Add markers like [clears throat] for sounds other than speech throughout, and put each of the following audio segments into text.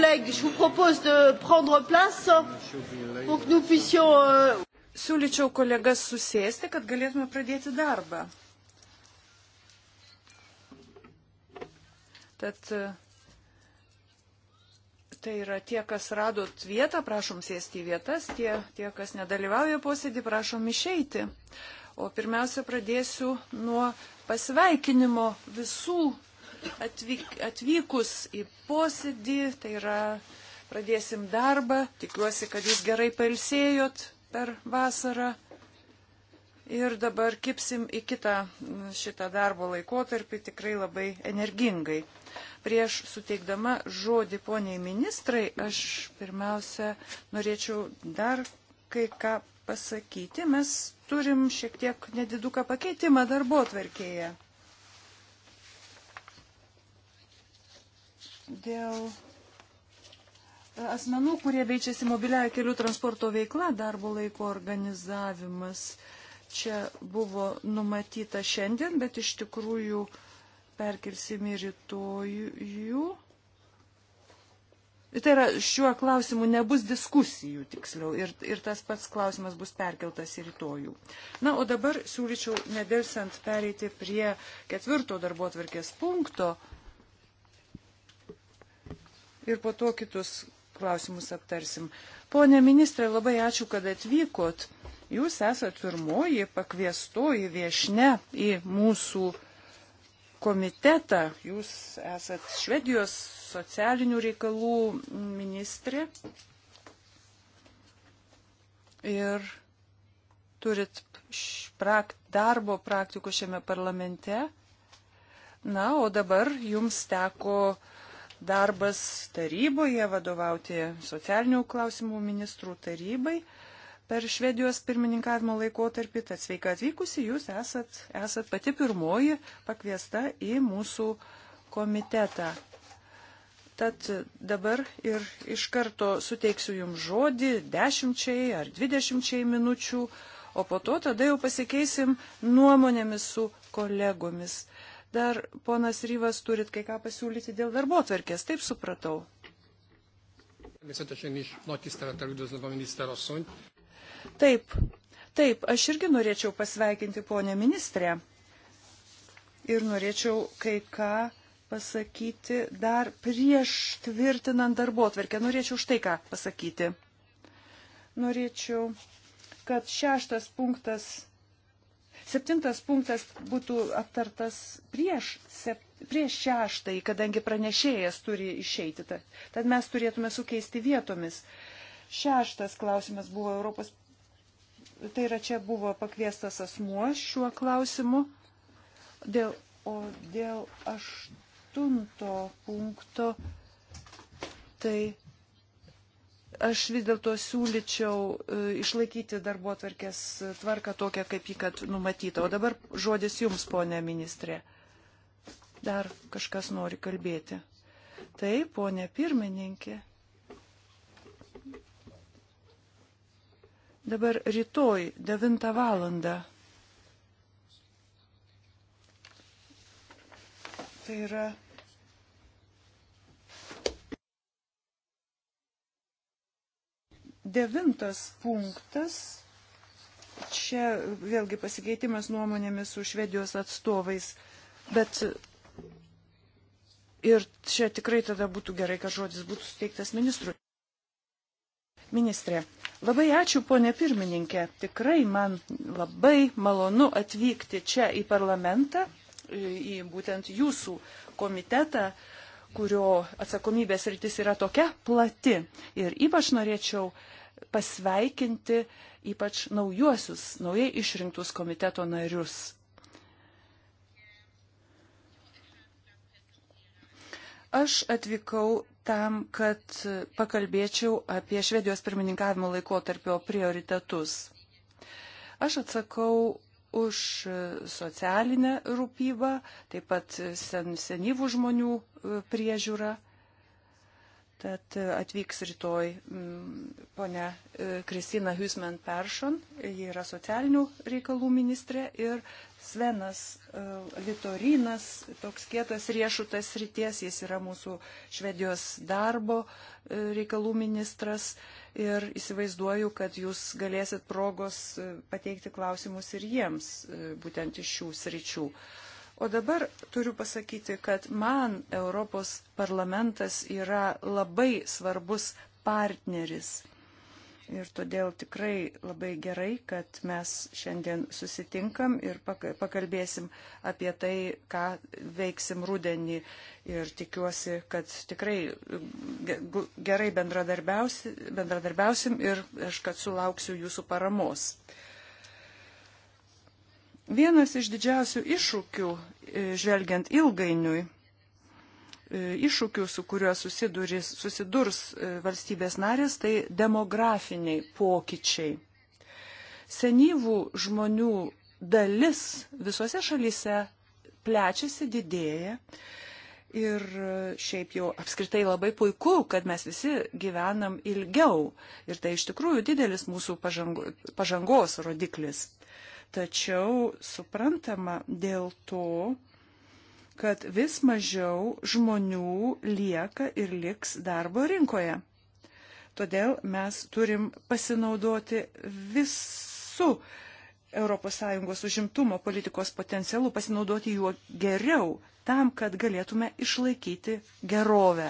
collègues, je vous propose de prendre place pour que nous puissions. Euh, Siūlyčiau kolegas susėsti, kad galėtume pradėti darbą. Tad e, tai yra tie, kas radot vietą, prašom sėsti į vietas, tie, tie kas nedalyvauja posėdį, prašom išeiti. O pirmiausia, pradėsiu nuo pasveikinimo visų atvyk, atvykus į posėdį, tai yra pradėsim darbą, tikiuosi, kad jūs gerai pailsėjot per vasarą. Ir dabar kipsim į kitą šitą darbo laikotarpį tikrai labai energingai. Prieš suteikdama žodį poniai ministrai, aš pirmiausia norėčiau dar kai ką pasakyti. Mes turim šiek tiek nediduką pakeitimą darbo tvarkėje. dėl e, asmenų, kurie veičiasi mobiliaja kelių transporto veikla, darbo laiko organizavimas. Čia buvo numatyta šiandien, bet iš tikrųjų perkelsime rytojų. Tai yra, šiuo klausimu nebus diskusijų tiksliau ir, ir tas pats klausimas bus perkeltas į rytojų. Na, o dabar siūlyčiau nedelsiant pereiti prie ketvirto darbo atvarkės punkto ir po to kitus klausimus aptarsim. Pone ministrė, labai ačiū, kad atvykot. Jūs esat pirmoji pakviestoji viešne į mūsų komitetą. Jūs esat Švedijos socialinių reikalų ministrė. Ir turit prak darbo praktikų šiame parlamente. Na, o dabar jums teko uh, darbas taryboje, vadovauti socialinių klausimų ministrų tarybai per Švedijos pirmininkavimo laikotarpį. Tad sveika atvykusi, jūs esat, esat pati pirmoji pakviesta į mūsų komitetą. Tad dabar ir iš karto suteiksiu jums žodį dešimčiai ar dvidešimčiai minučių, o po to tada jau pasikeisim nuomonėmis su kolegomis dar ponas Ryvas turit kai ką pasiūlyti dėl darbo tvarkės, taip supratau. Természetesen is nagy tisztelettel üdvözlöm a miniszterasszonyt. Taip, taip, aš irgi norėčiau pasveikinti ponę ministrę. Ir norėčiau kai ką pasakyti dar prieš tvirtinant darbo tvarkę. Norėčiau štai ką pasakyti. Norėčiau, kad šeštas punktas Septintas punktas būtų aptartas prieš, sep, prieš šeštąjį, kadangi pranešėjas turi išeiti. Tad, tad mes turėtume sukeisti vietomis. Šeštas klausimas buvo Europos. Tai yra čia buvo pakviestas asmuo šiuo klausimu. Dėl, o dėl aštunto punkto tai aš vis dėlto siūlyčiau e, išlaikyti darbo atvarkės e, tvarką tokią, kaip jį kad numatyta. O dabar žodis jums, ponė ministrė. Dar kažkas nori kalbėti. Taip, ponė pirmininkė. Dabar rytoj 9 valandą. Tai yra Devintas punktas. Čia vėlgi pasikeitimas nuomonėmis su Švedijos atstovais, bet ir čia tikrai tada būtų gerai, kad žodis būtų suteiktas ministrui. Ministrė, labai ačiū, ponė pirmininkė. Tikrai man labai malonu atvykti čia į parlamentą, į būtent jūsų komitetą, kurio atsakomybės rytis yra tokia plati. Ir ypač norėčiau pasveikinti ypač naujuosius, naujai išrinktus komiteto narius. Aš atvykau tam, kad pakalbėčiau apie Švedijos pirmininkavimo laikotarpio prioritetus. Aš atsakau už socialinę rūpybą, taip pat sen, senyvų žmonių e, priežiūrą Tad e, atvyks rytoj mm, ponia e, Kristina Husman Peršon, ji yra socialinių reikalų ministrė ir Svenas e, Litorinas, toks kietas riešutas ryties, jis yra mūsų Švedijos darbo reikalų ministras ir įsivaizduoju, kad jūs galėsit progos pateikti klausimus ir jiems būtent iš šių sričių. Uh, O dabar turiu pasakyti, kad man Europos parlamentas yra labai svarbus partneris. Ir todėl tikrai labai gerai, kad mes šiandien susitinkam ir pakalbėsim apie tai, ką veiksim rudenį. Ir tikiuosi, kad tikrai gerai bendradarbiausim ir aš kad sulauksiu jūsų paramos. Vienas iš didžiausių iššūkių, e, žvelgiant ilgainiui, e, iššūkių, su kuriuo susidurs, susidurs e, valstybės narės, tai demografiniai pokyčiai. Senyvų žmonių dalis visose šalyse plečiasi, didėja. Ir šiaip jau apskritai labai puiku, kad mes visi gyvenam ilgiau. Ir tai iš tikrųjų didelis mūsų pažango, pažangos rodiklis. Tačiau suprantama dėl to, kad vis mažiau žmonių lieka ir liks darbo rinkoje. Todėl mes turim pasinaudoti visų ES užimtumo politikos potencialų, pasinaudoti juo geriau, tam, kad galėtume išlaikyti gerovę.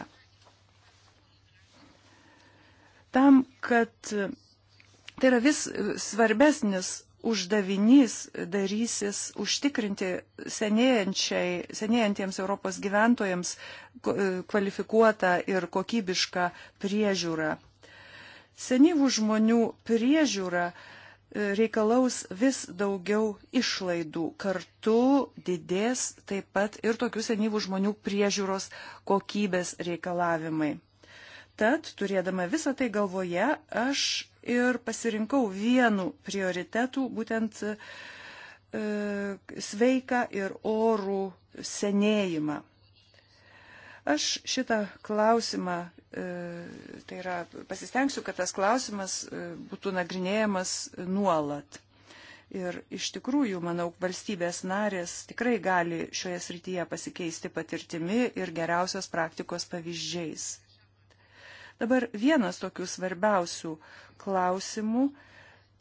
Tam, kad tai yra vis svarbesnis uždavinys darysis užtikrinti senėjantiems Europos gyventojams e, kvalifikuotą ir kokybišką priežiūrą. Senyvų žmonių priežiūra e, reikalaus vis daugiau išlaidų. Kartu didės taip pat ir tokių senyvų žmonių priežiūros kokybės reikalavimai. Tad, turėdama visą tai galvoje, aš ir pasirinkau vienu prioritetu būtent e, sveiką ir orų senėjimą. Aš šitą klausimą, e, tai yra pasistengsiu, kad tas klausimas e, būtų nagrinėjamas nuolat. Ir iš tikrųjų, manau, valstybės narės tikrai gali šioje srityje pasikeisti patirtimi ir geriausios praktikos pavyzdžiais. Dabar vienas tokių svarbiausių klausimų,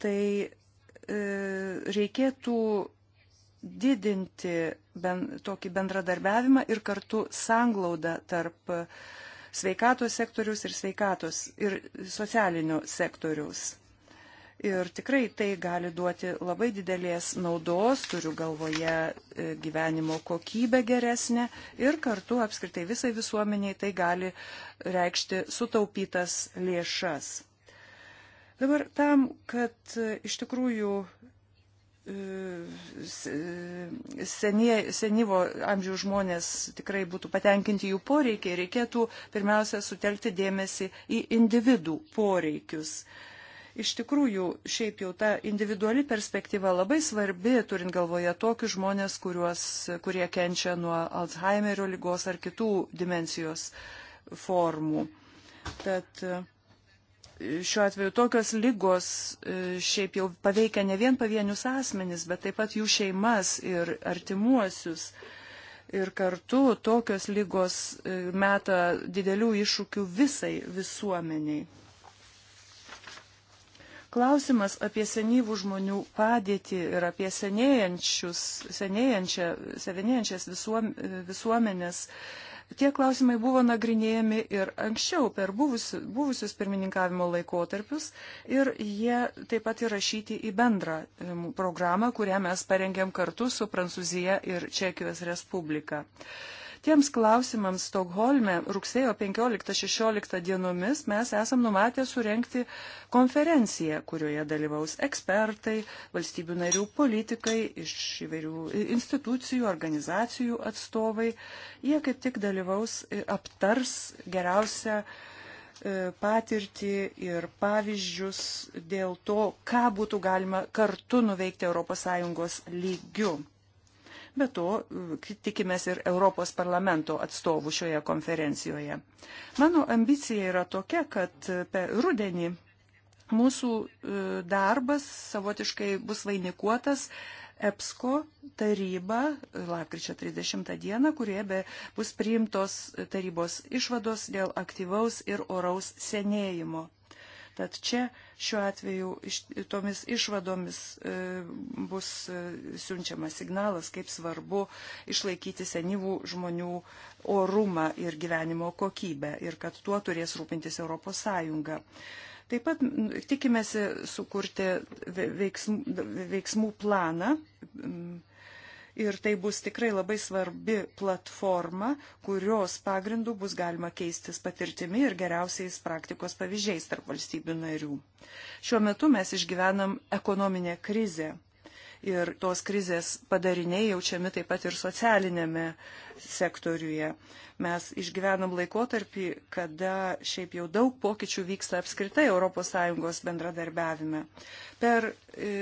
tai e, reikėtų didinti ben, tokį bendradarbiavimą ir kartu sanglaudą tarp sveikatos sektoriaus ir sveikatos ir socialinio sektoriaus. Ir tikrai tai gali duoti labai didelės naudos, turiu galvoje e, gyvenimo kokybę geresnę ir kartu apskritai visai visuomeniai tai gali reikšti sutaupytas lėšas. Dabar tam, kad e, iš tikrųjų e, senie, senyvo amžiaus žmonės tikrai būtų patenkinti jų poreikiai, reikėtų pirmiausia sutelkti dėmesį į individų poreikius. Uh, iš tikrųjų šiaip jau ta individuali perspektyva labai svarbi, turint galvoje tokius žmonės, kuriuos, kurie kenčia nuo Alzheimerio lygos ar kitų dimensijos formų. Tad e, šiuo atveju tokios lygos e, šiaip jau paveikia ne vien pavienius asmenis, bet taip pat jų šeimas ir artimuosius. Ir kartu tokios lygos e, meta didelių iššūkių visai visuomeniai. Klausimas apie senyvų žmonių padėtį ir apie senėjančią, senėjančias visuom, visuomenės. Tie klausimai buvo nagrinėjami ir anksčiau per buvusius, buvusius pirmininkavimo laikotarpius ir jie taip pat įrašyti į bendrą programą, kurią mes parengėm kartu su Prancūzija ir Čekijos Respublika. Uh, Tiems klausimams Stokholme rugsėjo 15-16 dienomis mes esam numatę surenkti konferenciją, kurioje dalyvaus ekspertai, valstybių narių politikai, iš įvairių institucijų, organizacijų atstovai. Jie kaip tik dalyvaus ir e, aptars geriausią e, patirtį ir pavyzdžius dėl to, ką būtų galima kartu nuveikti ES lygiu. Be to, e, tikimės ir Europos parlamento atstovų šioje konferencijoje. Mano ambicija yra tokia, kad per rudenį mūsų e, darbas savotiškai bus vainikuotas EPSCO taryba lapkričio 30 dieną, kurie be bus priimtos tarybos išvados dėl aktyvaus ir oraus senėjimo. Tad čia šiuo atveju iš, tomis išvadomis e, bus e, siunčiamas signalas, kaip svarbu išlaikyti senyvų žmonių orumą ir gyvenimo kokybę ir kad tuo turės rūpintis ES. Taip pat tikimėsi sukurti veiksmų, veiksmų planą ir tai bus tikrai labai svarbi platforma, kurios pagrindų bus galima keistis patirtimi ir geriausiais praktikos pavyzdžiais tarp valstybių narių. Šiuo metu mes išgyvenam ekonominę krizę ir tos krizės padariniai jaučiami taip pat ir socialinėme sektoriuje. Mes išgyvenam laikotarpį, kada šiaip jau daug pokyčių vyksta apskritai ES bendradarbiavime. Per e,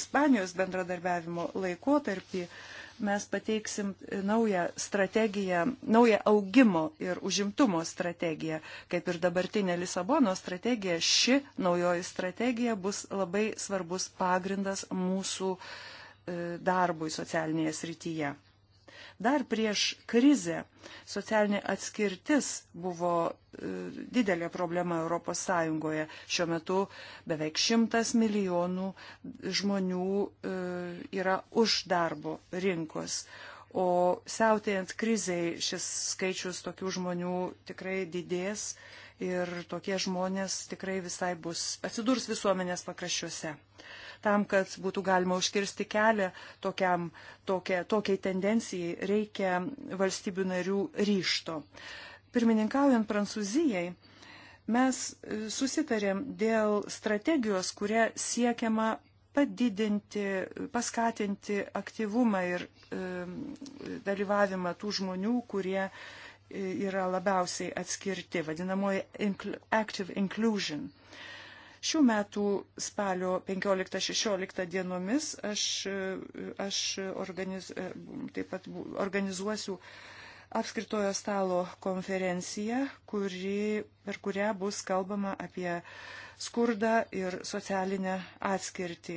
Ispanijos bendradarbiavimo laikotarpį e, mes pateiksim naują strategiją, naują augimo ir užimtumo strategiją. Kaip ir dabartinė Lisabono strategija, ši naujoji strategija bus labai svarbus pagrindas mūsų e, darbui socialinėje srityje. Dar prieš krizę socialinė atskirtis buvo e, didelė problema ES. Šiuo metu beveik šimtas milijonų žmonių e, yra už darbo rinkos. O siautėjant kriziai šis skaičius tokių žmonių tikrai didės ir tokie žmonės tikrai visai bus atsidurs visuomenės pakraščiuose. Uh, Tam, kad būtų galima užkirsti kelią tokiam, tokia, tokiai tendencijai, reikia valstybių narių ryšto. Pirmininkaujant Prancūzijai, mes e, susitarėm dėl strategijos, kuria siekiama padidinti, paskatinti aktyvumą ir e, dalyvavimą tų žmonių, kurie e, yra labiausiai atskirti, vadinamoji active inclusion. E, Šių metų spalio 15-16 dienomis aš, aš organiz, taip pat organizuosiu apskritojo stalo konferencija, kuri, per kurią bus kalbama apie skurdą ir socialinę atskirtį.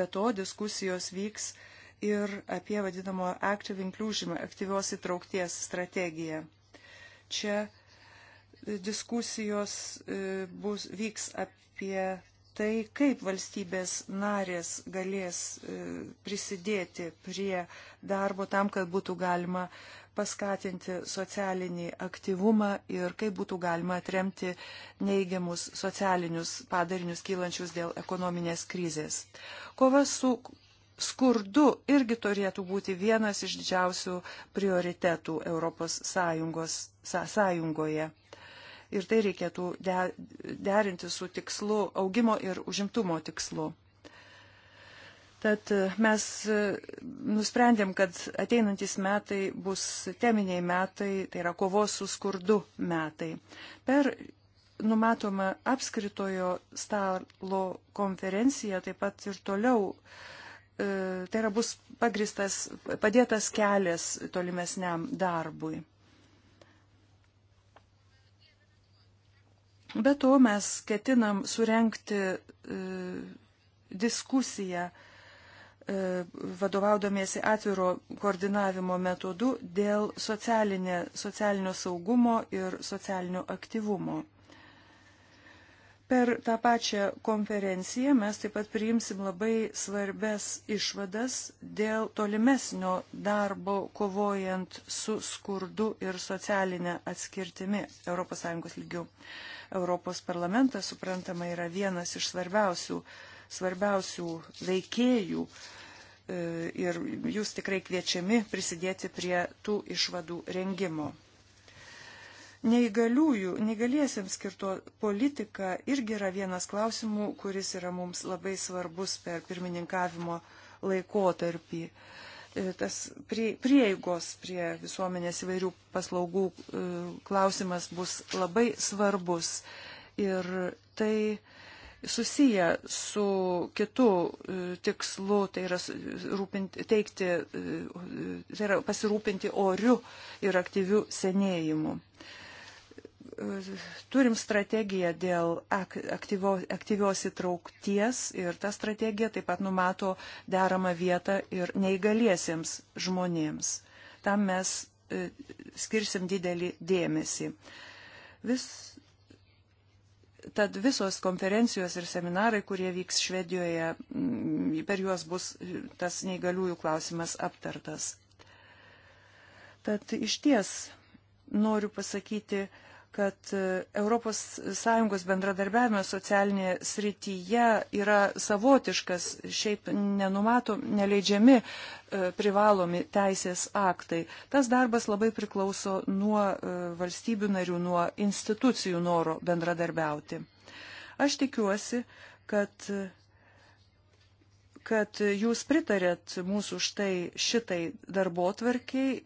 Be to, diskusijos vyks ir apie vadinamo active inclusion, aktyvios įtraukties strategiją. Čia diskusijos e, bus, vyks apie tai, kaip valstybės narės galės e, prisidėti prie darbo tam, kad būtų galima paskatinti socialinį aktyvumą ir kaip būtų galima atremti neigiamus socialinius padarinius kylančius dėl ekonominės krizės. Kova su skurdu irgi turėtų būti vienas iš didžiausių prioritetų Europos Sąjungos, są, sąjungoje ir tai reikėtų derinti su tikslu augimo ir užimtumo tikslu. Tad e, mes e, nusprendėm, kad ateinantis metai bus teminiai metai, tai yra kovos su skurdu metai. Per numatoma apskritojo stalo konferencija taip pat ir toliau e, tai yra bus pagristas, padėtas kelias tolimesniam darbui. Be to mes ketinam surenkti e, diskusiją e, vadovaudomėsi atviro koordinavimo metodu dėl socialinio saugumo ir socialinio aktyvumo. Per tą pačią konferenciją mes taip pat priimsim labai svarbes išvadas dėl tolimesnio darbo kovojant su skurdu ir socialinė atskirtimi ES lygių. Europos parlamentas, suprantama, yra vienas iš svarbiausių, svarbiausių veikėjų e, ir jūs tikrai kviečiami prisidėti prie tų išvadų rengimo. Neįgaliųjų, neįgaliesiems skirto politika irgi yra vienas klausimų, kuris yra mums labai svarbus per pirmininkavimo laikotarpį. E, tas prie, prieigos prie visuomenės įvairių paslaugų e, klausimas bus labai svarbus. Ir tai susiję su kitu e, tikslu, tai yra, rūpinti, teikti, tai yra pasirūpinti oriu ir aktyviu senėjimu. Uh, turim strategiją dėl aktyvo, aktyvios įtraukties ir ta strategija taip pat numato deramą vietą ir neįgaliesiems žmonėms. Tam mes e, skirsim didelį dėmesį. Vis, tad visos konferencijos ir seminarai, kurie vyks Švedijoje, mm, per juos bus tas neįgaliųjų klausimas aptartas. Tad iš ties noriu pasakyti, kad ES bendradarbiavimas socialinėje srityje yra savotiškas, šiaip nenumato, neleidžiami e, privalomi teisės aktai. Tas darbas labai priklauso nuo e, valstybių narių, nuo institucijų noro bendradarbiauti. Aš tikiuosi, kad kad jūs pritarėt mūsų štai šitai darbo tvarkiai,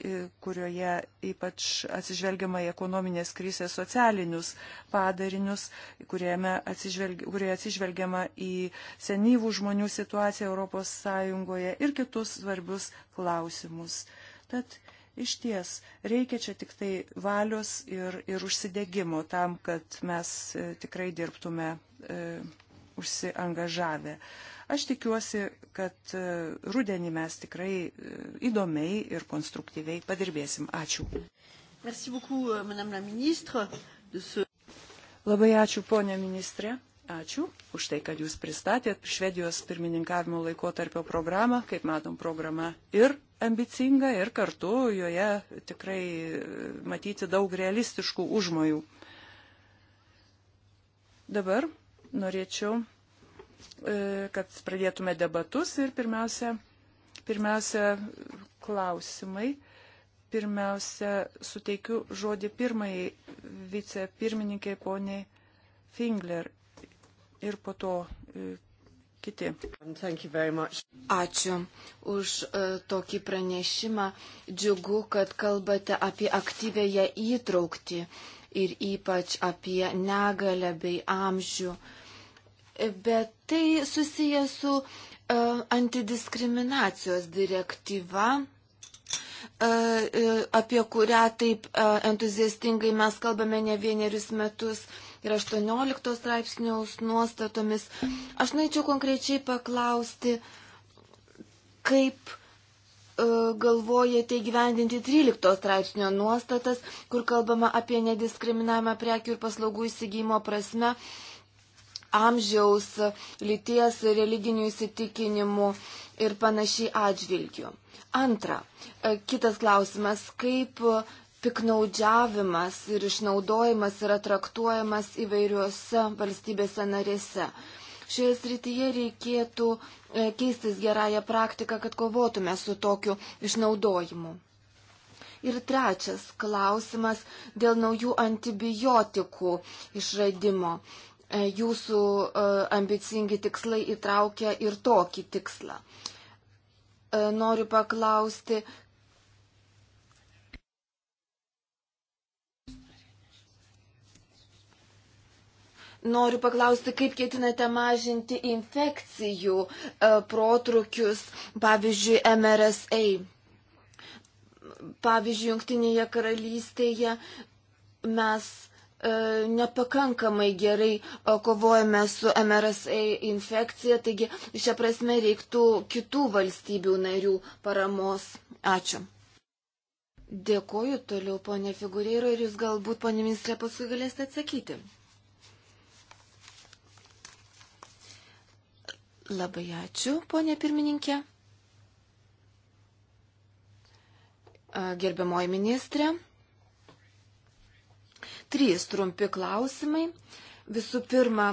kurioje ypač atsižvelgiama į ekonominės krizės socialinius padarinius, atsižvelgi, kurioje atsižvelgiama į senyvų žmonių situaciją Europos Sąjungoje ir kitus svarbius klausimus. Tad iš ties reikia čia tik tai valios ir, ir užsidėgymo tam, kad mes e, tikrai dirbtume e, užsiangažavę. Aš tikiuosi, kad e, rudenį mes tikrai e, įdomiai ir konstruktyviai padirbėsim. Ačiū. Merci beaucoup, euh, madame la ministre. Ce... Labai ačiū, ponė ministrė. Ačiū už tai, kad jūs pristatėt Švedijos pirmininkavimo laikotarpio programą. Kaip matom, programa ir ambicinga, ir kartu joje tikrai e, matyti daug realistiškų užmojų. Dabar norėčiau E, kad pradėtume debatus ir pirmiausia, pirmiausia klausimai. Pirmiausia, suteikiu žodį pirmai vicepirmininkai poniai Fingler ir po to e, kiti. Ačiū už uh, tokį pranešimą. Džiugu, kad kalbate apie aktyvėją įtraukti ir ypač apie negalę bei amžių. Uh, bet tai susiję su e, antidiskriminacijos direktyva e, e, apie kurią taip entuziastingai mes kalbame ne vienerius metus ir 18 straipsniaus nuostatomis. Aš norėčiau konkrečiai paklausti, kaip galvojate įgyvendinti 13 straipsnio nuostatas, kur kalbama apie nediskriminavimą prekių ir paslaugų įsigymo prasme amžiaus, lyties, religinių įsitikinimų ir panašiai atžvilgių. Antra, e, kitas klausimas, kaip piknaudžiavimas ir išnaudojimas yra traktuojamas įvairiuose valstybėse narėse. Šioje srityje reikėtų e, keistis gerąją praktiką, kad kovotume su tokiu išnaudojimu. Ir trečias klausimas dėl naujų antibiotikų išradimo. E, jūsų e, ambicingi tikslai įtraukia ir tokį tikslą. E, noriu paklausti, Noriu paklausti, kaip ketinate mažinti infekcijų protrukius, pavyzdžiui, MRSA. Pavyzdžiui, Junktinėje karalystėje mes E, nepakankamai gerai e, kovojame su MRSA infekcija, taigi šią prasme reiktų kitų valstybių narių paramos. Ačiū. Dėkoju toliau, ponė Figurėro, ir jūs galbūt, ponė ministrė, paskui galėsite atsakyti. Labai ačiū, ponė pirmininkė. Gerbiamoji ministrė. Trys trumpi klausimai. Visų pirma,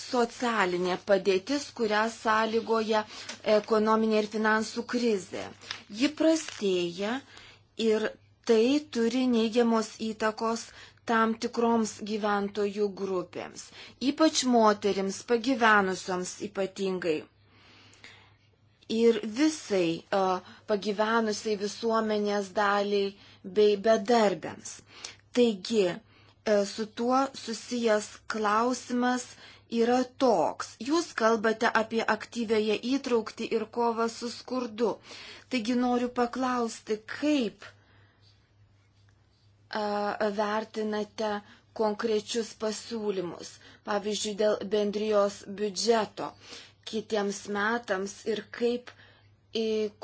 socialinė padėtis, kurią sąlygoja ekonominė ir finansų krizė. Ji prastėja ir tai turi neigiamos įtakos tam tikroms gyventojų grupėms, ypač moterims, pagyvenusioms ypatingai. Ir visai pagyvenusiai visuomenės daliai bei bedarbiams. Taigi, e, su tuo susijęs klausimas yra toks. Jūs kalbate apie aktyvėje įtraukti ir kovą su skurdu. Taigi noriu paklausti, kaip a, vertinate konkrečius pasiūlymus, pavyzdžiui, dėl bendrijos biudžeto kitiems metams ir kaip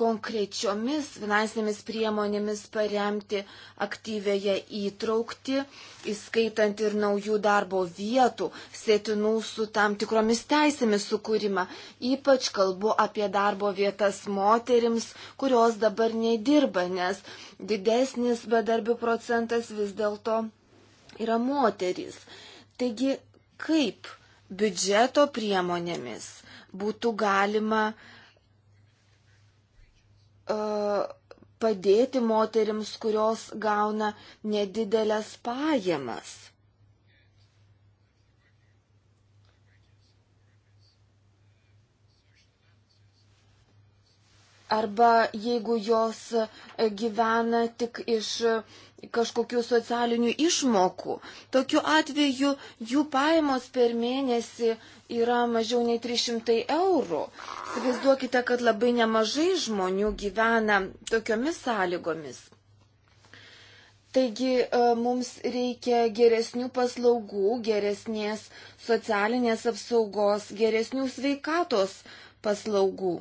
konkrečiomis finansinėmis priemonėmis paremti aktyvėje įtraukti, įskaitant ir naujų darbo vietų, sėtinų su tam tikromis teisėmis sukūrimą. Ypač kalbu apie darbo vietas moterims, kurios dabar nedirba, nes didesnis bedarbių procentas vis dėlto yra moterys. Taigi, kaip biudžeto priemonėmis būtų galima uh, E, padėti moterims, kurios gauna nedidelės pajamas. arba jeigu jos e, gyvena tik iš e, kažkokių socialinių išmokų. Tokiu atveju jų pajamos per mėnesį yra mažiau nei 300 eurų. Įsivaizduokite, kad labai nemažai žmonių gyvena tokiomis sąlygomis. Taigi e, mums reikia geresnių paslaugų, geresnės socialinės apsaugos, geresnių sveikatos paslaugų.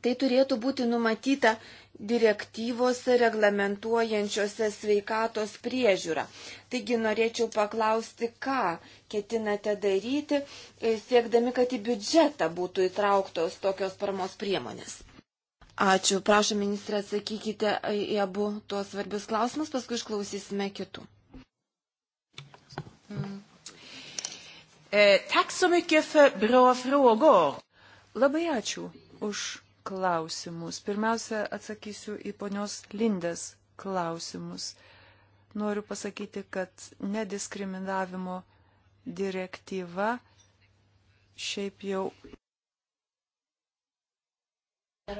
Tai turėtų būti numatyta direktyvose reglamentuojančiose sveikatos priežiūrą. Taigi norėčiau paklausti, ką ketinate daryti, e, siekdami, kad į biudžetą būtų įtrauktos tokios paramos priemonės. Ačiū. Prašom, ministrė, atsakykite į abu tuos svarbius klausimus, paskui išklausysime kitų. Mm. E, Tack så mycket för bra frågor. Labai ačiū už klausimus. Pirmiausia, atsakysiu į ponios Lindės klausimus. Noriu pasakyti, kad nediskriminavimo direktyva šiaip jau.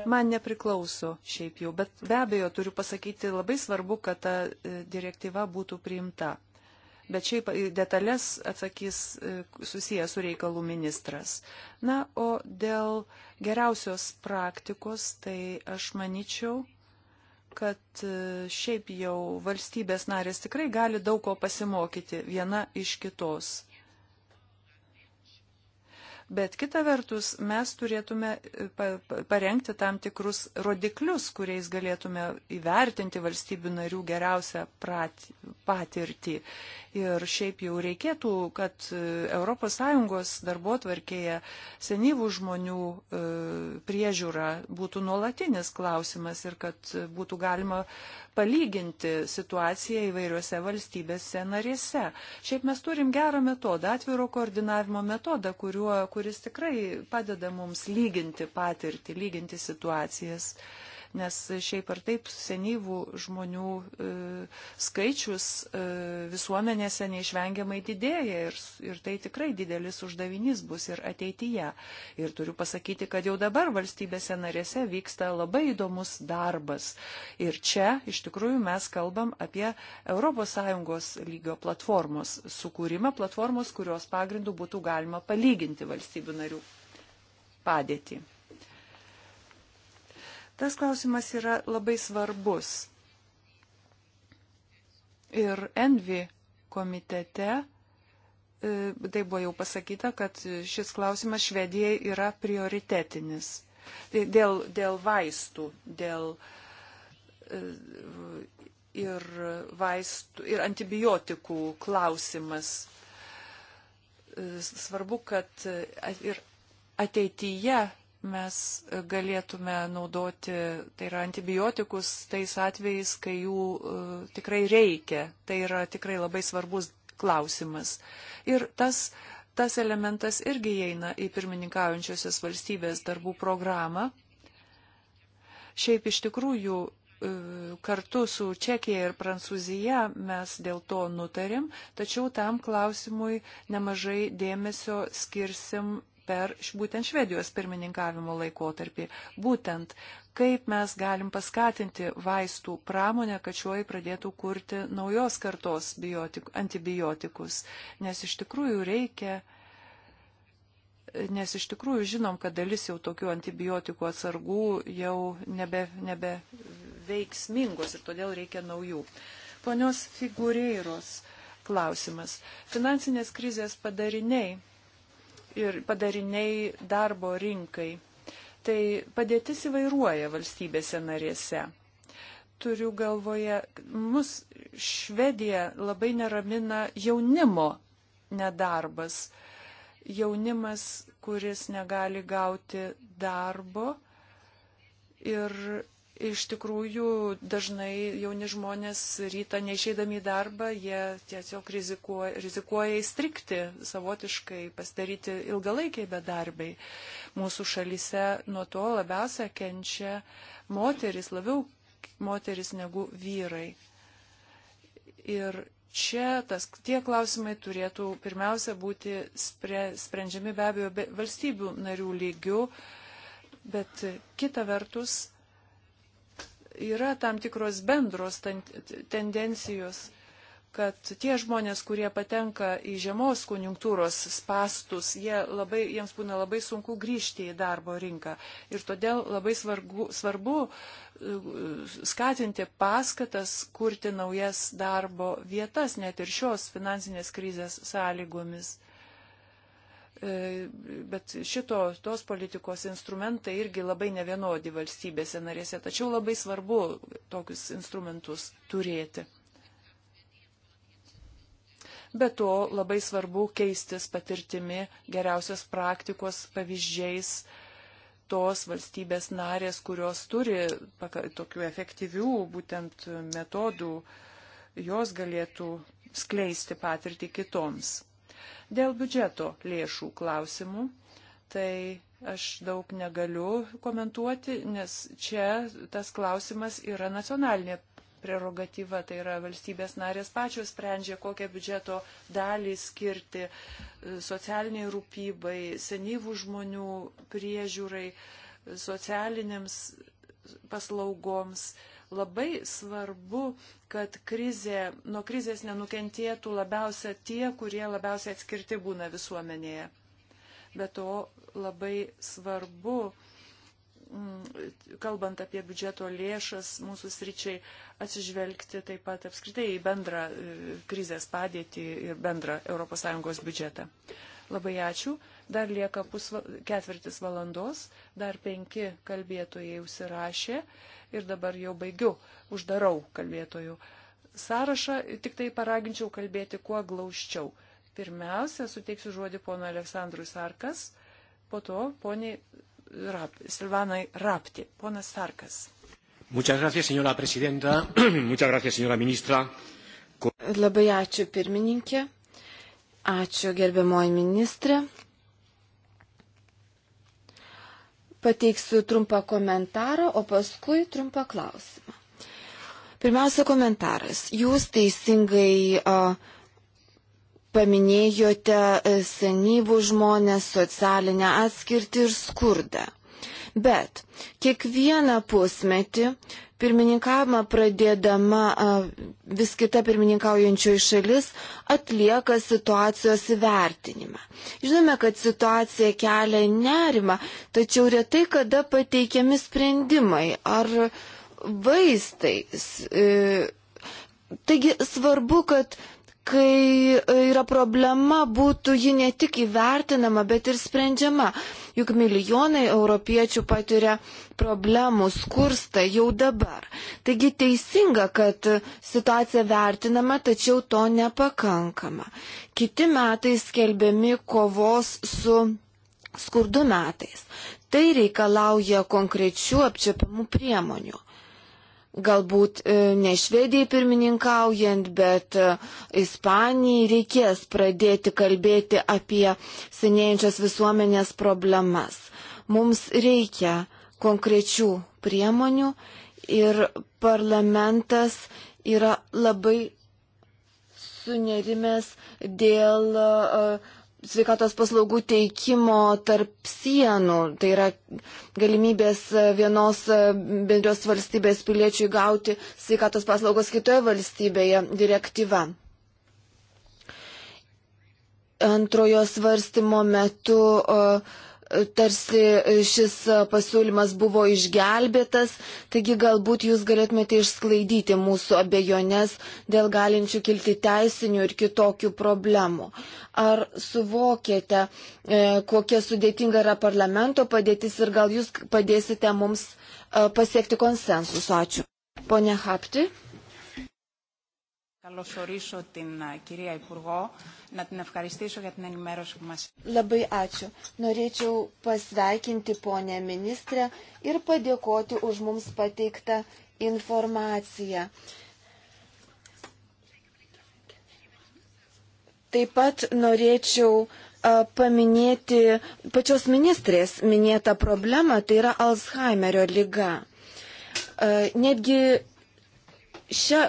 Man nepriklauso šiaip jau, bet be abejo turiu pasakyti labai svarbu, kad ta e, direktyva būtų priimta bet šiaip detalės atsakys e, susijęs su reikalų ministras. Na, o dėl geriausios praktikos, tai aš manyčiau, kad e, šiaip jau valstybės narės tikrai gali daug ko pasimokyti viena iš kitos. Bet kita vertus, mes turėtume e, parengti tam tikrus rodiklius, kuriais galėtume įvertinti valstybių narių geriausią patirtį. Ir šiaip jau reikėtų, kad ES darbo tvarkėje senyvų žmonių e, priežiūra būtų nuolatinis klausimas ir kad būtų galima palyginti situaciją įvairiuose valstybėse narėse. Šiaip mes turim gerą metodą, atviro koordinavimo metodą, kuriuo, kuris tikrai padeda mums lyginti patirtį, lyginti situacijas. Uh, nes šiaip ar taip senyvų žmonių e, skaičius e, visuomenėse neišvengiamai didėja ir, ir tai tikrai didelis uždavinys bus ir ateityje. Ir turiu pasakyti, kad jau dabar valstybėse narėse vyksta labai įdomus darbas. Ir čia iš tikrųjų mes kalbam apie ES lygio platformos sukūrimą, platformos, kurios pagrindų būtų galima palyginti valstybių narių padėtį. Tas klausimas yra labai svarbus. Ir Envi komitete, e, tai buvo jau pasakyta, kad šis klausimas Švedijai yra prioritetinis. Tai dėl, dėl vaistų, dėl e, ir vaistų, ir antibiotikų klausimas. E, svarbu, kad ir ateityje mes galėtume naudoti, tai yra antibiotikus, tais atvejais, kai jų e, tikrai reikia. Tai yra tikrai labai svarbus klausimas. Ir tas, tas elementas irgi įeina į pirmininkaujančiosios valstybės darbų programą. Šiaip iš tikrųjų e, kartu su Čekija ir Prancūzija mes dėl to nutarim, tačiau tam klausimui nemažai dėmesio skirsim per būtent Švedijos pirmininkavimo laikotarpį. Būtent kaip mes galim paskatinti vaistų pramonę, kad šioji pradėtų kurti naujos kartos biotik, antibiotikus. Nes iš tikrųjų reikia. Nes iš tikrųjų žinom, kad dalis jau tokių antibiotikų atsargų jau nebe, nebe veiksmingos ir todėl reikia naujų. Ponios figūrėros klausimas. Finansinės krizės padariniai ir padariniai darbo rinkai. Tai padėtis įvairuoja valstybėse narėse. Turiu galvoje, mus Švedija labai neramina jaunimo nedarbas. Jaunimas, kuris negali gauti darbo ir iš tikrųjų dažnai jauni žmonės rytą neišeidami į darbą, jie tiesiog rizikuoja, rizikuoja įstrikti savotiškai, pasidaryti ilgalaikiai bedarbiai. Mūsų šalyse nuo to labiausia kenčia moteris, labiau moteris negu vyrai. Ir čia tas, tie klausimai turėtų pirmiausia būti spre, sprendžiami be abejo be, valstybių narių lygių, bet kita vertus yra tam tikros bendros tendencijos, kad tie žmonės, kurie patenka į žiemos konjunktūros spastus, jie labai, jiems būna labai sunku grįžti į darbo rinką. Ir todėl labai svarbu, svarbu e, skatinti paskatas, kurti naujas darbo vietas, net ir šios finansinės krizės sąlygomis. E, bet šito, tos politikos instrumentai irgi labai nevienodi valstybėse narėse, tačiau labai svarbu tokius instrumentus turėti. Be to labai svarbu keistis patirtimi, geriausios praktikos pavyzdžiais, tos valstybės narės, kurios turi tokių efektyvių būtent metodų, jos galėtų skleisti patirtį kitoms. Dėl biudžeto lėšų klausimų, tai aš daug negaliu komentuoti, nes čia tas klausimas yra nacionalinė prerogatyva, tai yra valstybės narės pačios sprendžia, kokią biudžeto dalį skirti e, socialiniai rūpybai, senyvų žmonių priežiūrai, socialinėms paslaugoms. Labai svarbu, kad krizė, nuo krizės nenukentėtų labiausia tie, kurie labiausiai atskirti būna visuomenėje. Bet to labai svarbu, mm, kalbant apie biudžeto lėšas mūsų sričiai, atsižvelgti taip pat apskritai į bendrą e, krizės padėtį ir bendrą ES biudžetą. Labai ačiū. Dar lieka pusva, ketvirtis valandos, dar penki kalbėtojai užsirašė ir dabar jau baigiu, uždarau kalbėtojų sąrašą, tik tai paraginčiau kalbėti kuo glaučiau. Pirmiausia, suteiksiu žodį pono Aleksandrui Sarkas, po to poniai Rap, Silvanai Rapti. Ponas Sarkas. Muchas gracias, señora presidenta. [clears throat] Muchas gracias, señora ministra. Labai ačiū, pirmininkė. Ačiū gerbiamoji ministrė. Pateiksiu trumpą komentarą, o paskui trumpą klausimą. Pirmiausia, komentaras. Jūs teisingai uh, paminėjote e, senyvų žmonės, socialinę atskirtį ir skurdą. Bet kiekvieną pusmetį Pirmininkavimą pradėdama vis kita pirmininkaujančioji šalis atlieka situacijos įvertinimą. Žinome, kad situacija kelia nerimą, tačiau retai kada pateikiami sprendimai ar vaistai. E, taigi svarbu, kad kai e, yra problema, būtų ji ne tik įvertinama, bet ir sprendžiama. Juk milijonai europiečių patiria problemų, skursta jau dabar. Taigi teisinga, kad situacija vertinama, tačiau to nepakankama. Kiti metai skelbiami kovos su skurdu metais. Tai reikalauja konkrečių apčiapimų priemonių galbūt e, ne Švedijai pirmininkaujant, bet e, Ispanijai reikės pradėti kalbėti apie senėjančias visuomenės problemas. Mums reikia konkrečių priemonių ir parlamentas yra labai sunerimęs dėl uh, sveikatos paslaugų teikimo tarp sienų, tai yra galimybės vienos bendrios valstybės piliečiui gauti sveikatos paslaugos kitoje valstybėje direktyva. Antrojo svarstymo metu uh, tarsi šis pasiūlymas buvo išgelbėtas, taigi galbūt jūs galėtumėte išsklaidyti mūsų abejonės dėl galinčių kilti teisinių ir kitokių problemų. Ar suvokėte, e, kokia sudėtinga yra parlamento padėtis ir gal jūs padėsite mums e, pasiekti konsensusu? Ačiū. Pone Hapti. Καλωσορίσω την κυρία Υπουργό, να την ευχαριστήσω για την ενημέρωση που μας... Labai ačiū. Norėčiau pasveikinti ponę ministrę ir padėkoti už mums pateiktą informaciją. Taip pat norėčiau paminėti pačios ministrės minėtą problemą, tai yra Alzheimerio lyga netgi šią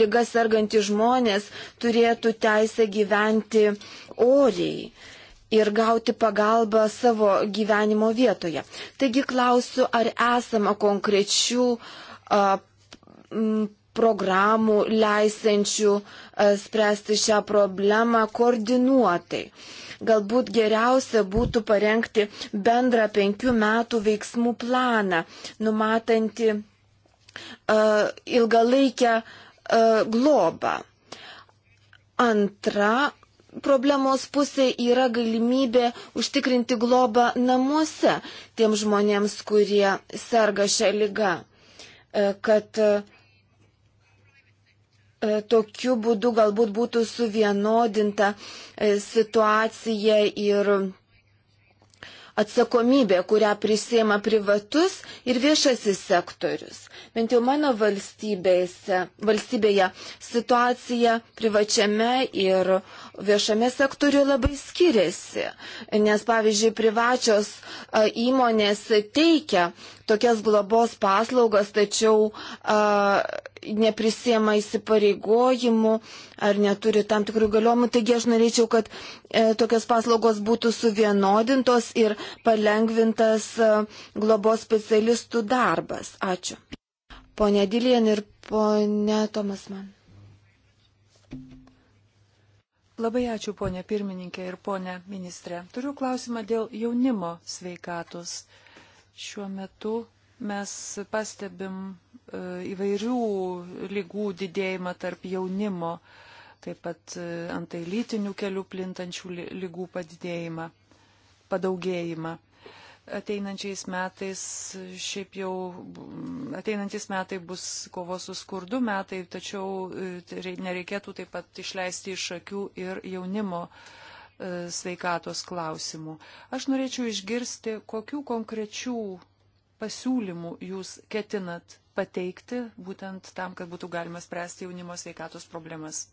lygą sergantys žmonės turėtų teisę gyventi oriai ir gauti pagalbą savo gyvenimo vietoje. Taigi klausiu, ar esama konkrečių a, m, programų leisančių a, spręsti šią problemą koordinuotai. Galbūt geriausia būtų parengti bendrą penkių metų veiksmų planą, numatantį E, ilgalaikę e, globą. Antra problemos pusė yra galimybė užtikrinti globą namuose tiem žmonėms, kurie serga šią lygą. E, kad tokiu būdu galbūt būtų suvienodinta situacija ir atsakomybė, kurią prisėma privatus ir viešasis sektorius. Bent jau mano valstybėje situacija privačiame ir viešame sektoriu labai skiriasi, nes pavyzdžiui privačios įmonės teikia tokias globos paslaugas, tačiau a, neprisiema įsipareigojimų ar neturi tam tikrų galiomų. Taigi aš norėčiau, kad e, tokios paslaugos būtų suvienodintos ir palengvintas a, globos specialistų darbas. Ačiū. Pone Dilien ir pone Tomas man. Labai ačiū, ponė pirmininkė ir ponė ministrė. Turiu klausimą dėl jaunimo sveikatos. Šiuo metu mes pastebim e, įvairių lygų didėjimą tarp jaunimo, taip pat e, antailytinių kelių plintančių lygų padidėjimą, padaugėjimą ateinančiais metais, šiaip jau ateinantis metai bus kovo su skurdu metai, tačiau e, nereikėtų taip pat išleisti iš akių ir jaunimo e, sveikatos klausimų. Aš norėčiau išgirsti, kokių konkrečių pasiūlymų jūs ketinat pateikti būtent tam, kad būtų galima spręsti jaunimo sveikatos problemas.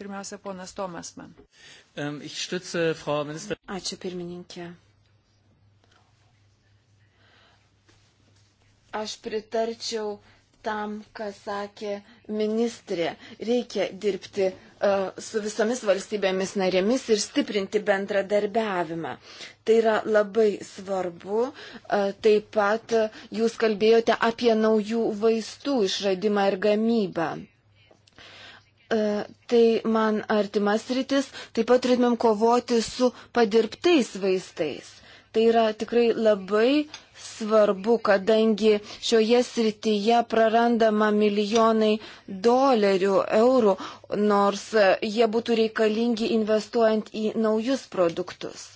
Pirmiausia, ponas Tomas man. Ačiū pirmininkė. aš pritarčiau tam, ką sakė ministrė. Reikia dirbti uh, su visomis valstybėmis narėmis ir stiprinti bendradarbiavimą. Tai yra labai svarbu. Uh, taip pat uh, jūs kalbėjote apie naujų vaistų išradimą ir gamybą. Uh, tai man artimas rytis, taip pat turėtumėm kovoti su padirbtais vaistais. Tai yra tikrai labai uh, svarbu, kadangi šioje srityje prarandama milijonai dolerių, eurų, nors e, jie būtų reikalingi investuojant į naujus produktus.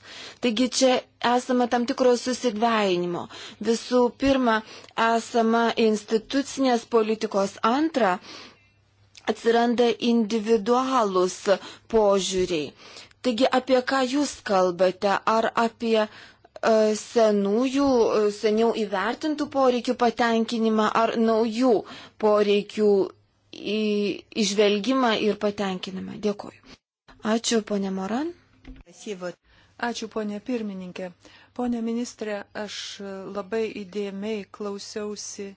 Taigi čia esama tam tikro susidvejinimo. Visų pirma, esama institucinės politikos antra, atsiranda individualūs požiūriai. Taigi apie ką jūs kalbate? Ar apie E, senųjų, e, seniau įvertintų poreikių patenkinimą ar naujų poreikių į, išvelgimą ir patenkinimą. Dėkoju. Ačiū, ponė Moran. Ačiū, ponė pirmininkė. Pone ministrė, aš labai įdėmiai klausiausi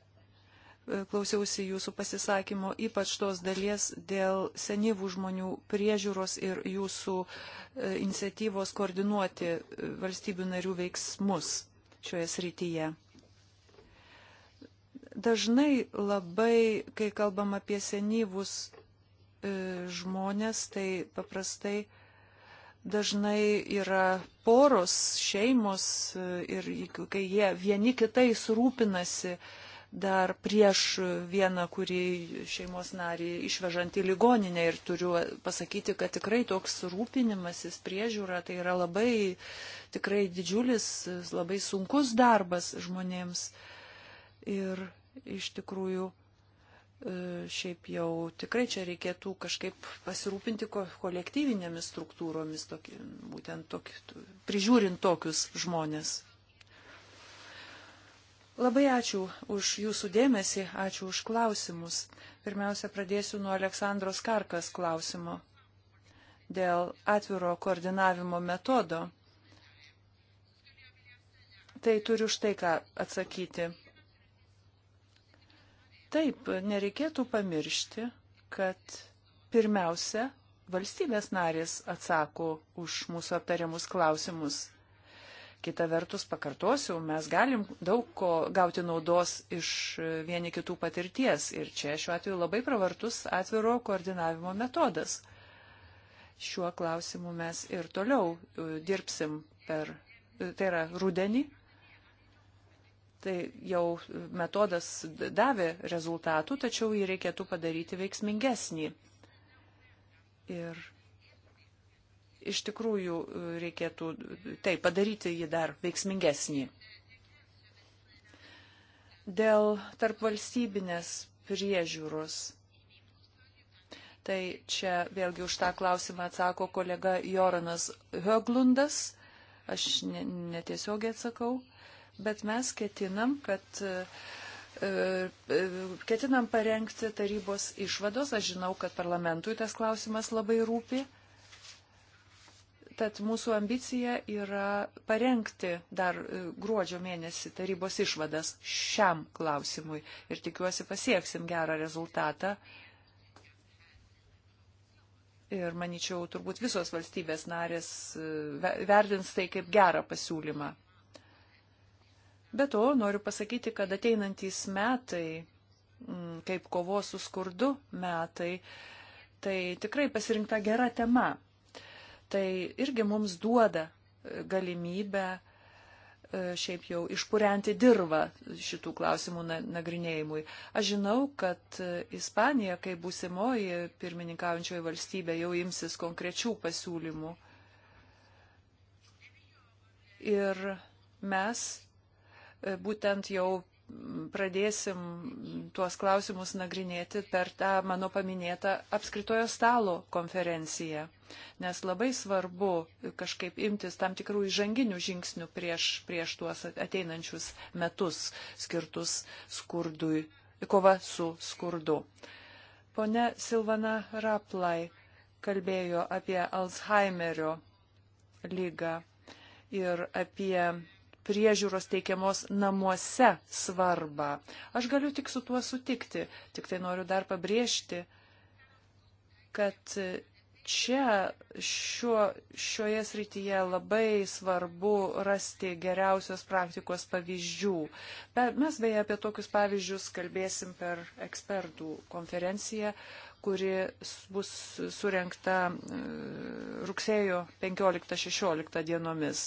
klausiausi jūsų pasisakymo, ypač tos dalies dėl senyvų žmonių priežiūros ir jūsų e, iniciatyvos koordinuoti e, valstybių narių veiksmus šioje srityje. Dažnai labai, kai kalbam apie senyvus e, žmonės, tai paprastai dažnai yra poros, šeimos ir kai jie vieni kitais rūpinasi, uh, dar prieš vieną, kurį šeimos narį išvežant į ligoninę ir turiu pasakyti, kad tikrai toks rūpinimasis priežiūra tai yra labai tikrai didžiulis, labai sunkus darbas žmonėms. Ir iš tikrųjų e, šiaip jau tikrai čia reikėtų kažkaip pasirūpinti ko, kolektyvinėmis struktūromis, tokį, būtent tokį, prižiūrint tokius žmonės. Labai ačiū už jūsų dėmesį, ačiū už klausimus. Pirmiausia, pradėsiu nuo Aleksandros Karkas klausimo dėl atviro koordinavimo metodo. Tai turiu štai ką atsakyti. Taip, nereikėtų pamiršti, kad pirmiausia, valstybės narės atsako už mūsų aptariamus klausimus Kita vertus, pakartosiu, mes galim daug ko gauti naudos iš vieni kitų patirties ir čia šiuo atveju labai pravartus atviro koordinavimo metodas. Šiuo klausimu mes ir toliau e, dirbsim per, e, tai yra rudenį. Tai jau metodas davė rezultatų, tačiau jį reikėtų padaryti veiksmingesnį. Ir iš tikrųjų e, reikėtų tai padaryti jį dar veiksmingesnį. Dėl tarpvalstybinės priežiūros. Tai čia vėlgi už tą klausimą atsako kolega Joranas Höglundas. Aš netiesiogiai atsakau, bet mes ketinam, kad e, e, ketinam parengti tarybos išvados. Aš žinau, kad parlamentui tas klausimas labai rūpi. Tad mūsų ambicija yra parengti dar e, gruodžio mėnesį tarybos išvadas šiam klausimui ir tikiuosi pasieksim gerą rezultatą. Ir manyčiau, turbūt visos valstybės narės e, vertins tai kaip gerą pasiūlymą. Be to, noriu pasakyti, kad ateinantys metai, mm, kaip kovos su skurdu metai, tai tikrai pasirinkta gera tema tai irgi mums duoda e, galimybę e, šiaip jau išpurenti dirbą šitų klausimų nagrinėjimui. Aš žinau, kad e, Ispanija, kaip būsimoji pirmininkaujančioji valstybė, jau imsis konkrečių pasiūlymų. Ir mes būtent jau pradėsim tuos klausimus nagrinėti per tą mano paminėtą apskritojo stalo konferenciją, nes labai svarbu kažkaip imtis tam tikrų įžanginių žingsnių prieš, prieš tuos ateinančius metus skirtus skurdui, kova su skurdu. Pone Silvana Raplai kalbėjo apie Alzheimerio lygą ir apie priežiūros teikiamos namuose svarbą. Aš galiu tik su tuo sutikti, tik tai noriu dar pabrėžti, kad čia šio, šioje srityje labai svarbu rasti geriausios praktikos pavyzdžių. Bet mes beje apie tokius pavyzdžius kalbėsim per ekspertų konferenciją, kuri bus surenkta rugsėjo 15-16 dienomis.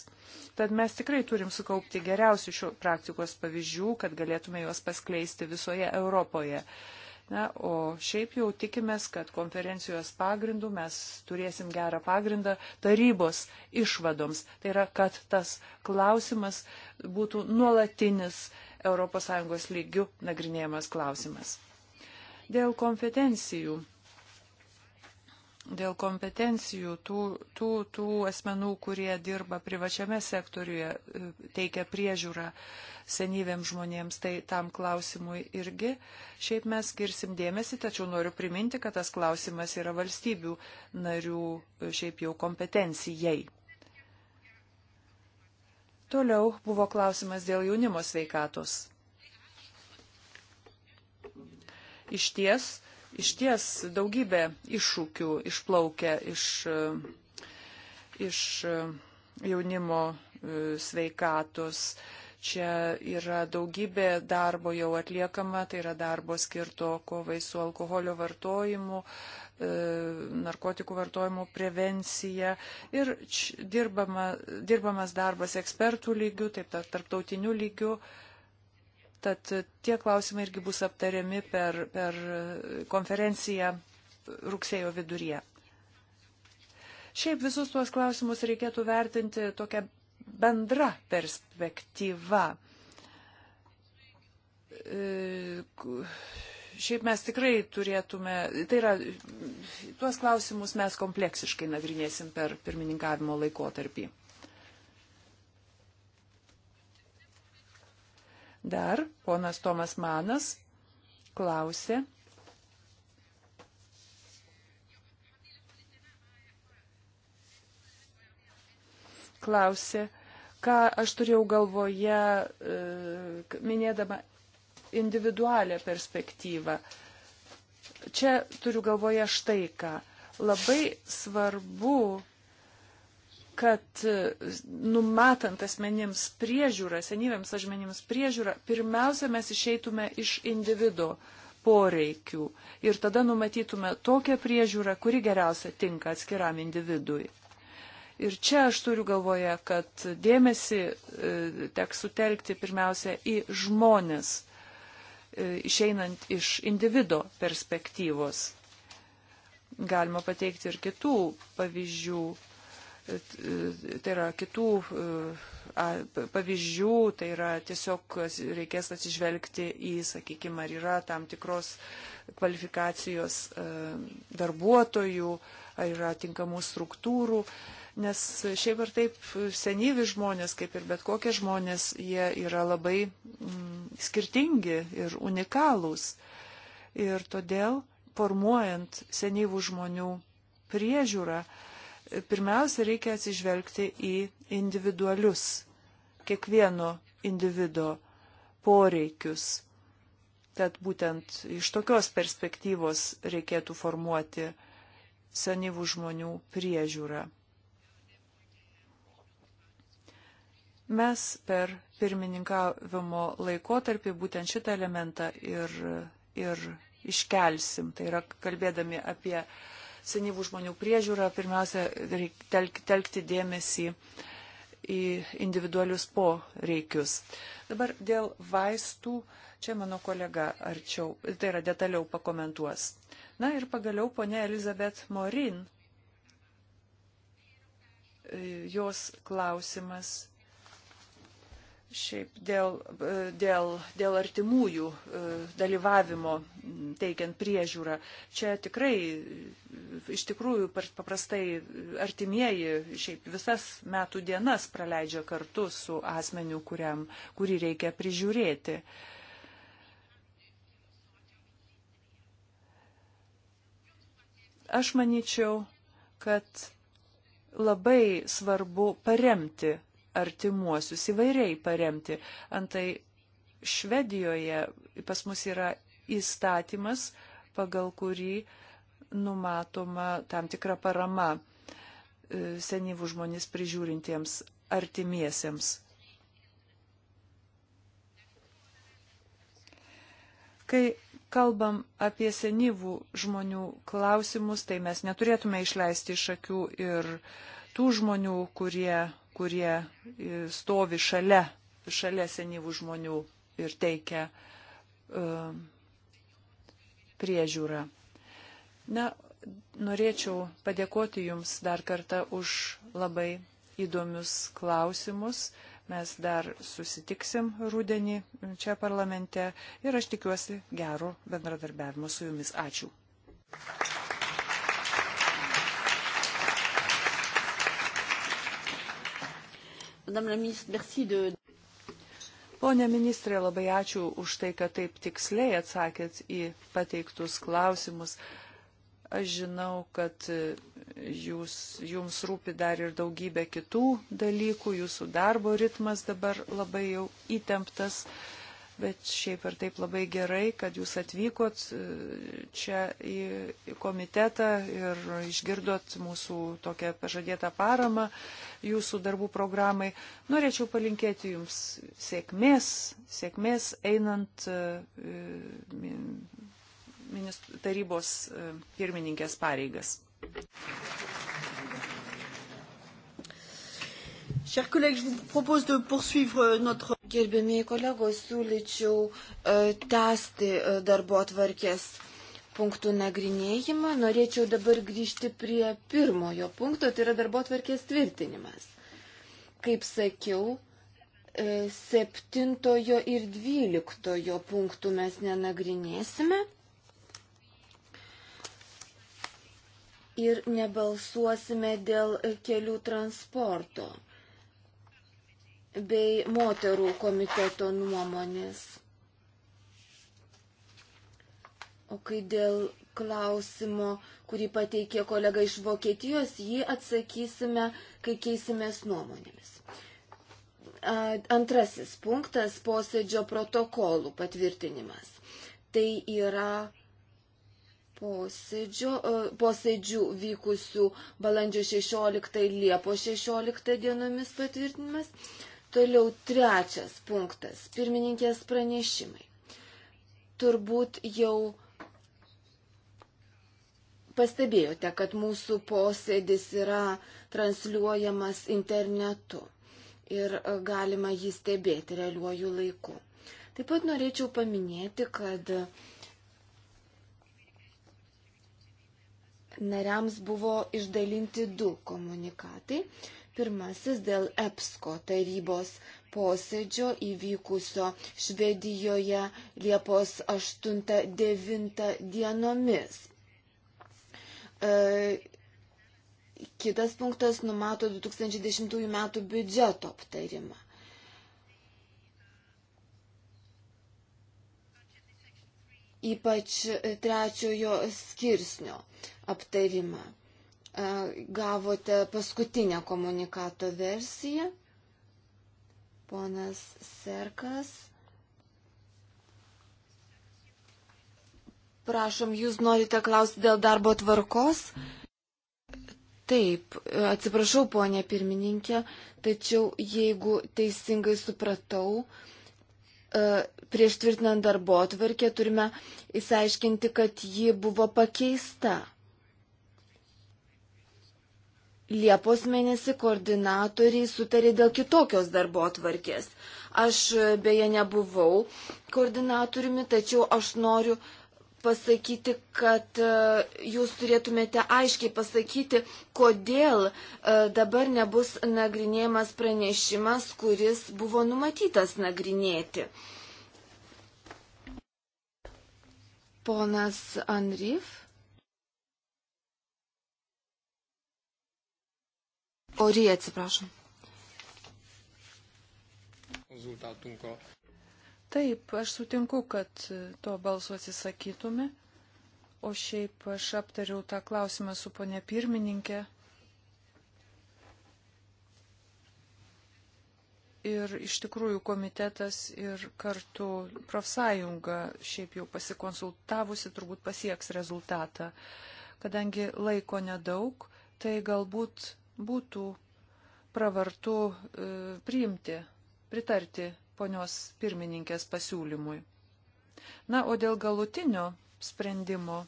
Tad mes tikrai turim sukaupti geriausių šių praktikos pavyzdžių, kad galėtume juos paskleisti visoje Europoje. Na, o šiaip jau tikimės, kad konferencijos pagrindų mes turėsim gerą pagrindą tarybos išvadoms. Tai yra, kad tas klausimas būtų nuolatinis ES lygių nagrinėjamas klausimas. Dėl kompetencijų dėl kompetencijų tų, tų, tų asmenų, kurie dirba privačiame sektoriuje, e, teikia priežiūrą senyviems žmonėms, tai tam klausimui irgi šiaip mes skirsim dėmesį, tačiau noriu priminti, kad tas klausimas yra valstybių narių e, šiaip jau kompetencijai. Toliau buvo klausimas dėl jaunimo sveikatos. Iš ties, Iš ties daugybė iššūkių išplaukia iš, iš jaunimo e, sveikatos. Čia yra daugybė darbo jau atliekama, tai yra darbo skirto kovai su alkoholio vartojimu, e, narkotikų vartojimo prevencija ir dirbama, dirbamas darbas ekspertų lygių, taip tarptautinių lygių. Ta, Tad tie klausimai irgi bus aptariami per, per konferenciją rugsėjo viduryje. Šiaip visus tuos klausimus reikėtų vertinti tokia bendra perspektyva. E, šiaip mes tikrai turėtume, tai yra, tuos klausimus mes kompleksiškai nagrinėsim per pirmininkavimo laikotarpį. Dar ponas Tomas Manas klausė. Klausė, ką aš turėjau galvoje, e, minėdama individualią perspektyvą. Čia turiu galvoje štai ką. Labai svarbu kad e, numatant asmenims priežiūrą, senyviams asmenims priežiūrą, pirmiausia, mes išeitume iš individo poreikių ir tada numatytume tokią priežiūrą, kuri geriausia tinka atskiram individui. Ir čia aš turiu galvoje, kad dėmesį e, teks sutelkti pirmiausia į žmonės, e, išeinant iš individo perspektyvos. Galima pateikti ir kitų pavyzdžių tai yra kitų e, pavyzdžių, tai yra tiesiog reikės atsižvelgti į, sakykime, ar yra tam tikros kvalifikacijos e, darbuotojų, ar yra tinkamų struktūrų, nes šiaip ar taip senyvi žmonės, kaip ir bet kokie žmonės, jie yra labai mm, skirtingi ir unikalūs. Ir todėl formuojant senyvų žmonių priežiūrą, uh, pirmiausia, reikia atsižvelgti į individualius, kiekvieno individo poreikius. Tad būtent iš tokios perspektyvos reikėtų formuoti senyvų žmonių priežiūrą. Mes per pirmininkavimo laikotarpį būtent šitą elementą ir, ir iškelsim. Tai yra kalbėdami apie uh, senyvų žmonių priežiūrą, pirmiausia, reikia telk, telkti dėmesį į individualius poreikius. Dabar dėl vaistų, čia mano kolega arčiau, tai yra detaliau pakomentuos. Na ir pagaliau ponė Elizabet Morin jos klausimas Šiaip dėl, e, dėl, dėl artimųjų e, dalyvavimo teikiant priežiūrą. Čia tikrai, e, iš tikrųjų, paprastai artimieji šiaip visas metų dienas praleidžia kartu su asmeniu, kuriam, kurį reikia prižiūrėti. Aš manyčiau, kad labai svarbu paremti artimuosius įvairiai paremti. Antai Švedijoje pas mus yra įstatymas, pagal kurį numatoma tam tikra parama e, senyvų žmonės prižiūrintiems artimiesiems. Kai kalbam apie senyvų žmonių klausimus, tai mes neturėtume išleisti iš akių ir tų žmonių, kurie kurie e, stovi šalia, šalia senyvų žmonių ir teikia uh, priežiūrą. Na, norėčiau padėkoti Jums dar kartą už labai įdomius klausimus. Mes dar susitiksim rudenį čia parlamente ir aš tikiuosi gero bendradarbiavimo su Jumis. Ačiū. Thank you. Madame la ministre, merci de. Pone ministrė, labai ačiū už tai, kad taip tiksliai atsakėt į pateiktus klausimus. Aš žinau, kad e, jūs, jums rūpi dar ir daugybė kitų dalykų, jūsų darbo ritmas dabar labai jau įtemptas. Uh, bet šiaip ir taip labai gerai, kad jūs atvykot e, čia į komitetą ir išgirdot mūsų tokią pažadėtą paramą jūsų darbų programai. Norėčiau palinkėti jums sėkmės, sėkmės einant e, tarybos e, pirmininkės pareigas. Thank you. Chers collègues, je vous propose de poursuivre euh, notre. Gerbėmiai kolegos, siūlyčiau e, tęsti e, darbo atvarkės punktų nagrinėjimą. Norėčiau dabar grįžti prie pirmojo punkto, tai yra darbo atvarkės tvirtinimas. Kaip sakiau, e, septintojo ir dvyliktojo punktų mes nenagrinėsime. ir nebalsuosime dėl kelių transporto bei moterų komiteto nuomonės. O kai dėl klausimo, kurį pateikė kolega iš Vokietijos, jį atsakysime, kai keisimės nuomonėmis. Antrasis punktas - posėdžio protokolų patvirtinimas. Tai yra posėdžio, posėdžių vykusių balandžio 16, Liepo 16 dienomis patvirtinimas. Toliau trečias punktas - pirmininkės pranešimai. Turbūt jau pastebėjote, kad mūsų posėdis yra transliuojamas internetu ir e, galima jį stebėti realiuoju laiku. Taip pat norėčiau paminėti, kad nariams buvo išdalinti du komunikatai. Pirmasis dėl EPSCO tarybos posėdžio įvykusio Švedijoje Liepos 8-9 dienomis. E, kitas punktas numato 2010 m. biudžeto aptarimą. Ypač trečiojo skirsnio aptarimą gavote paskutinę komunikato versiją. Ponas Serkas. Prašom, jūs norite klausti dėl darbo tvarkos? Taip, atsiprašau, ponė pirmininkė, tačiau jeigu teisingai supratau, e, prieš tvirtinant darbo atvarkę turime įsiaiškinti, kad ji buvo pakeista. Liepos mėnesį koordinatoriai sutarė dėl kitokios darbo atvarkės. Aš e, beje nebuvau koordinatoriumi, tačiau aš noriu pasakyti, kad e, jūs turėtumėte aiškiai pasakyti, kodėl e, dabar nebus nagrinėjamas pranešimas, kuris buvo numatytas nagrinėti. Ponas Anryf. Ori, atsiprašom. Taip, aš sutinku, kad to balsu atsisakytume, o šiaip aš aptariau tą klausimą su ponė pirmininkė. ir iš tikrųjų komitetas ir kartu profsąjunga šiaip jau pasikonsultavusi turbūt pasieks rezultatą. Kadangi laiko nedaug, tai galbūt būtų pravartu e, priimti, pritarti ponios pirmininkės pasiūlymui. Na, o dėl galutinio sprendimo,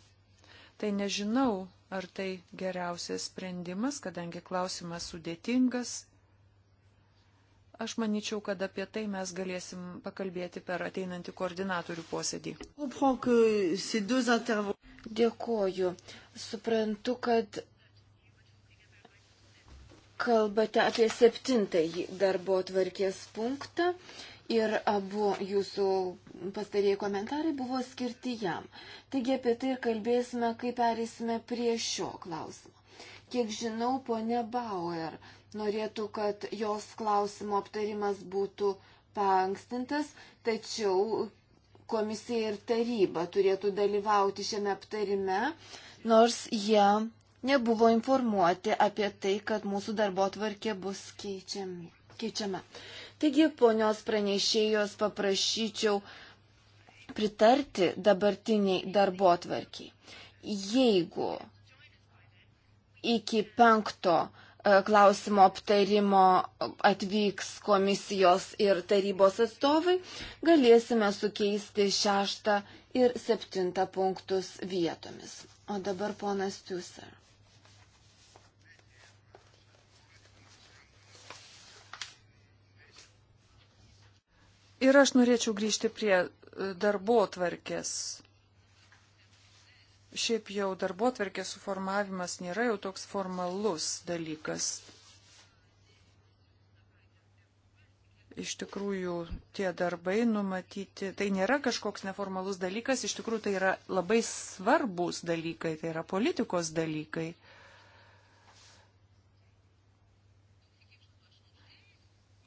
tai nežinau, ar tai geriausias sprendimas, kadangi klausimas sudėtingas. Aš manyčiau, kad apie tai mes galėsim pakalbėti per ateinantį koordinatorių posėdį. Dėkoju. Suprantu, kad kalbate apie septintąjį darbo tvarkės punktą ir abu jūsų pastarėjai komentarai buvo skirti jam. Taigi apie tai ir kalbėsime, kai perėsime prie šio klausimo. Kiek žinau, ponė Bauer norėtų, kad jos klausimo aptarimas būtų paankstintas, tačiau komisija ir taryba turėtų dalyvauti šiame aptarime, nors jie nebuvo informuoti apie tai, kad mūsų darbo tvarkė bus keičiami, keičiama. Taigi, ponios pranešėjos paprašyčiau pritarti dabartiniai darbo tvarkiai. Jeigu iki penkto e, klausimo aptarimo atvyks komisijos ir tarybos atstovai, galėsime sukeisti šeštą ir septintą punktus vietomis. O dabar ponas Tiuser. Ir aš norėčiau grįžti prie e, darbo tvarkės. Šiaip jau darbo tvarkės suformavimas nėra jau toks formalus dalykas. iš tikrųjų tie darbai numatyti, tai nėra kažkoks neformalus dalykas, iš tikrųjų tai yra labai svarbus dalykai, tai yra politikos dalykai.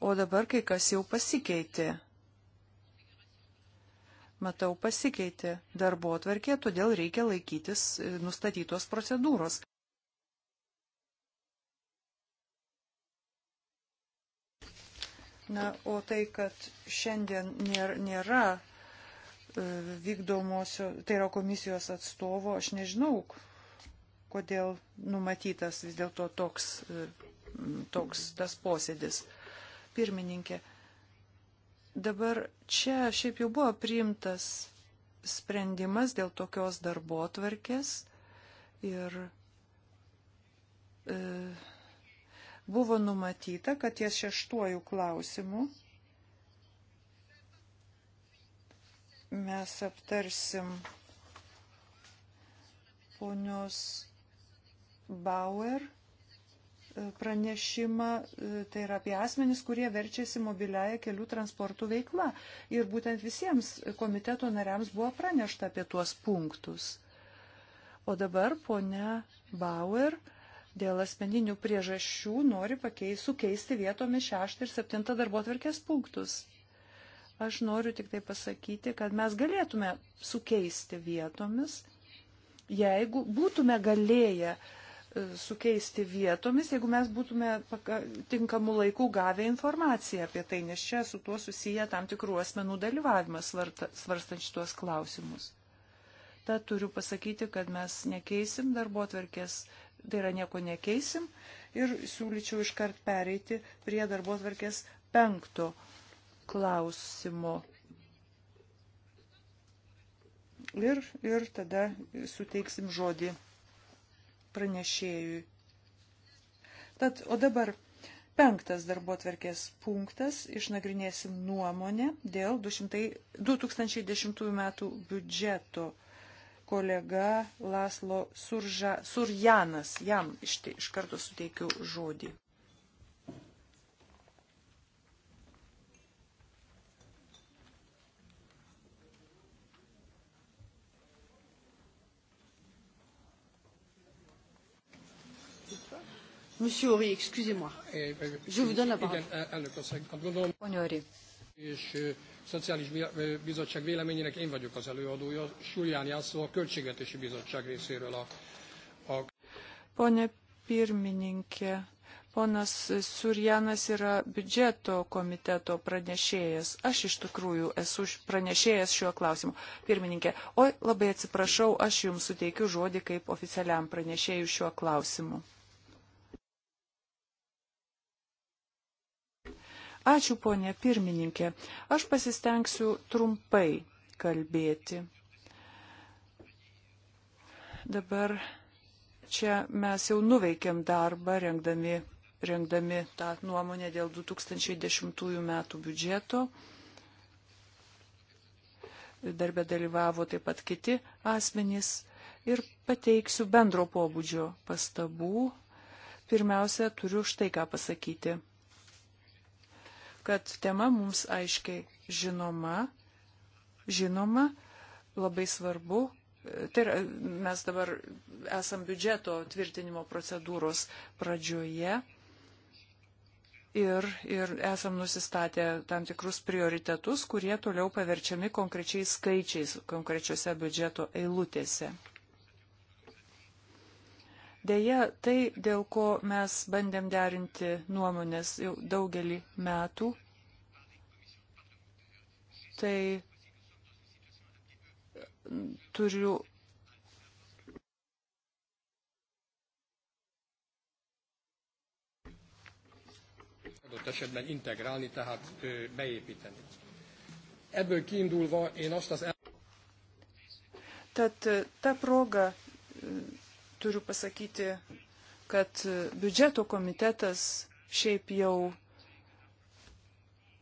O dabar kai kas jau pasikeitė matau, pasikeitė darbo atvarkė, todėl reikia laikytis e, nustatytos procedūros. Na, o tai, kad šiandien nėra, nėra e, vykdomosio, tai yra komisijos atstovo, aš nežinau, kodėl numatytas vis dėlto toks, e, toks tas posėdis. Pirmininkė, Dabar čia šiaip jau buvo priimtas sprendimas dėl tokios darbo tvarkės ir e, buvo numatyta, kad ties šeštuoju klausimu mes aptarsim ponios Bauer pranešimą, e, tai yra apie asmenis, kurie verčiasi mobiliaja kelių transportų veikla. Ir būtent visiems komiteto nariams buvo pranešta apie tuos punktus. O dabar ponia Bauer dėl asmeninių priežasčių nori pakeis, sukeisti vietomis šeštą ir septintą darbo atverkės punktus. Aš noriu tik tai pasakyti, kad mes galėtume sukeisti vietomis, jeigu būtume galėję uh, sukeisti vietomis, jeigu mes būtume tinkamų laikų gavę informaciją apie tai, nes čia su tuo susiję tam tikrų asmenų dalyvavimas svarstant šitos klausimus. Tad turiu pasakyti, kad mes nekeisim darbo atverkės, tai yra nieko nekeisim ir siūlyčiau iškart pereiti prie darbo atverkės penkto klausimo ir, ir tada suteiksim žodį pranešėjui. Tad, o dabar penktas darbo tvarkės punktas, išnagrinėsim nuomonę dėl 200, 2010 metų biudžeto kolega Laslo Surža, Surjanas, jam iš, iš karto suteikiu žodį. Monsieur Horry, excusez-moi. Eh, eh, eh, Je vous donne la parole. Igen, elnök asszony, azt gondolom, Onyori. és Szociális Bizottság véleményének én vagyok az előadója, Súlyán Jászló a Költségvetési Bizottság részéről a... a... Pone pirmininkė, ponas Surjanas yra biudžeto komiteto pranešėjas. Aš iš tikrųjų esu pranešėjas šiuo klausimu. Pirmininkė, oi labai atsiprašau, aš jums suteikiu žodį kaip oficialiam pranešėjui šiuo klausimu. Ačiū, ponė pirmininkė. Aš pasistengsiu trumpai kalbėti. Dabar čia mes jau nuveikėm darbą, rengdami, rengdami tą nuomonę dėl 2010 metų biudžeto darbė dalyvavo taip pat kiti asmenys ir pateiksiu bendro pobūdžio pastabų. Pirmiausia, turiu štai ką pasakyti kad tema mums aiškiai žinoma, žinoma, labai svarbu. Tai yra, mes dabar esam biudžeto tvirtinimo procedūros pradžioje ir, ir esam nusistatę tam tikrus prioritetus, kurie toliau paverčiami konkrečiais skaičiais konkrečiose biudžeto eilutėse. Deja, tai, dėl ko mes bandėm derinti nuomonės jau daugelį metų, tai turiu adott esetben integrálni, tehát ö, beépíteni. Ebből kiindulva én azt az... Tehát ta proga turiu pasakyti, kad biudžeto komitetas šiaip jau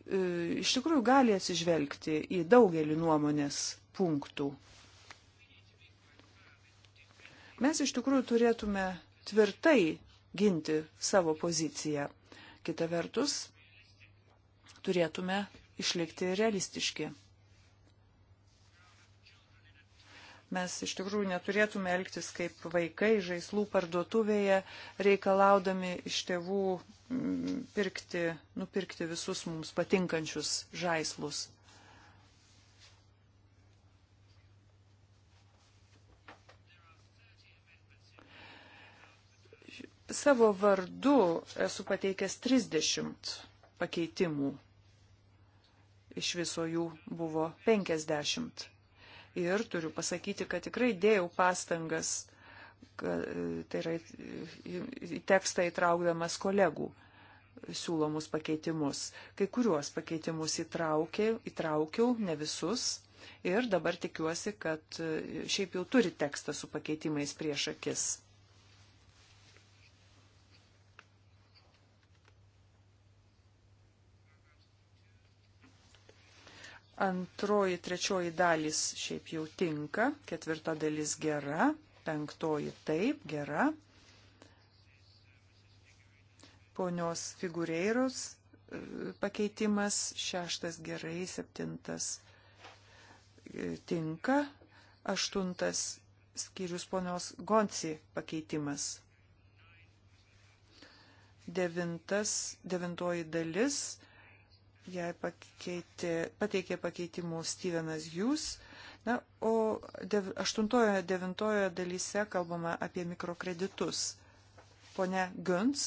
e, iš tikrųjų gali atsižvelgti į daugelį nuomonės punktų. Mes iš tikrųjų turėtume tvirtai ginti savo poziciją. Kita vertus, turėtume išlikti realistiški. Mes iš tikrųjų neturėtume elgtis kaip vaikai žaislų parduotuvėje, reikalaudami iš tėvų mm, pirkti, nupirkti visus mums patinkančius žaislus. Savo vardu esu pateikęs 30 pakeitimų. Iš viso jų buvo 50. Ir turiu pasakyti, kad tikrai dėjau pastangas, tai yra į tekstą įtraukdamas kolegų siūlomus pakeitimus. Kai kuriuos pakeitimus įtraukiau, įtraukiau ne visus. Ir dabar tikiuosi, kad e, šiaip jau turi tekstą su pakeitimais prieš akis. Antroji, trečioji dalis šiaip jau tinka, ketvirta dalis gera, penktoji taip, gera. Ponios figūreiros e, pakeitimas, šeštas gerai, septintas e, tinka, aštuntas skyrius ponios Gonci pakeitimas. Devintas, devintoji dalis jai pakeitė, pateikė pakeitimų Stevenas Hughes. Na, o 8-9 dalyse kalbama apie mikrokreditus. Pone Guns.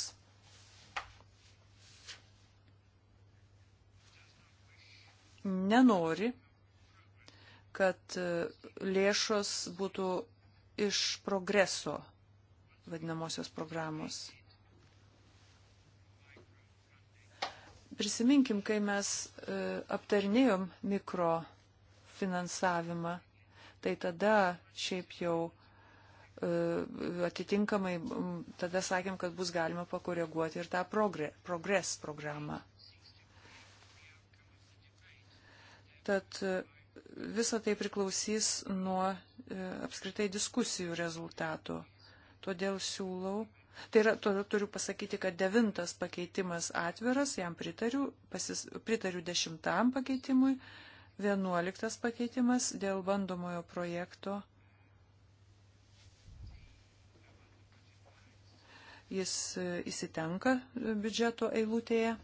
Nenori, kad e, lėšos būtų iš progreso vadinamosios programos. Prisiminkim, kai mes e, aptarnėjom mikrofinansavimą, tai tada šiaip jau e, atitinkamai, tada sakėm, kad bus galima pakoreguoti ir tą progres programą. Tad e, visa tai priklausys nuo apskritai diskusijų rezultato. Todėl siūlau Tai yra, turiu pasakyti, kad devintas pakeitimas atviras, jam pritariu, pasis, pritariu dešimtam pakeitimui, vienuoliktas pakeitimas dėl bandomojo projekto. Jis e, įsitenka biudžeto eilutėje.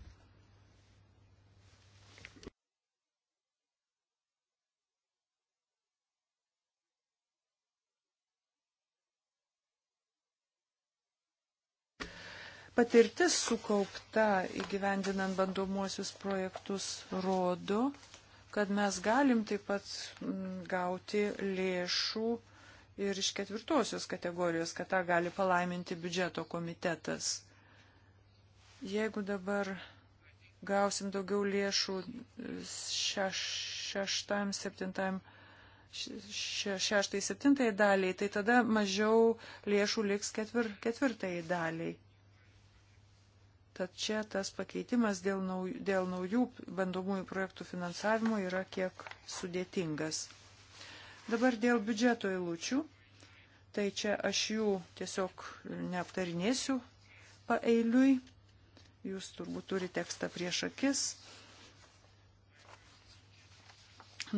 Patirtis sukaupta įgyvendinant bandomuosius projektus rodo, kad mes galim taip pat mm, gauti lėšų ir iš ketvirtosios kategorijos, kad tą gali palaiminti biudžeto komitetas. Jeigu dabar gausim daugiau lėšų šeš, šeštam, septintam, šeštai, septintai daliai, tai tada mažiau lėšų liks ketvir, ketvirtai daliai. Tad čia tas pakeitimas dėl naujų, dėl naujų bandomųjų projektų finansavimo yra kiek sudėtingas. Dabar dėl biudžeto eilučių. Tai čia aš jų tiesiog neaptarinėsiu paeiliui. Jūs turbūt turite tekstą prieš akis.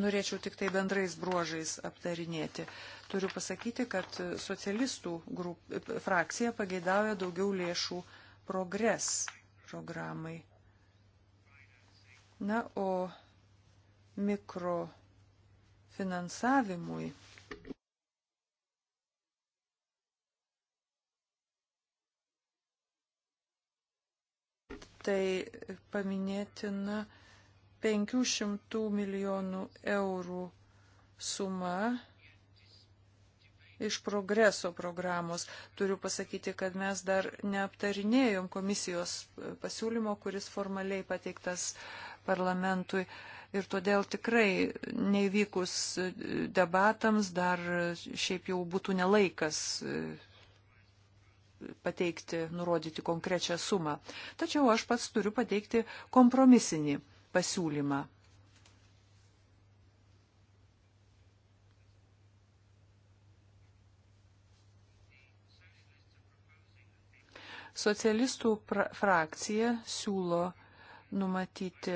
Norėčiau tik tai bendrais bruožais aptarinėti. Turiu pasakyti, kad socialistų grup, frakcija pageidauja daugiau lėšų progres programai. Na, o mikrofinansavimui. Tai paminėtina 500 milijonų eurų suma iš progreso programos. Turiu pasakyti, kad mes dar neaptarinėjom komisijos e, pasiūlymo, kuris formaliai pateiktas parlamentui. Ir todėl tikrai nevykus e, debatams dar e, šiaip jau būtų nelaikas pateikti, nurodyti konkrečią sumą. Tačiau aš pats turiu pateikti kompromisinį pasiūlymą. Socialistų frakcija siūlo numatyti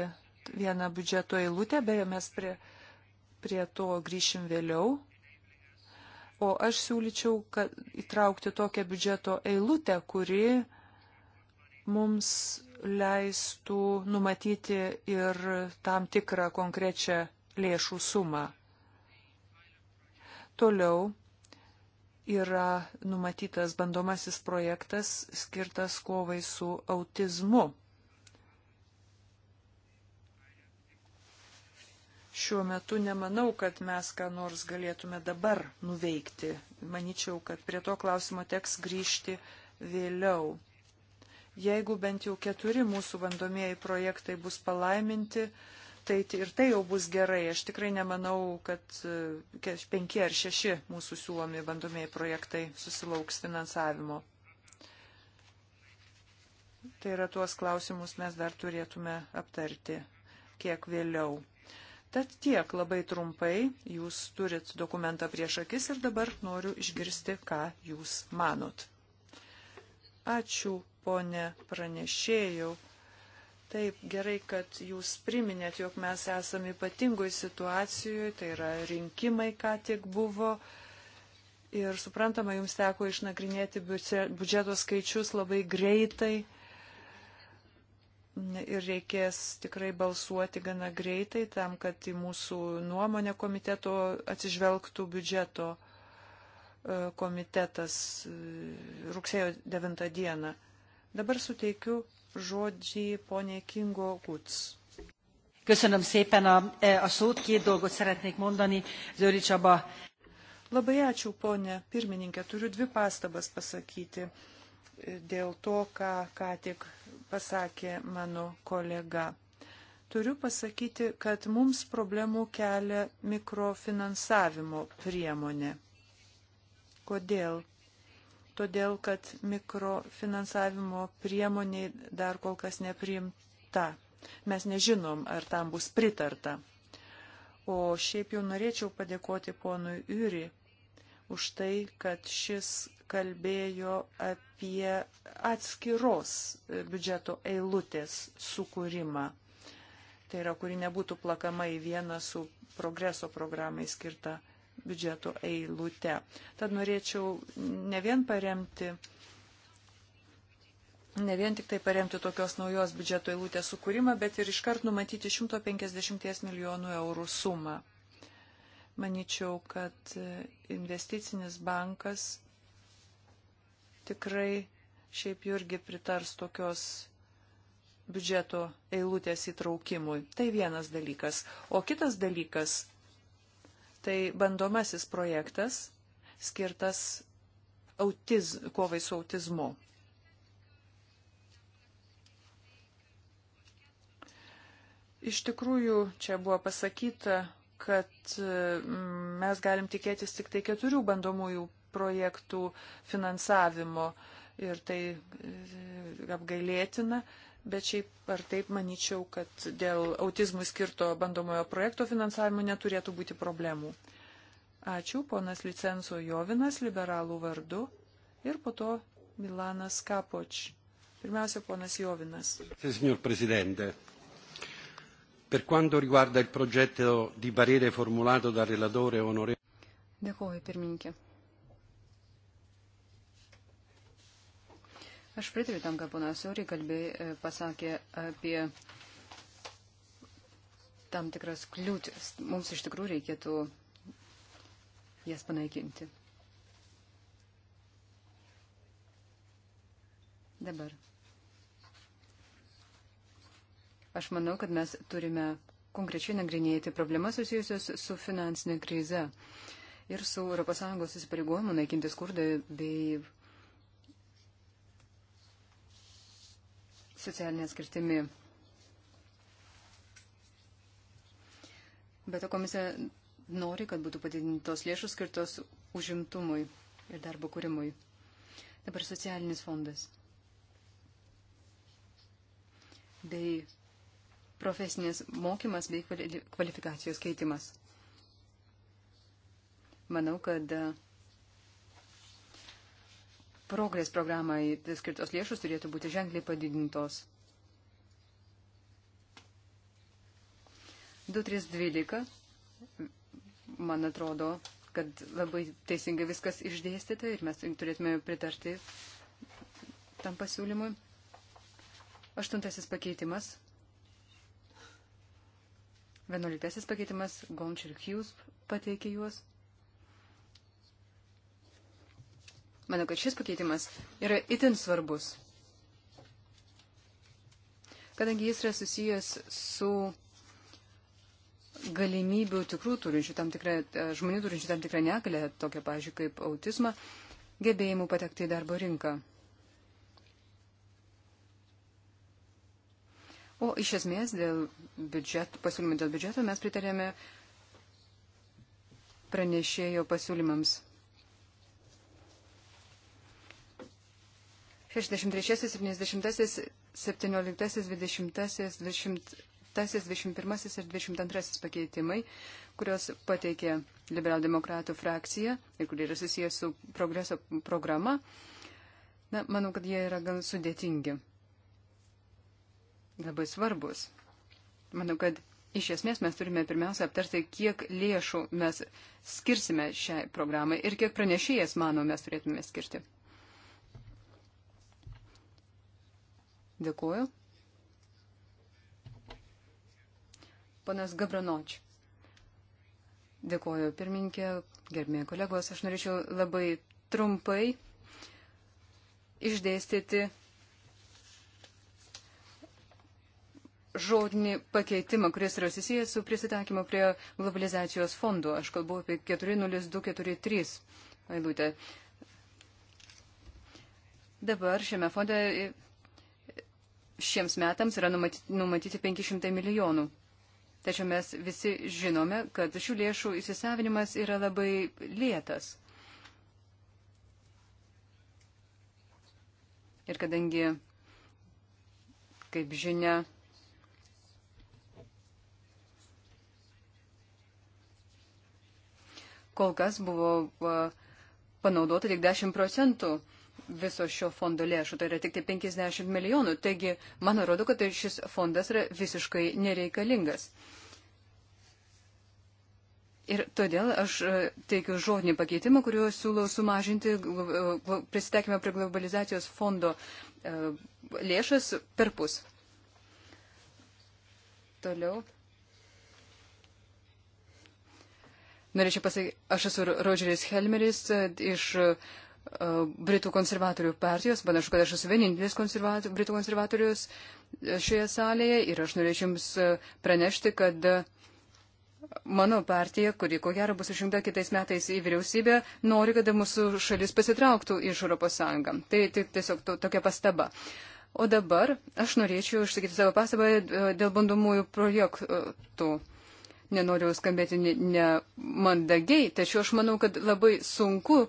vieną biudžeto eilutę, beje, mes prie, prie to grįšim vėliau. O aš siūlyčiau, kad įtraukti tokią biudžeto eilutę, kuri mums leistų numatyti ir tam tikrą konkrečią lėšų sumą. Toliau yra numatytas bandomasis projektas skirtas kovai su autizmu. Šiuo metu nemanau, kad mes ką nors galėtume dabar nuveikti. Maničiau, kad prie to klausimo teks grįžti vėliau. Jeigu bent jau keturi mūsų bandomieji projektai bus palaiminti, tai ir tai jau bus gerai. Aš tikrai nemanau, kad e, penki ar šeši mūsų siūlomi bandomieji projektai susilauks finansavimo. Tai yra tuos klausimus mes dar turėtume aptarti kiek vėliau. Tad tiek labai trumpai, jūs turit dokumentą prieš akis ir dabar noriu išgirsti, ką jūs manot. Ačiū, ponė pranešėjau. Taip, gerai, kad jūs priminėt, jog mes esame ypatingoj situacijoje, tai yra rinkimai ką tik buvo. Ir suprantama, jums teko išnagrinėti biudžeto skaičius labai greitai. Ir reikės tikrai balsuoti gana greitai tam, kad į mūsų nuomonę komiteto atsižvelgtų biudžeto e, komitetas e, rugsėjo 9 dieną. Dabar suteikiu žodžiai ponė Kingo Guts. Köszönöm szépen a, e, a szót, két dolgot szeretnék mondani. Zöri Csaba. Labai ačiū, ponė pirmininkė, turiu dvi pastabas pasakyti dėl to, ką, ką tik pasakė mano kolega. Turiu pasakyti, kad mums problemų kelia mikrofinansavimo priemonė. Kodėl? todėl kad mikrofinansavimo priemoniai dar kol kas nepriimta. Mes nežinom, ar tam bus pritarta. O šiaip jau norėčiau padėkoti ponui Yri už tai, kad šis kalbėjo apie atskiros biudžeto eilutės sukūrimą. Tai yra, kuri nebūtų plakama į vieną su progreso programai skirtą biudžeto eilutę. Tad norėčiau ne vien paremti ne vien tik tai paremti tokios naujos biudžeto eilutės sukūrimą, bet ir iškart numatyti 150 milijonų eurų sumą. Maničiau, kad investicinis bankas tikrai šiaip irgi pritars tokios biudžeto eilutės įtraukimui. Tai vienas dalykas. O kitas dalykas Tai bandomasis projektas skirtas autiz, kovai su autizmu. Iš tikrųjų, čia buvo pasakyta, kad mm, mes galim tikėtis tik tai keturių bandomųjų projektų finansavimo ir tai e, apgailėtina, bet šiaip ar taip manyčiau, kad dėl autizmui skirto bandomojo projekto finansavimo neturėtų būti problemų. Ačiū, ponas Licenso Jovinas, liberalų vardu ir po to Milanas Kapoč. Pirmiausia, ponas Jovinas. Signor Presidente, per quanto riguarda il progetto di parere formulato dal relatore onorevole. Dėkuoju, pirmininkė. Aš pritariu tam, ką ponas Uri kalbė, e, pasakė apie tam tikras kliūtis. Mums iš tikrųjų reikėtų jas panaikinti. Dabar. Aš manau, kad mes turime konkrečiai nagrinėti problemas susijusios su finansinė krize ir su ES įsipareigojimu naikinti skurdą bei socialinė skirtimi. Bet to komisija nori, kad būtų padidintos lėšos skirtos užimtumui ir darbo kūrimui. Dabar socialinis fondas. Bei profesinės mokymas bei kvalifikacijos keitimas. Manau, kad progres programai skirtos lėšos turėtų būti ženkliai padidintos. 2312, man atrodo, kad labai teisingai viskas išdėstyta ir mes turėtume pritarti tam pasiūlymui. Aštuntasis pakeitimas. Vienuoliktasis pakeitimas, Gonch ir Hughes pateikė juos. Manau, kad šis pakeitimas yra itin svarbus, kadangi jis yra susijęs su galimybių tikrų turinčių tam tikrą, e, žmonių turinčių tam tikrą negalę, tokią, pažiūrėjau, kaip autizmą, gebėjimų patekti į darbo rinką. O iš esmės dėl biudžeto, pasiūlymų dėl biudžeto mes pritarėme pranešėjo pasiūlymams. 63, 70, 17, 20, 20, 21 ir 22 pakeitimai, kurios pateikė liberaldemokratų frakcija ir kurie yra susijęs su progreso programa. Na, manau, kad jie yra gan sudėtingi. Labai svarbus. Manau, kad Iš esmės mes turime pirmiausia aptarti, kiek lėšų mes skirsime šiai programai ir kiek pranešėjas mano mes turėtume skirti. Dėkuoju. Panas Gabranoč. Dėkuoju, pirmininkė, gerbėjai kolegos. Aš norėčiau labai trumpai išdėstyti žodinį pakeitimą, kuris yra susijęs su prisitaikymu prie globalizacijos fondų. Aš kalbu apie 40243 eilutę. Dabar šiame fonde šiems metams yra numatyti 500 milijonų. Tačiau mes visi žinome, kad šių lėšų įsisavinimas yra labai lėtas. Ir kadangi, kaip žinia, kol kas buvo panaudota tik 10 procentų viso šio fondo lėšų, tai yra tik tai 50 milijonų. Taigi, man atrodo, kad tai šis fondas yra visiškai nereikalingas. Ir todėl aš e, teikiu žodinį pakeitimą, kuriuo siūlau sumažinti e, prisitaikymą prie globalizacijos fondo e, lėšas per pus. Toliau. Norėčiau pasakyti, aš esu Rodžeris Helmeris iš uh, E, Britų konservatorių partijos. Panašu, kad aš esu vienintelis konservator, Britų konservatorius e, šioje salėje ir aš norėčiau Jums e, pranešti, kad mano partija, kuri ko gero bus išrinkta kitais metais į vyriausybę, nori, kad mūsų šalis pasitrauktų iš Europos Sąjungą. Tai, tai tiesiog to, tokia pastaba. O dabar aš norėčiau išsakyti savo pastabą dėl bandomųjų projektų nenoriu skambėti nemandagiai, tačiau aš manau, kad labai sunku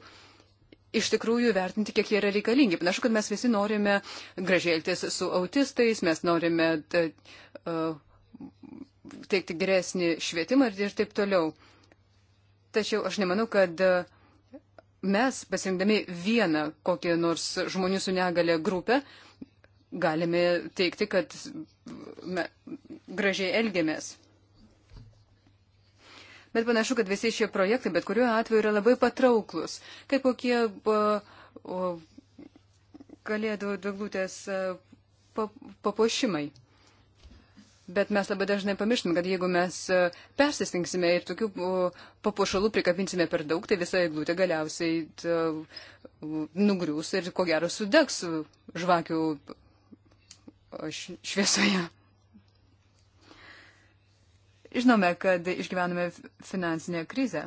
iš tikrųjų vertinti, kiek jie yra reikalingi. Panašu, kad mes visi norime gražėltis su autistais, mes norime e, e, teikti geresnį švietimą ir taip toliau. Tačiau aš nemanau, kad e, mes, pasirinkdami vieną kokią nors žmonių su negale grupę, galime teikti, kad me, gražiai elgiamės. Bet panašu, kad visi šie projektai, bet kuriuo atveju, yra labai patrauklus. Kaip kokie o, kalėdų daglutės e, papuošimai. Bet mes labai dažnai pamirštam, kad jeigu mes e, persistenksime ir tokių papuošalų prikapinsime per daug, tai visa eglutė galiausiai e, nugrius ir ko gero sudegs žvakių šviesoje. Žinome, kad išgyvename finansinę krizę,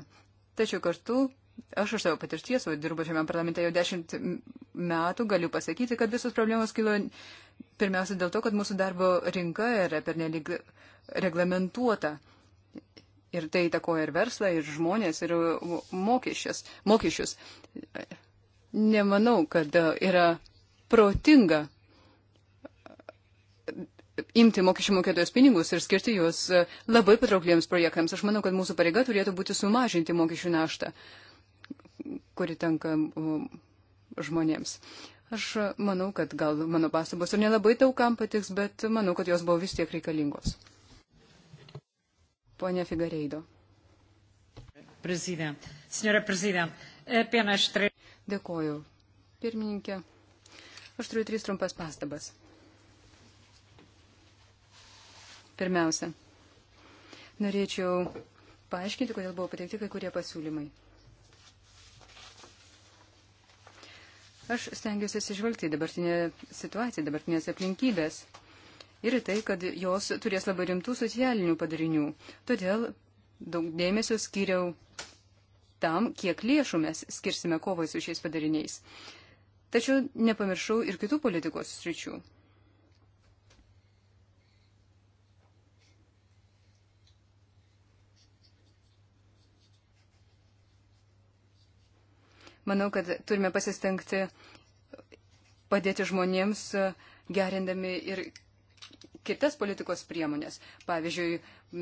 tačiau kartu aš iš savo patirties, o dirbu šiame parlamente jau dešimt metų, galiu pasakyti, kad visos problemos kilo pirmiausia dėl to, kad mūsų darbo rinka yra pernelyg reglamentuota. Ir tai įtakoja ir verslą, ir žmonės, ir mokesčius. mokesčius. Nemanau, kad yra protinga imti mokesčių mokėtojos pinigus ir skirti juos e, labai patraukliems projektams. Aš manau, kad mūsų pareiga turėtų būti sumažinti mokesčių naštą, kuri tenka žmonėms. Aš e, manau, kad gal mano pastabos ir nelabai daug kam patiks, bet manau, kad jos buvo vis tiek reikalingos. Pone Figareido. Prezident. Senora prezident, apenas e, tre. Dėkoju. Pirmininkė, aš turiu tris trumpas pastabas. Pirmiausia, norėčiau paaiškinti, kodėl buvo pateikti kai kurie pasiūlymai. Aš stengiuosi atsižvelgti dabartinę situaciją, dabartinės aplinkybės ir tai, kad jos turės labai rimtų socialinių padarinių. Todėl daug dėmesio skiriau tam, kiek lėšų mes skirsime kovai su šiais padariniais. Tačiau nepamiršau ir kitų politikos sričių. Manau, kad turime pasistengti padėti žmonėms, gerindami ir kitas politikos priemonės. Pavyzdžiui,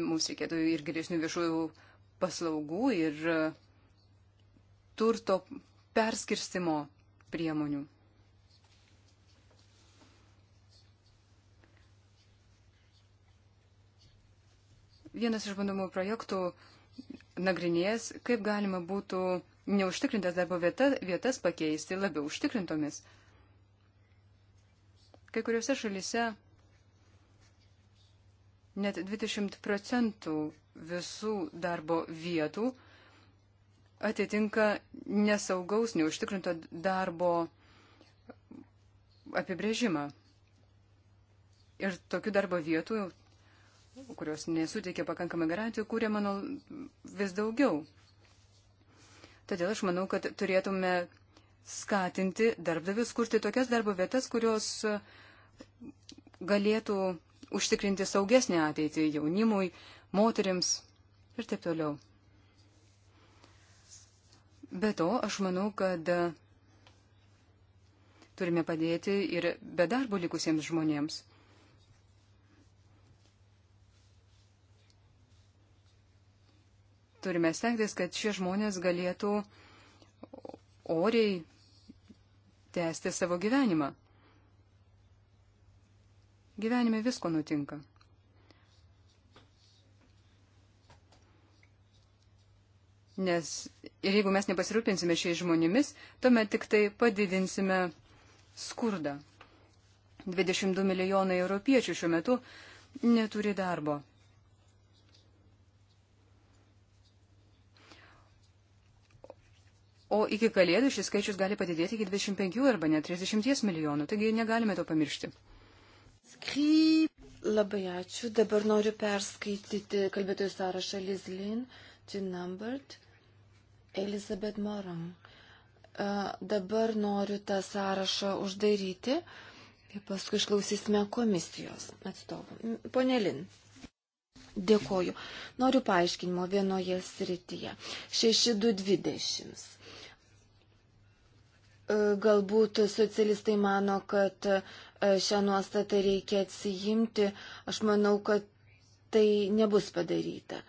mums reikėtų ir geresnių viešųjų paslaugų ir turto perskirstimo priemonių. Vienas iš bandomų projektų nagrinės, kaip galima būtų neužtikrintas darbo vieta, vietas pakeisti labiau užtikrintomis. Kai kuriuose šalyse net 20 procentų visų darbo vietų atitinka nesaugaus, neužtikrinto darbo apibrėžimą. Ir tokių darbo vietų, kurios nesuteikia pakankamai garantijų, kūrė mano vis daugiau. Todėl aš manau, kad turėtume skatinti darbdavius kurti tokias darbo vietas, kurios e, galėtų užtikrinti saugesnį ateitį jaunimui, moteriams ir taip toliau. Be to, aš manau, kad e, turime padėti ir bedarbo likusiems žmonėms. turime stengtis, kad šie žmonės galėtų oriai tęsti savo gyvenimą. Gyvenime visko nutinka. Nes ir jeigu mes nepasirūpinsime šiais žmonėmis, tuomet tik tai padidinsime skurdą. 22 milijonai europiečių šiuo metu neturi darbo. O iki kalėdų šis skaičius gali padidėti iki 25 arba net 30 milijonų, taigi negalime to pamiršti. Skryp. Labai ačiū. Dabar noriu perskaityti kalbėtojų sąrašą Liz Lynn, Jean Lambert, Elizabeth Moran. Uh, dabar noriu tą sąrašą uždaryti ir paskui išklausysime komisijos atstovų. Pone Lin. Dėkoju. Noriu paaiškinimo vienoje srityje. 6220. Galbūt socialistai mano, kad e, šią nuostatą reikia atsijimti. Aš manau, kad tai nebus padaryta,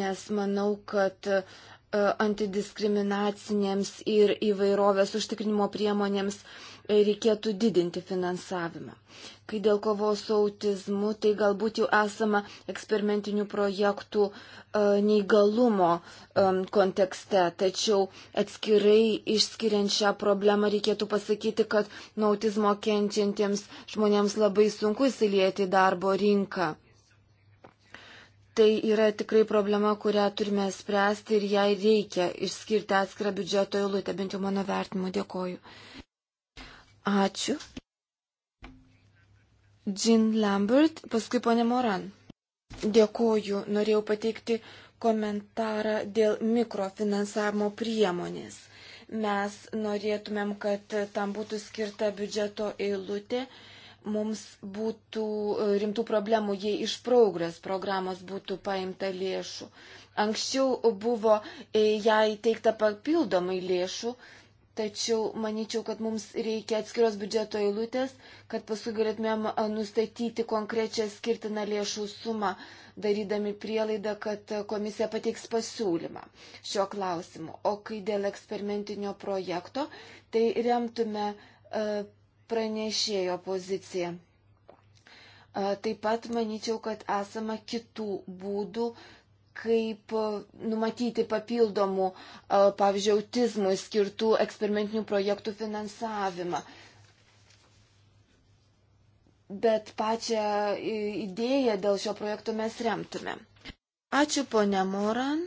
nes manau, kad e, antidiskriminacinėms ir įvairovės užtikrinimo priemonėms e, reikėtų didinti finansavimą. Kai dėl kovos su autizmu, tai galbūt jau esama eksperimentinių projektų e, neįgalumo e, kontekste, tačiau atskirai išskiriant šią problemą reikėtų pasakyti, kad nuo autizmo kenčiantiems žmonėms labai sunku įsilieti į darbo rinką. Tai yra tikrai problema, kurią turime spręsti ir jai reikia išskirti atskirą biudžeto eilutę, bent jau mano vertimu. Dėkoju. Ačiū. Jean Lambert, paskui ponė Moran. Dėkoju, norėjau pateikti komentarą dėl mikrofinansavimo priemonės. Mes norėtumėm, kad tam būtų skirta biudžeto eilutė. Mums būtų e, rimtų problemų, jei iš progres programos būtų paimta lėšų. Anksčiau buvo e, jai teikta papildomai lėšų, Tačiau manyčiau, kad mums reikia atskiros biudžeto eilutės, kad paskui galėtumėm nustatyti konkrečią skirtiną lėšų sumą, darydami prielaidą, kad komisija pateiks pasiūlymą šio klausimu. O kai dėl eksperimentinio projekto, tai remtume pranešėjo poziciją. Taip pat manyčiau, kad esama kitų būdų kaip e, numatyti papildomų, e, pavyzdžiui, autizmui skirtų eksperimentinių projektų finansavimą. Bet pačią e, idėją dėl šio projekto mes remtume. Ačiū ponia Moran.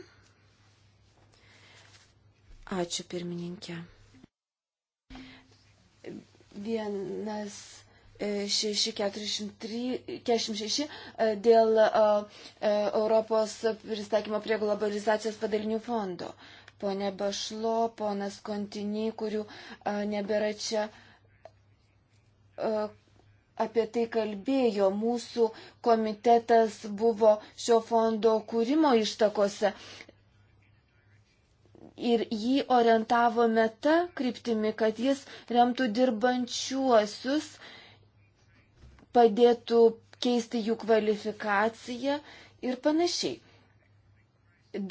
Ačiū pirmininkė. Vienas 646 e, dėl e, e, Europos pristaikymo prie globalizacijos padalinių fondo. Pone Bašlo, ponas Kontiny, kurių nebėra čia, apie tai kalbėjo. Mūsų komitetas buvo šio fondo kūrimo ištakose. Ir jį orientavome tą kryptimį, kad jis remtų dirbančiuosius uh, padėtų keisti jų kvalifikaciją ir panašiai.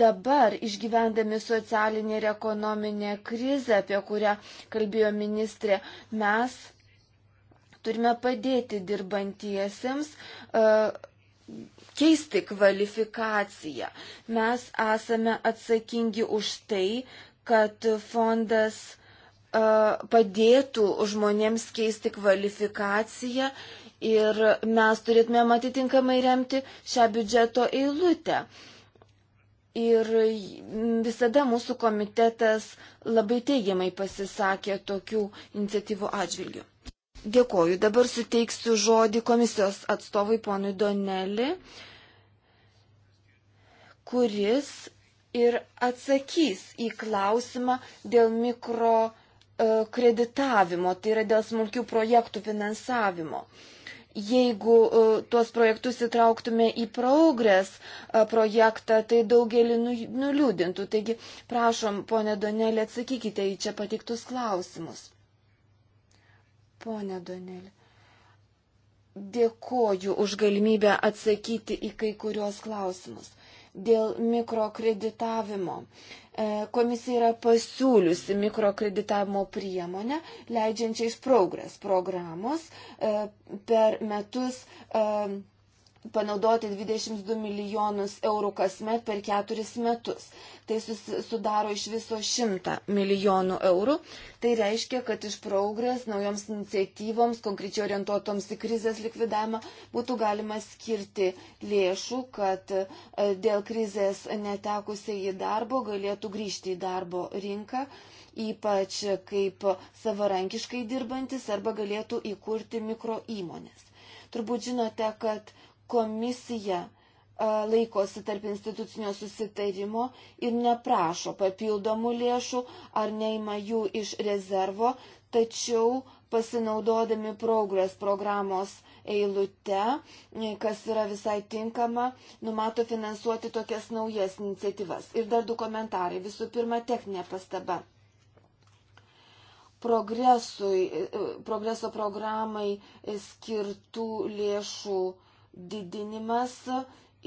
Dabar išgyvendami socialinį ir ekonominę krizę, apie kurią kalbėjo ministrė, mes turime padėti dirbantiesiems e, keisti kvalifikaciją. Mes esame atsakingi už tai, kad fondas e, padėtų žmonėms keisti kvalifikaciją ir mes turėtumėm atitinkamai remti šią biudžeto eilutę. Ir visada mūsų komitetas labai teigiamai pasisakė tokių iniciatyvų atžvilgių. Dėkoju. Dabar suteiksiu žodį komisijos atstovui ponui Donelį, kuris ir atsakys į klausimą dėl mikrokreditavimo, e, tai yra dėl smulkių projektų finansavimo. Uh, Jeigu e, tuos projektus įtrauktume į progres e, projektą, tai daugelį nu, nuliūdintų. Taigi, prašom, ponė Donelė, atsakykite į čia patiktus klausimus. Pone Donelė, dėkoju už galimybę atsakyti į kai kurios klausimus dėl mikrokreditavimo. E, komisija yra pasiūliusi mikrokreditavimo priemonę, leidžiančią iš progres programos e, per metus e, panaudoti 22 milijonus eurų kasmet per keturis metus. Tai sudaro iš viso 100 milijonų eurų. Tai reiškia, kad iš progres naujoms iniciatyvoms, konkrečiai orientuotoms į krizės likvidavimą, būtų galima skirti lėšų, kad e, dėl krizės netekusiai į darbo galėtų grįžti į darbo rinką ypač kaip savarankiškai dirbantis arba galėtų įkurti mikro įmonės. Turbūt žinote, kad komisija e, laikosi tarp institucinio susitarimo ir neprašo papildomų lėšų ar neima jų iš rezervo, tačiau pasinaudodami progres programos eilute, e, kas yra visai tinkama, numato finansuoti tokias naujas iniciatyvas. Ir dar du komentarai. Visų pirma, techninė pastaba. Progresui, e, progreso programai skirtų lėšų uh, didinimas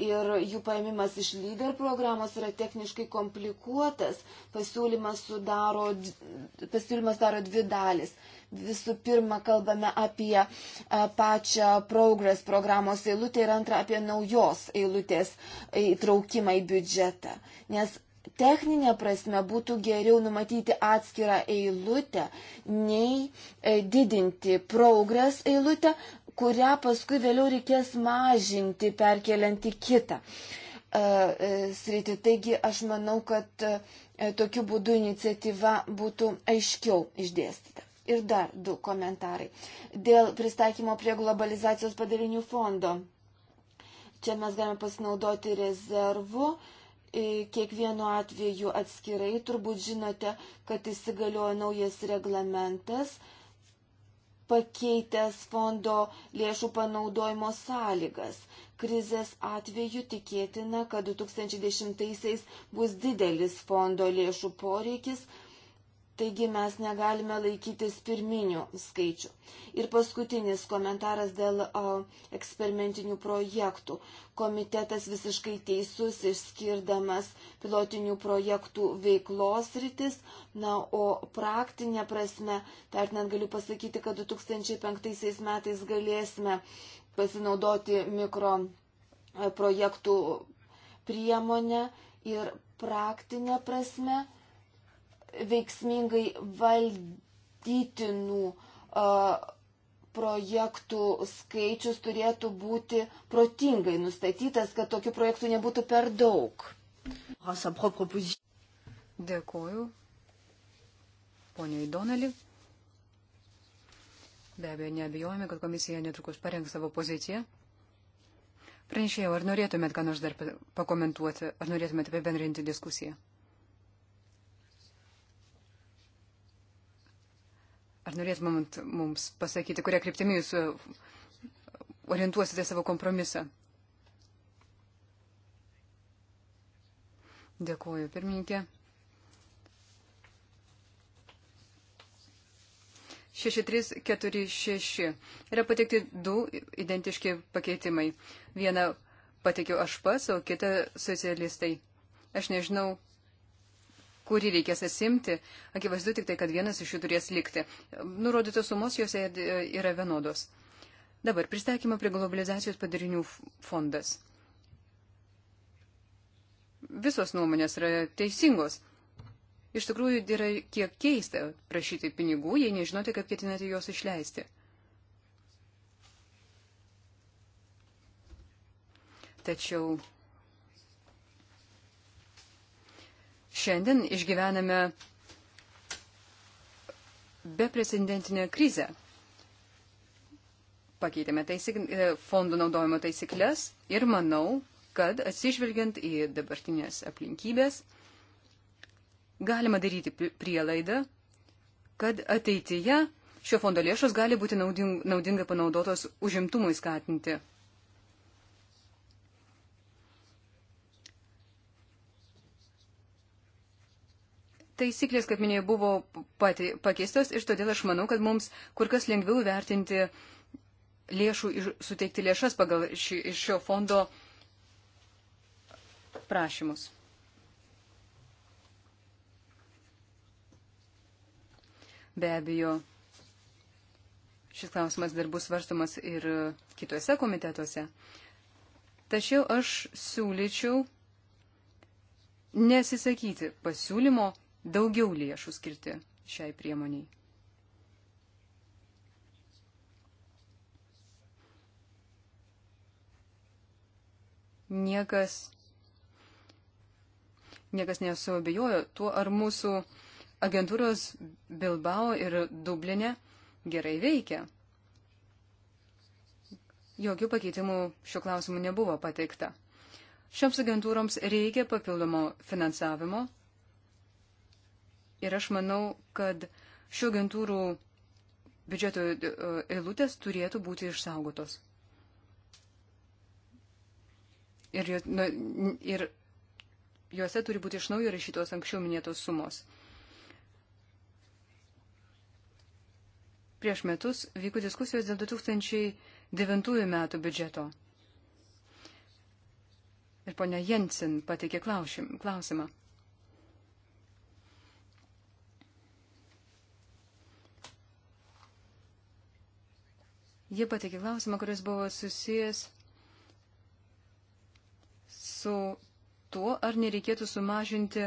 ir jų paėmimas iš lyder programos yra techniškai komplikuotas. Pasiūlymas, sudaro, pasiūlymas daro dvi dalis. Visų pirma, kalbame apie a, e, pačią progress programos eilutę ir antrą apie naujos eilutės įtraukimą į biudžetą. Nes techninė prasme būtų geriau numatyti atskirą eilutę, nei e, didinti progres eilutę, kurią paskui vėliau reikės mažinti, perkeliant į kitą e, e, sritį. Taigi aš manau, kad e, tokiu būdu iniciatyva būtų aiškiau išdėstyta. Ir dar du komentarai. Dėl pristaikymo prie globalizacijos padarinių fondo. Čia mes galime pasinaudoti rezervu. Kiekvienu atveju atskirai turbūt žinote, kad įsigaliojo naujas reglamentas pakeitęs fondo lėšų panaudojimo sąlygas. Krizės atveju tikėtina, kad 2010-aisiais bus didelis fondo lėšų poreikis, Taigi mes negalime laikytis pirminių skaičių. Ir paskutinis komentaras dėl o, eksperimentinių projektų. Komitetas visiškai teisus išskirdamas pilotinių projektų veiklos rytis. Na, o praktinė prasme, dar tai net galiu pasakyti, kad 2005 metais galėsime pasinaudoti mikro e, projektų priemonę ir praktinę prasme veiksmingai valdytinų projektų skaičius turėtų būti protingai nustatytas, kad tokių projektų nebūtų per daug. Dėkuoju. Poniai Donali. Be abejo, neabijojame, kad komisija netrukus parengs savo poziciją. Pranešėjau, ar norėtumėt ką nors dar pakomentuoti, ar norėtumėt apibendrinti diskusiją? Ar norėtumėt mums pasakyti, kuria kryptimi jūs uh, orientuosite savo kompromisą? Dėkuoju, pirmininkė. 6346. Yra pateikti du identiški pakeitimai. Vieną pateikiau aš pats, o kitą socialistai. Aš nežinau, kurį reikės atsimti, akivaizdu tik tai, kad vienas iš jų turės likti. Nurodytos sumos juose yra vienodos. Dabar pristatymo prie globalizacijos padarinių fondas. Visos nuomonės yra teisingos. Iš tikrųjų, yra kiek keista prašyti pinigų, jei nežinote, kaip ketinate juos išleisti. Tačiau Šiandien išgyvename beprecedentinę krizę. Pakeitėme taisik, e, fondų naudojimo taisyklės ir manau, kad atsižvelgiant į dabartinės aplinkybės, galima daryti prielaidą, kad ateityje šio fondo lėšos gali būti naudinga panaudotos užimtumui skatinti. taisyklės, kaip minėjau, buvo pati, pakeistos ir todėl aš manau, kad mums kur kas lengviau vertinti lėšų, suteikti lėšas pagal ši, šio fondo prašymus. Be abejo, šis klausimas dar bus svarstomas ir kitose komitetuose. Tačiau aš siūlyčiau nesisakyti pasiūlymo daugiau lėšų skirti šiai priemoniai. Niekas, niekas nesuabejojo tuo, ar mūsų agentūros Bilbao ir Dublinė gerai veikia. Jokių pakeitimų šiuo klausimu nebuvo pateikta. Šioms agentūroms reikia papildomo finansavimo Ir aš manau, kad šių agentūrų biudžeto e, eilutės turėtų būti išsaugotos. Ir, nu, ir juose turi būti iš naujo rašytos anksčiau minėtos sumos. Prieš metus vyko diskusijos dėl 2009 metų biudžeto. Ir ponia Jensen pateikė klausimą. Jie patikė klausimą, kuris buvo susijęs su tuo, ar nereikėtų sumažinti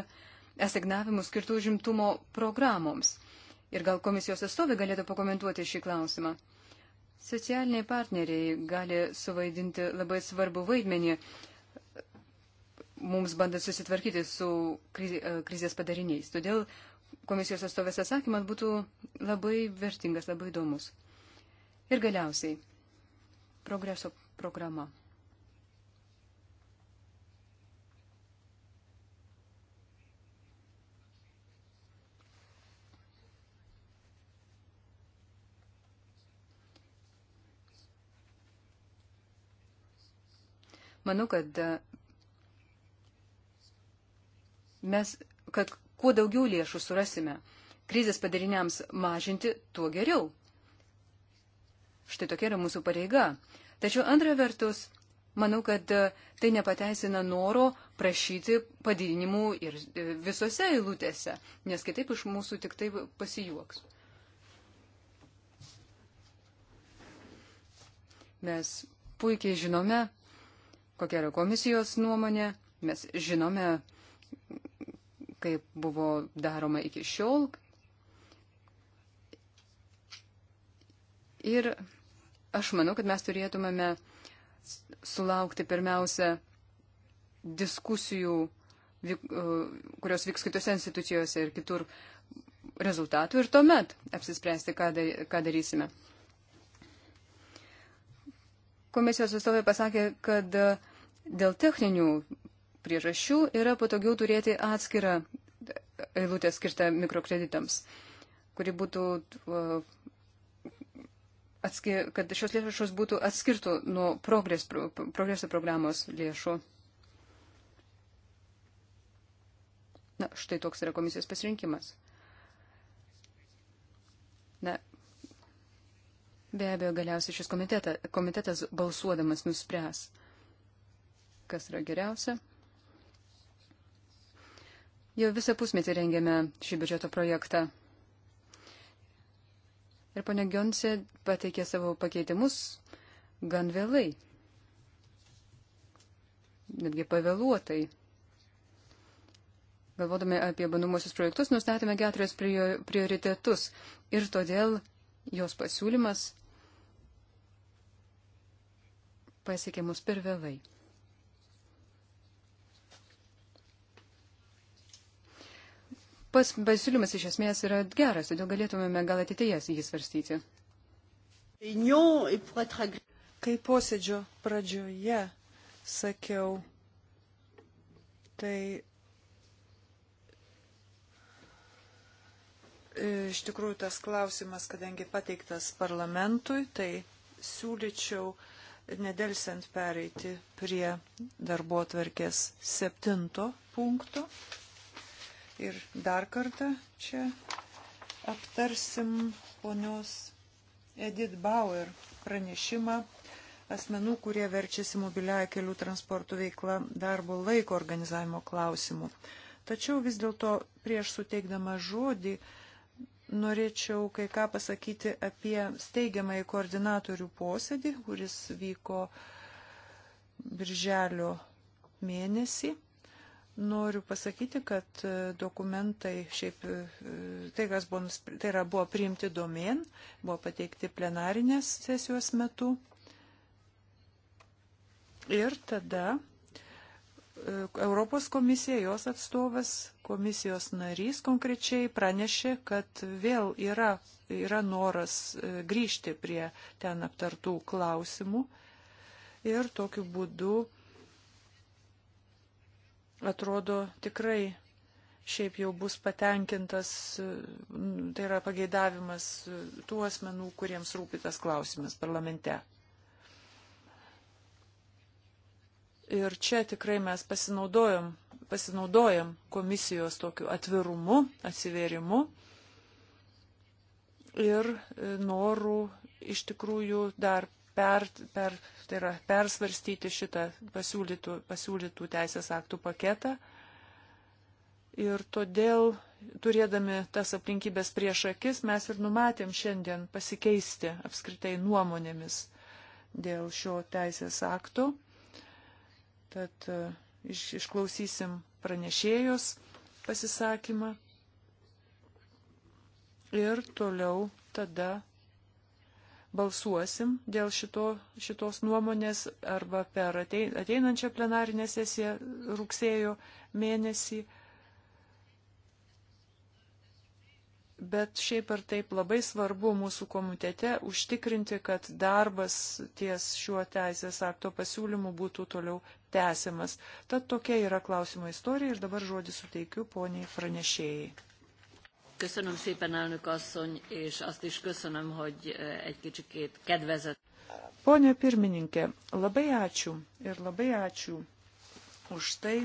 asignavimų skirtų žimtumo programoms. Ir gal komisijos atstovai galėtų pakomentuoti šį klausimą. Socialiniai partneriai gali suvaidinti labai svarbu vaidmenį mums bandant susitvarkyti su e, krizės padariniais. Todėl komisijos atstovės atsakymas būtų labai vertingas, labai įdomus. Ir galiausiai progreso programa. Manau, kad e, mes, kad kuo daugiau lėšų surasime krizės padariniams mažinti, tuo geriau. Štai tokia yra mūsų pareiga. Tačiau antra vertus, manau, kad e, tai nepateisina noro prašyti padidinimų ir e, visose eilutėse, nes kitaip iš mūsų tik tai pasijuoks. Mes puikiai žinome, kokia yra komisijos nuomonė, mes žinome, kaip buvo daroma iki šiol. Ir Aš manau, kad mes turėtumėme sulaukti pirmiausia diskusijų, e, kurios vyks kitose institucijose ir kitur rezultatų ir tuomet apsispręsti, ką darysime. Komisijos atstovai pasakė, kad dėl techninių priežasčių yra patogiau turėti atskirą eilutę skirtą mikrokreditams, kuri būtų uh, atskir, kad šios lėšos būtų atskirtų nuo progres, progreso programos lėšų. Na, štai toks yra komisijos pasirinkimas. Na, be abejo, galiausiai šis komiteta, komitetas balsuodamas nuspręs, kas yra geriausia. Jau visą pusmetį rengiame šį biudžeto projektą. Ir ponia Gionse pateikė savo pakeitimus gan vėlai, netgi pavėluotai. Galvodami apie bandomosius projektus, nustatėme keturis prioritetus ir todėl jos pasiūlymas pasiekė mus per vėlai. pas, pasiūlymas iš esmės yra geras, todėl galėtumėme gal ateityje jį svarstyti. Kai posėdžio pradžioje sakiau, tai e, iš tikrųjų tas klausimas, kadangi pateiktas parlamentui, tai siūlyčiau nedelsiant pereiti prie darbo tvarkės septinto punkto. Ir dar kartą čia aptarsim ponios Edith Bauer pranešimą asmenų, kurie verčiasi mobiliaja kelių transportų veikla darbo laiko organizavimo klausimų. Tačiau vis dėlto prieš suteikdama žodį norėčiau kai ką pasakyti apie steigiamąjį koordinatorių posėdį, kuris vyko birželio mėnesį. Noriu pasakyti, kad e, dokumentai šiaip, e, tai, kas buvo, tai yra, buvo priimti domen, buvo pateikti plenarinės sesijos metu. Ir tada e, Europos komisija, jos atstovas, komisijos narys konkrečiai pranešė, kad vėl yra, yra noras grįžti prie ten aptartų klausimų. Ir tokiu būdu atrodo tikrai šiaip jau bus patenkintas, tai yra pageidavimas tų asmenų, kuriems rūpi tas klausimas parlamente. Ir čia tikrai mes pasinaudojom, pasinaudojom komisijos tokiu atvirumu, atsiverimu ir e, norų iš tikrųjų dar per, per, tai yra, persvarstyti šitą pasiūlytų, pasiūlytų teisės aktų paketą. Ir todėl, turėdami tas aplinkybės prieš akis, mes ir numatėm šiandien pasikeisti apskritai nuomonėmis dėl šio teisės akto. Tad e, iš, išklausysim pranešėjus pasisakymą ir toliau tada balsuosim dėl šito, šitos nuomonės arba per ateinančią plenarinę sesiją rugsėjo mėnesį. Bet šiaip ar taip labai svarbu mūsų komitete užtikrinti, kad darbas ties šiuo teisės akto pasiūlymu būtų toliau tęsiamas. Tad tokia yra klausimo istorija ir dabar žodį suteikiu poniai pranešėjai. Köszönöm szépen, elnök asszony, és azt is köszönöm, hogy eh, egy kicsikét kedvezett. Pone pirmininkė, labai ačiū ir labai ačiū už tai,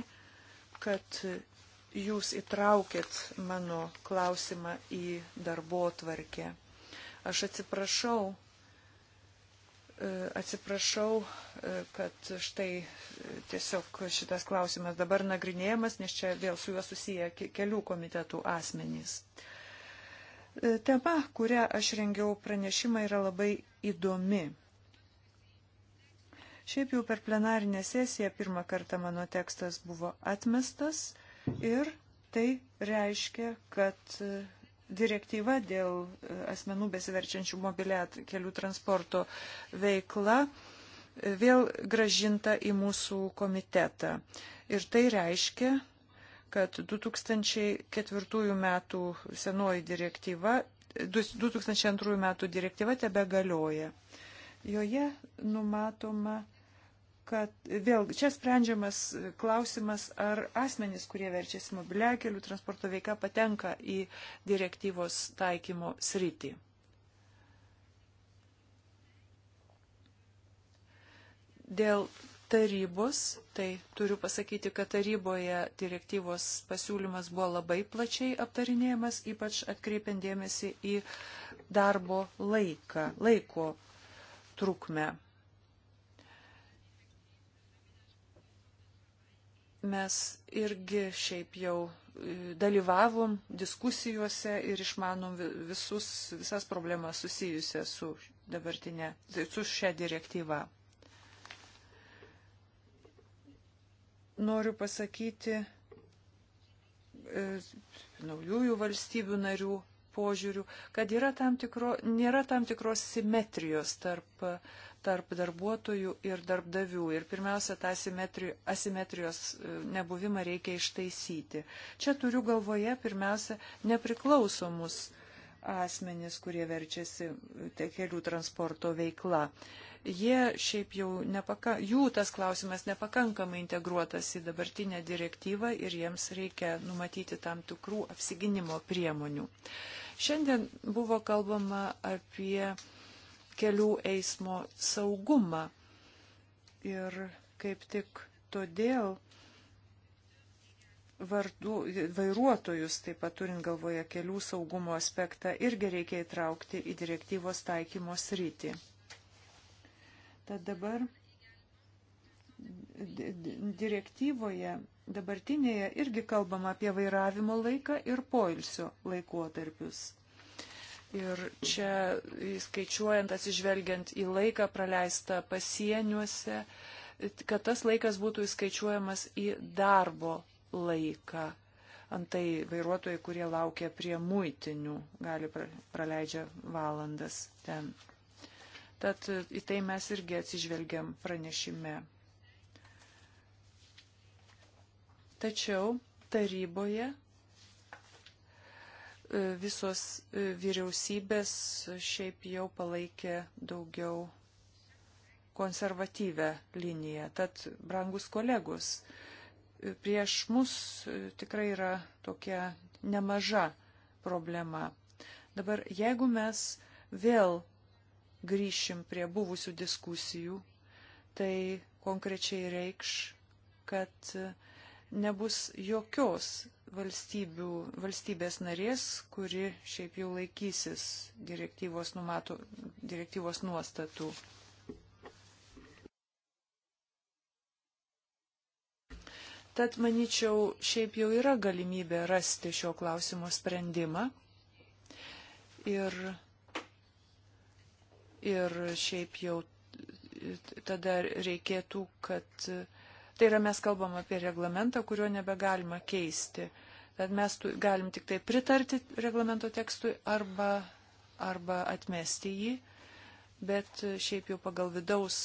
kad jūs įtraukėt mano klausimą į darbo tvarkę. Aš atsiprašau, E, atsiprašau, e, kad štai e, tiesiog šitas klausimas dabar nagrinėjamas, nes čia vėl su juo susiję kelių komitetų asmenys. Tema, kurią aš rengiau pranešimą, yra labai įdomi. Šiaip jau per plenarinę sesiją pirmą kartą mano tekstas buvo atmestas ir tai reiškia, kad direktyva dėl e, asmenų besiverčiančių mobilę kelių transporto veikla e, vėl gražinta į mūsų komitetą. Ir tai reiškia, kad 2004 metų senoji direktyva, 2002 metų direktyva tebe galioja. Joje numatoma kad vėl čia sprendžiamas klausimas, ar asmenys, kurie verčiasi mobiliakelių transporto veika, patenka į direktyvos taikymo sritį. Dėl tarybos, tai turiu pasakyti, kad taryboje direktyvos pasiūlymas buvo labai plačiai aptarinėjamas, ypač atkreipiant dėmesį į darbo laiką, laiko trukmę mes irgi šiaip jau e, dalyvavom diskusijose ir išmanom visus, visas problemas susijusias su dabartinė, su šia direktyva. Noriu pasakyti e, naujųjų valstybių narių požiūrių, kad yra tam tikro, nėra tam tikros simetrijos tarp uh, tarp darbuotojų ir darbdavių. Ir pirmiausia, tą asimetrijos e, nebuvimą reikia ištaisyti. Čia turiu galvoje pirmiausia nepriklausomus asmenys, kurie verčiasi e, kelių transporto veikla. Jie šiaip jau, nepaka, jų tas klausimas nepakankamai integruotas į dabartinę direktyvą ir jiems reikia numatyti tam tikrų apsiginimo priemonių. Šiandien buvo kalbama apie kelių eismo saugumą. Ir kaip tik todėl vardu, vairuotojus, taip pat turint galvoje kelių saugumo aspektą, irgi reikia įtraukti į direktyvos taikymo sritį. Tad dabar direktyvoje dabartinėje irgi kalbama apie vairavimo laiką ir poilsio laikotarpius. Ir čia skaičiuojant, atsižvelgiant į laiką praleistą pasieniuose, kad tas laikas būtų įskaičiuojamas į darbo laiką. Antai vairuotojai, kurie laukia prie muitinių, gali praleidžia valandas ten. Tad e, į tai mes irgi atsižvelgiam pranešime. Tačiau taryboje visos e, vyriausybės šiaip jau palaikė daugiau konservatyvę liniją. Tad, brangus kolegus, e, prieš mus e, tikrai yra tokia nemaža problema. Dabar, jeigu mes vėl grįšim prie buvusių diskusijų, tai konkrečiai reikš, kad nebus jokios valstybės narės, kuri šiaip jau laikysis direktyvos, numato, direktyvos nuostatų. Tad manyčiau, šiaip jau yra galimybė rasti šio klausimo sprendimą. Ir, ir šiaip jau tada reikėtų, kad uh, Tai yra mes kalbam apie reglamentą, kurio nebegalima keisti. Tad mes tu, galim tik tai pritarti reglamento tekstui arba, arba atmesti jį. Bet šiaip jau pagal vidaus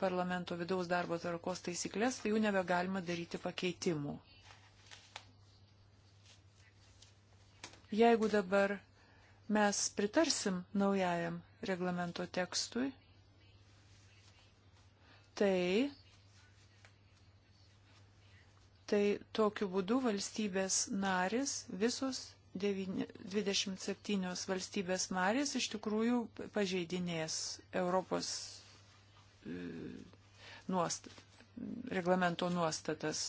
parlamento vidaus darbo tvarkos taisyklės, tai jau nebegalima daryti pakeitimų. Jeigu dabar mes pritarsim naujajam reglamento tekstui, tai tai tokiu būdu valstybės narės, visos 9, 27 valstybės narės iš tikrųjų pažeidinės Europos e, nuostat, reglamento nuostatas.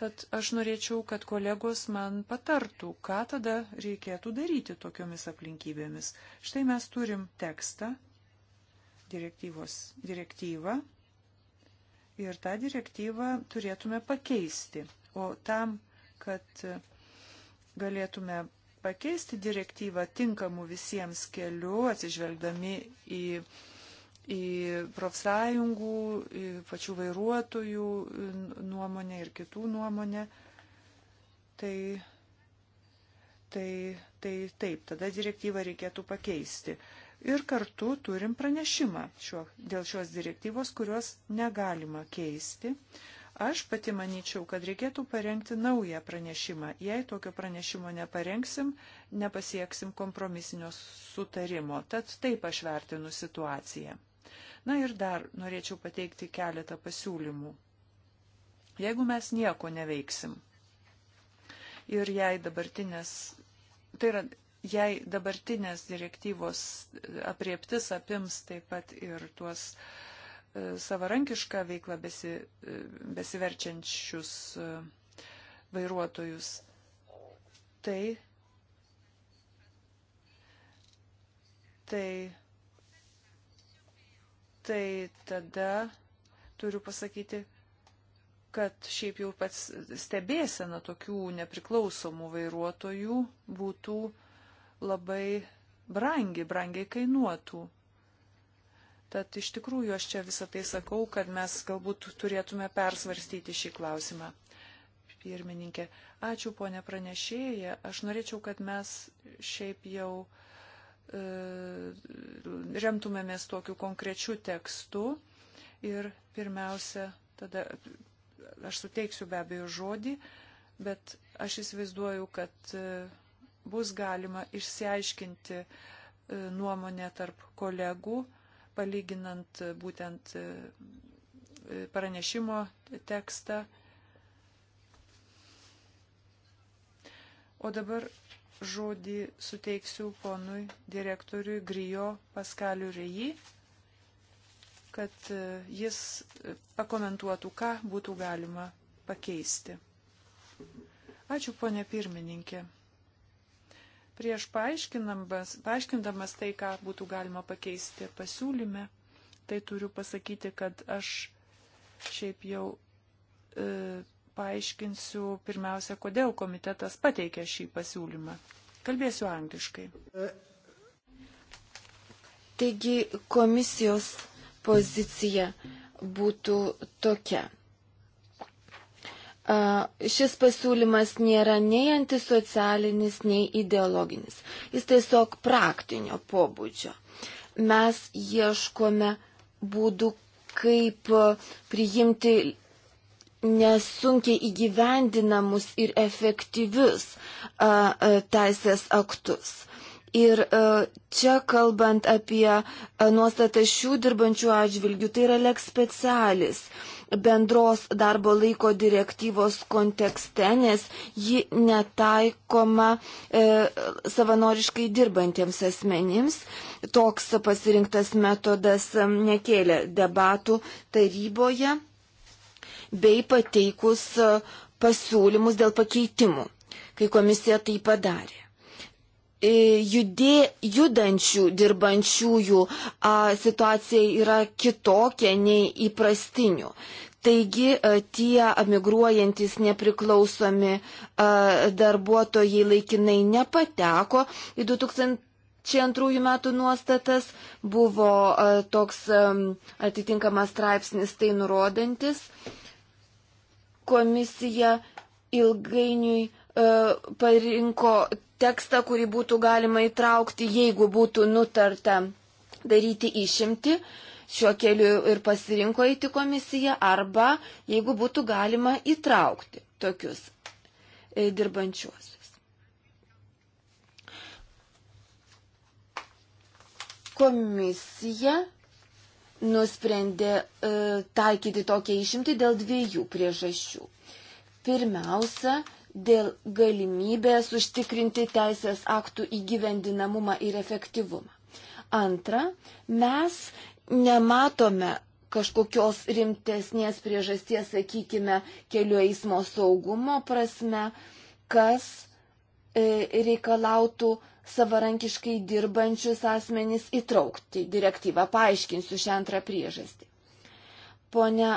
Tad aš norėčiau, kad kolegos man patartų, ką tada reikėtų daryti tokiomis aplinkybėmis. Štai mes turim tekstą, direktyvos, direktyvą, Ir tą direktyvą turėtume pakeisti. O tam, kad galėtume pakeisti direktyvą tinkamų visiems kelių, atsižvelgdami į, į profsąjungų, į pačių vairuotojų nuomonę ir kitų nuomonę, tai, tai, tai taip, tada direktyvą reikėtų pakeisti. Ir kartu turim pranešimą šio, dėl šios direktyvos, kurios negalima keisti. Aš pati manyčiau, kad reikėtų parengti naują pranešimą. Jei tokio pranešimo neparengsim, nepasieksim kompromisinio sutarimo. Tad taip aš vertinu situaciją. Na ir dar norėčiau pateikti keletą pasiūlymų. Jeigu mes nieko neveiksim ir jei dabartinės, tai yra jei dabartinės direktyvos apriektis apims taip pat ir tuos e, savarankišką veiklą besi, e, besiverčiančius e, vairuotojus, tai, tai, tai tada turiu pasakyti, kad šiaip jau pats stebėsena tokių nepriklausomų vairuotojų būtų uh, labai brangi, brangiai kainuotų. Tad iš tikrųjų aš čia visą tai sakau, kad mes galbūt turėtume persvarstyti šį klausimą. Pirmininkė, ačiū ponė pranešėja. Aš norėčiau, kad mes šiaip jau e, remtumėmės tokiu konkrečiu tekstu ir pirmiausia, tada aš suteiksiu be abejo žodį, bet aš įsivaizduoju, kad. E, bus galima išsiaiškinti e, nuomonę tarp kolegų, palyginant e, būtent e, pranešimo tekstą. O dabar žodį suteiksiu ponui direktoriui Grijo Paskaliu Reji, kad jis pakomentuotų, ką būtų galima pakeisti. Ačiū, ponė pirmininkė. Prieš paaiškindamas tai, ką būtų galima pakeisti pasiūlyme, tai turiu pasakyti, kad aš šiaip jau e, paaiškinsiu pirmiausia, kodėl komitetas pateikė šį pasiūlymą. Kalbėsiu angliškai. Taigi komisijos pozicija būtų tokia šis pasiūlymas nėra nei antisocialinis, nei ideologinis. Jis tiesiog praktinio pobūdžio. Mes ieškome būdų, kaip priimti nesunkiai įgyvendinamus ir efektyvius a, a, teisės aktus. Ir čia kalbant apie nuostatą šių dirbančių atžvilgių, tai yra leks specialis bendros darbo laiko direktyvos kontekste, nes ji netaikoma e, savanoriškai dirbantiems asmenims. Toks pasirinktas metodas e, nekėlė debatų taryboje bei pateikus e, pasiūlymus dėl pakeitimų, kai komisija tai padarė. E, judė, judančių dirbančiųjų a, situacija yra kitokia nei įprastinių. Taigi e, tie emigruojantis nepriklausomi a, darbuotojai laikinai nepateko į 2002 metų nuostatas, buvo a, toks a, atitinkamas straipsnis tai nurodantis. Komisija ilgainiui E, parinko tekstą, kurį būtų galima įtraukti, jeigu būtų nutarta daryti išimti. Šiuo keliu ir pasirinko įti komisiją arba jeigu būtų galima įtraukti tokius e, dirbančiuosius. Komisija nusprendė e, taikyti tokią išimtį dėl dviejų priežasčių. Pirmiausia, e, dėl galimybės užtikrinti teisės aktų įgyvendinamumą ir efektyvumą. Antra, mes nematome kažkokios rimtesnės priežasties, sakykime, kelių eismo saugumo prasme, kas e, reikalautų savarankiškai dirbančius asmenys įtraukti direktyvą. Paaiškinsiu šią antrą priežastį. Pone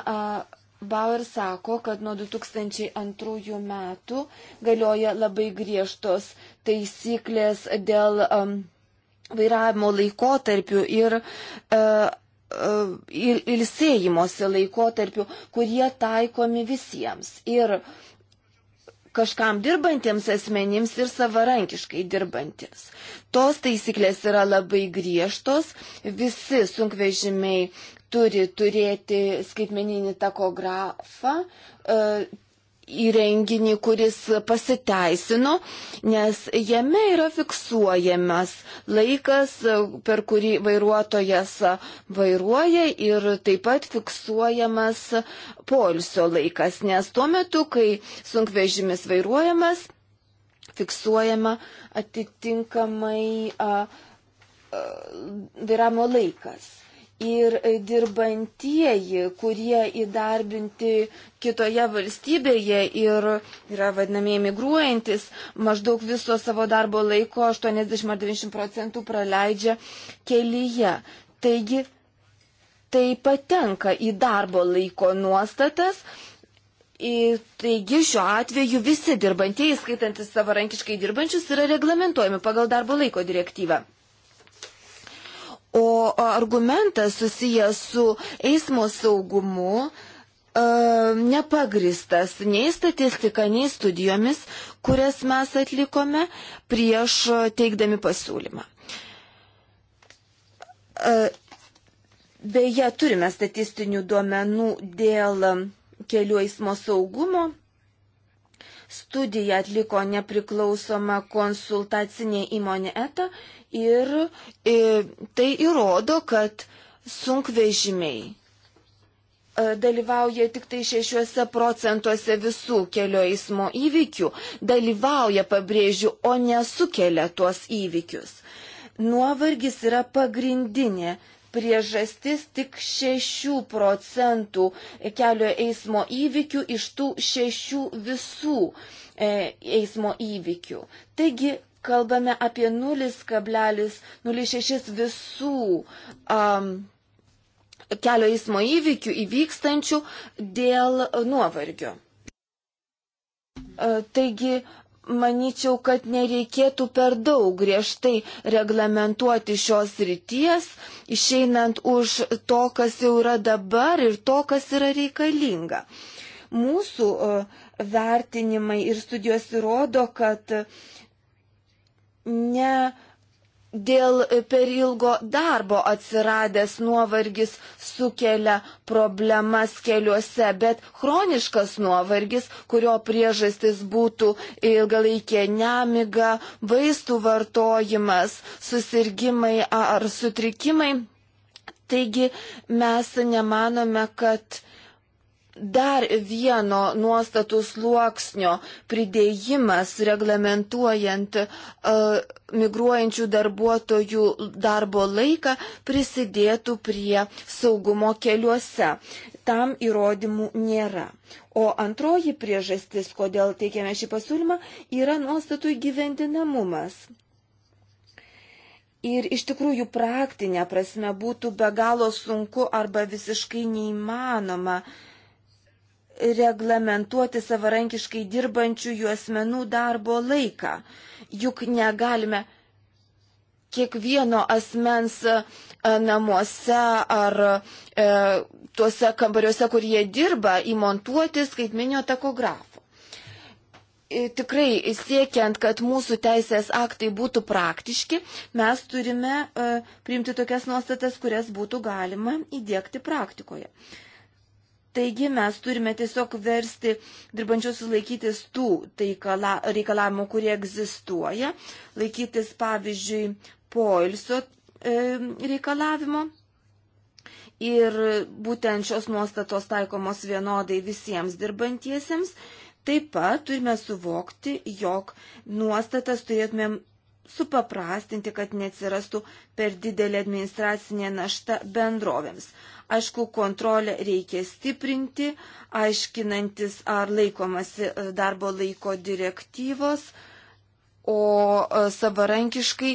Bauer sako, kad nuo 2002 metų galioja labai griežtos taisyklės dėl um, vairavimo laikotarpių ir uh, e, e, ir ilsėjimosi laikotarpių, kurie taikomi visiems. Ir kažkam dirbantiems asmenims ir savarankiškai dirbantis. Tos taisyklės yra labai griežtos, visi sunkvežimiai turi turėti skaitmeninį takografą, e, įrenginį, kuris pasiteisino, nes jame yra fiksuojamas laikas, e, per kurį vairuotojas vairuoja ir taip pat fiksuojamas polsio laikas, nes tuo metu, kai sunkvežimis vairuojamas, fiksuojama atitinkamai a, a, vairavimo laikas ir dirbantieji, kurie įdarbinti kitoje valstybėje ir yra vadinamieji migruojantis, maždaug viso savo darbo laiko 80-90 procentų praleidžia kelyje. Taigi tai patenka į darbo laiko nuostatas. Ir taigi šiuo atveju visi dirbantieji, skaitantis savarankiškai dirbančius, yra reglamentuojami pagal darbo laiko direktyvą. O argumentas susijęs su eismo saugumu e, nepagristas nei statistika, nei studijomis, kurias mes atlikome prieš teikdami pasiūlymą. E, beje, turime statistinių duomenų dėl kelių eismo saugumo Studiją atliko nepriklausoma konsultacinė įmonė ETA ir e, tai įrodo, kad sunkvežimiai e, dalyvauja tik tai 6 procentuose visų kelio eismo įvykių, dalyvauja, pabrėžiu, o nesukelia tuos įvykius. Nuovargis yra pagrindinė priežastis tik 6 procentų kelio eismo įvykių iš tų 6 visų e, eismo įvykių. Taigi kalbame apie 0,06 visų um, kelio eismo įvykių įvykstančių dėl nuovargio. E, taigi manyčiau, kad nereikėtų per daug griežtai reglamentuoti šios ryties, išeinant už to, kas jau yra dabar ir to, kas yra reikalinga. Mūsų vertinimai ir studijos įrodo, kad ne dėl e, per ilgo darbo atsiradęs nuovargis sukelia problemas keliuose, bet chroniškas nuovargis, kurio priežastis būtų ilgalaikė nemiga, vaistų vartojimas, susirgymai ar sutrikimai. Taigi mes nemanome, kad dar vieno nuostatų sluoksnio pridėjimas reglamentuojant uh, migruojančių darbuotojų darbo laiką prisidėtų prie saugumo keliuose. Tam įrodymų nėra. O antroji priežastis, kodėl teikiame šį pasiūlymą, yra nuostatų įgyvendinamumas. Ir iš tikrųjų praktinė prasme būtų be galo sunku arba visiškai neįmanoma uh, reglamentuoti savarankiškai dirbančių jų asmenų darbo laiką. Juk negalime kiekvieno asmens e, namuose ar e, tuose kambariuose, kur jie dirba, įmontuoti skaitminio takografo. Ir e, tikrai siekiant, kad mūsų teisės aktai būtų praktiški, mes turime e, priimti tokias nuostatas, kurias būtų galima įdėkti praktikoje. E, Taigi mes turime tiesiog versti dirbančiosius laikytis tų tai kala, reikalavimų, kurie egzistuoja, laikytis pavyzdžiui poilsio e, reikalavimo. Ir būtent šios nuostatos taikomos vienodai visiems dirbantiesiems. Taip pat turime suvokti, jog nuostatas turėtumėm supaprastinti, kad neatsirastų per didelė administracinė našta bendrovėms. Aišku, kontrolę reikia stiprinti, aiškinantis, ar laikomasi e, darbo laiko direktyvos, o e, savarankiškai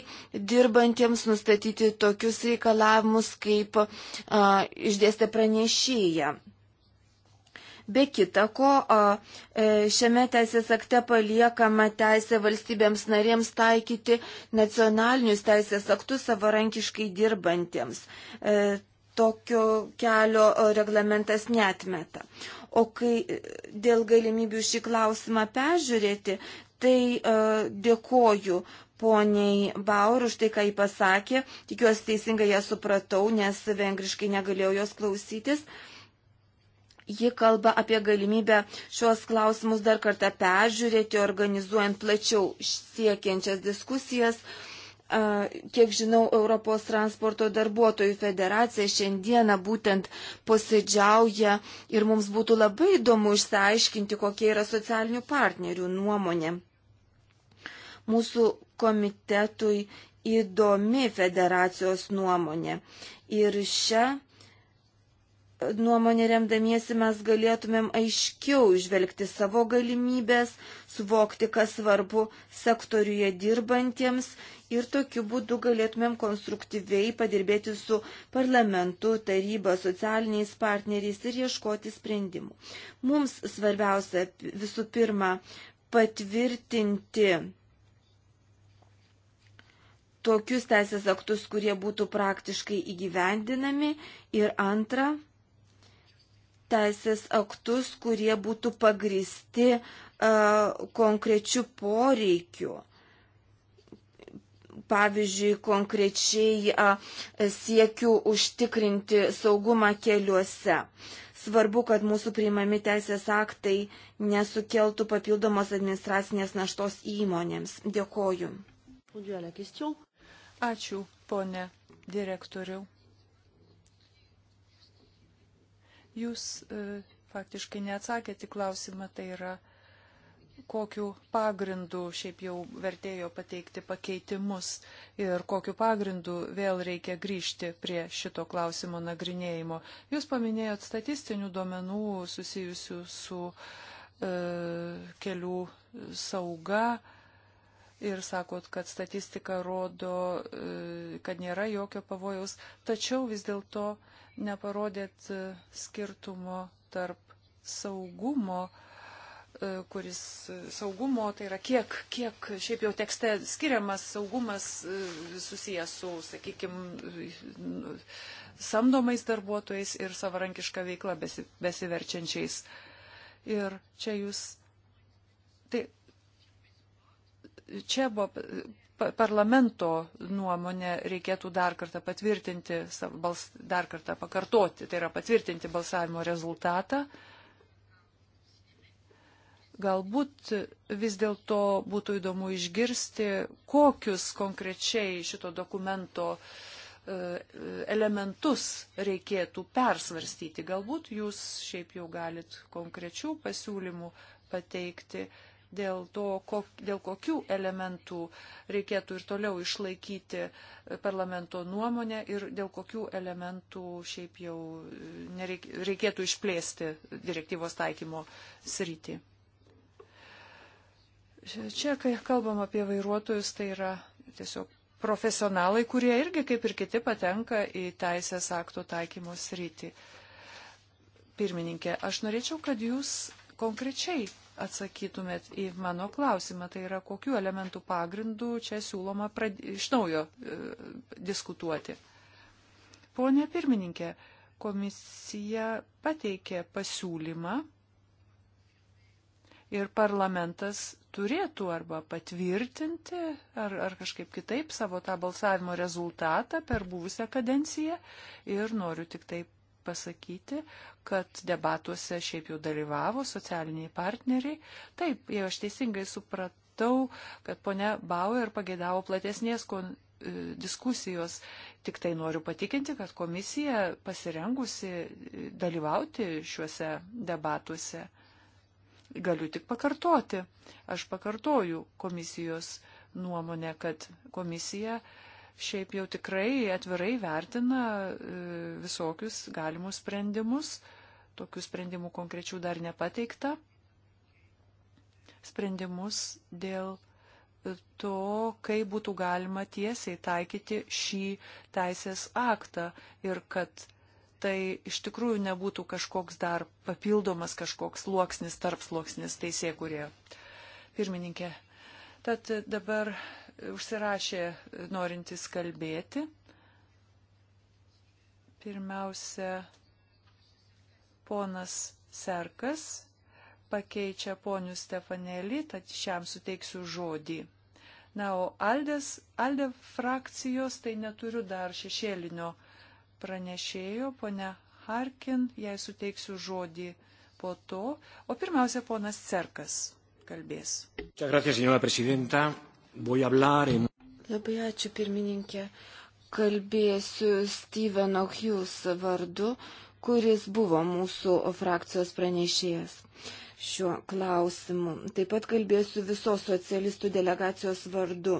dirbantiems nustatyti tokius reikalavimus, kaip a, e, išdėstė pranešėja. Be kita ko, šiame teisės akte paliekama teisė valstybėms narėms taikyti nacionalinius teisės aktus savarankiškai dirbantiems tokio kelio reglamentas netmeta. O kai dėl galimybių šį klausimą peržiūrėti, tai uh, dėkoju poniai Baur už tai, ką jį pasakė. Tikiuosi teisingai ją supratau, nes vengriškai negalėjau jos klausytis. Ji kalba apie galimybę šios klausimus dar kartą peržiūrėti, organizuojant plačiau siekiančias diskusijas. Uh, kiek žinau, Europos transporto darbuotojų federacija šiandieną būtent posėdžiauja ir mums būtų labai įdomu išsiaiškinti, kokia yra socialinių partnerių nuomonė. Mūsų komitetui įdomi federacijos nuomonė. Ir šią nuomonę remdamiesi mes galėtumėm aiškiau žvelgti savo galimybės, suvokti, kas svarbu sektoriuje dirbantiems ir tokiu būdu galėtumėm konstruktyviai padirbėti su parlamentu, taryba, socialiniais partneriais ir ieškoti sprendimų. Mums svarbiausia visų pirma patvirtinti tokius teisės aktus, kurie būtų praktiškai įgyvendinami ir antra, teisės aktus, kurie būtų pagristi uh, konkrečių poreikių Pavyzdžiui, konkrečiai siekiu užtikrinti saugumą keliuose. Svarbu, kad mūsų priimami teisės aktai nesukeltų papildomos administracinės naštos įmonėms. Dėkoju. Ačiū, ponė direktoriau. Jūs e, faktiškai neatsakėte klausimą, tai yra kokiu pagrindu šiaip jau vertėjo pateikti pakeitimus ir kokiu pagrindu vėl reikia grįžti prie šito klausimo nagrinėjimo. Jūs paminėjot statistinių duomenų susijusių su e, kelių sauga. Ir sakot, kad statistika rodo, e, kad nėra jokio pavojaus, tačiau vis dėlto neparodėt e, skirtumo tarp saugumo uh, E, kuris e, saugumo, tai yra kiek, kiek šiaip jau tekste skiriamas saugumas e, susijęs su, sakykime, samdomais darbuotojais ir savarankiška veikla besi, besiverčiančiais. Ir čia jūs. Tai čia buvo parlamento nuomonę reikėtų dar kartą patvirtinti, dar kartą pakartoti, tai yra patvirtinti balsavimo rezultatą. Uh, Galbūt vis dėlto būtų įdomu išgirsti, kokius konkrečiai šito dokumento e, elementus reikėtų persvarstyti. Galbūt jūs šiaip jau galit konkrečių pasiūlymų pateikti dėl to, kok, dėl kokių elementų reikėtų ir toliau išlaikyti e, parlamento nuomonę ir dėl kokių elementų šiaip jau e, nereik, reikėtų išplėsti direktyvos taikymo sritį. Čia, kai kalbam apie vairuotojus, tai yra tiesiog profesionalai, kurie irgi kaip ir kiti patenka į teisės aktų taikymo sritį. Pirmininkė, aš norėčiau, kad jūs konkrečiai atsakytumėt į mano klausimą, tai yra kokiu elementų pagrindu čia siūloma prad... iš naujo e, diskutuoti. Pone pirmininkė, komisija pateikė pasiūlymą ir parlamentas turėtų arba patvirtinti, ar, ar kažkaip kitaip savo tą balsavimo rezultatą per buvusią kadenciją. Ir noriu tik taip pasakyti, kad debatuose šiaip jau dalyvavo socialiniai partneriai. Taip, jei aš teisingai supratau, kad ponia Bauer pageidavo platesnės kon e, diskusijos. Tik tai noriu patikinti, kad komisija pasirengusi dalyvauti šiuose debatuose. Galiu tik pakartoti. Aš pakartoju komisijos nuomonę, kad komisija šiaip jau tikrai atvirai vertina e, visokius galimus sprendimus. Tokių sprendimų konkrečių dar nepateikta. Sprendimus dėl to, kaip būtų galima tiesiai taikyti šį teisės aktą ir kad tai iš tikrųjų nebūtų kažkoks dar papildomas kažkoks sluoksnis, tarp sluoksnis teisė, kurie pirmininkė. Tad dabar užsirašė norintys kalbėti. Pirmiausia, ponas Serkas pakeičia ponių Stefanelį, tad šiam suteiksiu žodį. Na, o Aldės, Aldė frakcijos, tai neturiu dar šešėlinio pranešėjo, ponia Harkin, jai suteiksiu žodį po to, o pirmiausia, ponas Cerkas kalbės. Labai ačiū, pirmininkė. Kalbėsiu Steveno Hughes vardu, kuris buvo mūsų frakcijos pranešėjas šiuo klausimu. Taip pat kalbėsiu visos socialistų delegacijos vardu.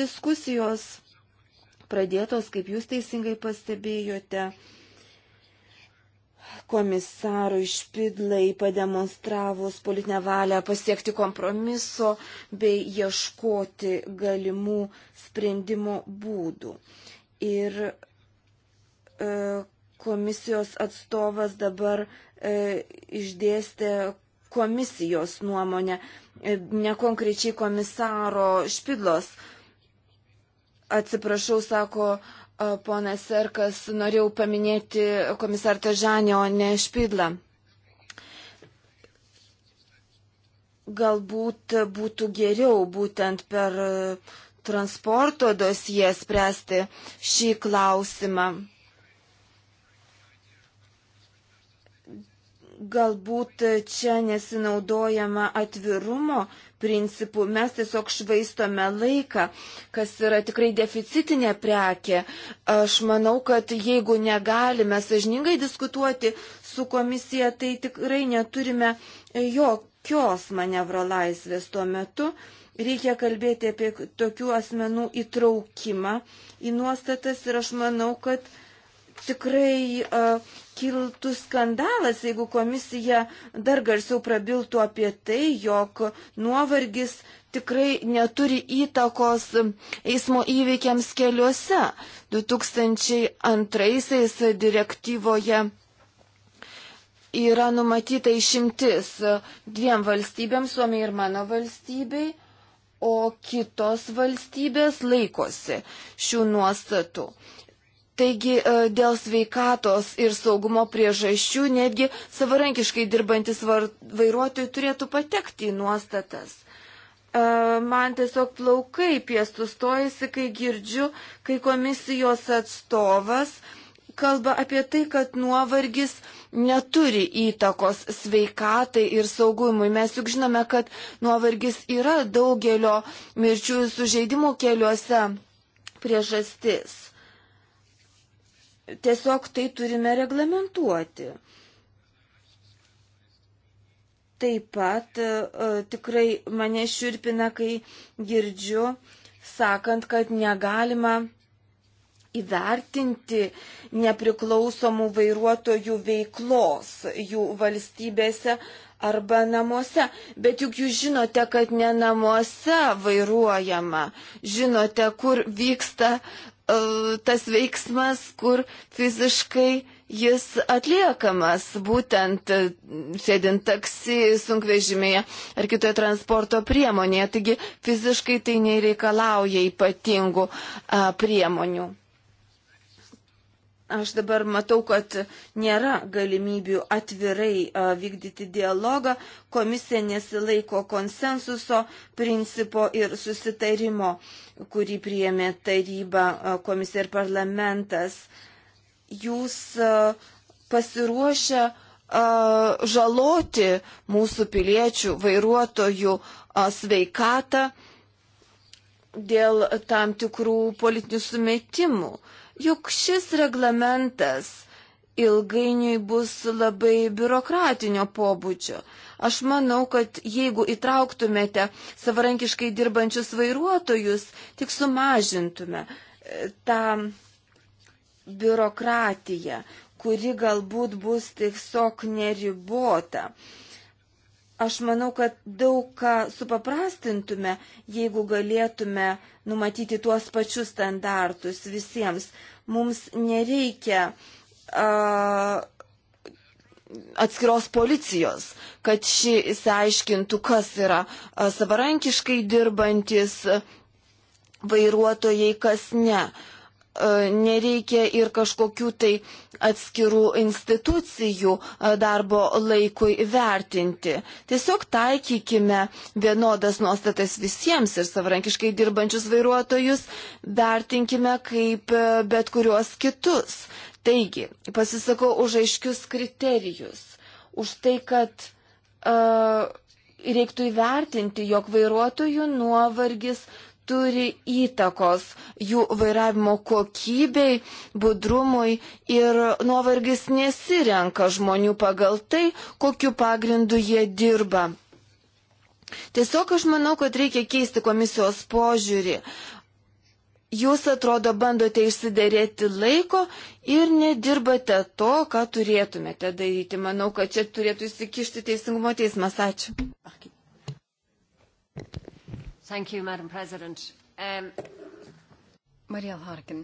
Diskusijos pradėtos, kaip jūs teisingai pastebėjote. Komisarui Špidlai pademonstravus politinę valią pasiekti kompromiso bei ieškoti galimų sprendimo būdų. Ir e, komisijos atstovas dabar e, išdėstė komisijos nuomonę, e, ne konkrečiai komisaro Špidlos Atsiprašau, sako ponas Serkas, norėjau paminėti komisartą Žanį, o ne Špidlą. Galbūt būtų geriau būtent per transporto dosiją spręsti šį klausimą. Galbūt čia nesinaudojama atvirumo principų, mes tiesiog švaistome laiką, kas yra tikrai deficitinė prekė. Aš manau, kad jeigu negalime sažiningai diskutuoti su komisija, tai tikrai neturime jokios manevro laisvės tuo metu. Reikia kalbėti apie tokių asmenų įtraukimą į nuostatas ir aš manau, kad tikrai uh, kiltų skandalas, jeigu komisija dar garsiau prabiltų apie tai, jog nuovargis tikrai neturi įtakos eismo įveikiams keliuose. 2002 direktyvoje yra numatyta išimtis dviem valstybėms, Suomiai ir mano valstybei, o kitos valstybės laikosi šių nuostatų. Taigi e, dėl sveikatos ir saugumo priežasčių netgi savarankiškai dirbantis vairuotojai turėtų patekti į nuostatas. E, man tiesiog plaukai piestų stojasi, kai girdžiu, kai komisijos atstovas kalba apie tai, kad nuovargis neturi įtakos sveikatai ir saugumui. Mes juk žinome, kad nuovargis yra daugelio mirčių sužeidimų keliuose priežastis tiesiog tai turime reglamentuoti. Taip pat e, e, tikrai mane širpina, kai girdžiu, sakant, kad negalima įvertinti nepriklausomų vairuotojų veiklos jų valstybėse arba namuose. Bet juk jūs žinote, kad ne namuose vairuojama, žinote, kur vyksta E, tas veiksmas, kur fiziškai jis atliekamas, būtent e, sėdint taksi, sunkvežimėje ar kitoje transporto priemonėje. Taigi fiziškai tai nereikalauja ypatingų a, e, priemonių. Aš dabar matau, kad nėra galimybių atvirai vykdyti dialogą, komisija nesilaiko konsensuso principo ir susitarimo, kurį priėmė taryba, komisija ir parlamentas. Jūs pasiruošę žaloti mūsų piliečių vairuotojų sveikatą dėl tam tikrų politinių sumetimų. Juk šis reglamentas ilgainiui bus labai biurokratinio pobūdžio. Aš manau, kad jeigu įtrauktumėte savarankiškai dirbančius vairuotojus, tik sumažintume e, tą biurokratiją, kuri galbūt bus tiesiog neribota. Uh, Aš manau, kad daug ką supaprastintume, jeigu galėtume numatyti tuos pačius standartus visiems. Mums nereikia uh, atskiros policijos, kad ši įsiaiškintų, kas yra savarankiškai dirbantis vairuotojai, kas ne. Uh, E, nereikia ir kažkokių tai atskirų institucijų e, darbo laikui vertinti. Tiesiog taikykime vienodas nuostatas visiems ir savarankiškai dirbančius vairuotojus vertinkime kaip e, bet kuriuos kitus. Taigi, pasisakau už aiškius kriterijus, už tai, kad uh, reiktų įvertinti, jog vairuotojų nuovargis turi įtakos jų vairavimo kokybei, budrumui ir nuovargis nesirenka žmonių pagal tai, kokiu pagrindu jie dirba. Tiesiog aš manau, kad reikia keisti komisijos požiūrį. Jūs atrodo bandote išsiderėti laiko ir nedirbate to, ką turėtumėte daryti. Manau, kad čia turėtų įsikišti Teisingumo teismas. Ačiū. Thank you, Madam President. Um... Marija Harkin.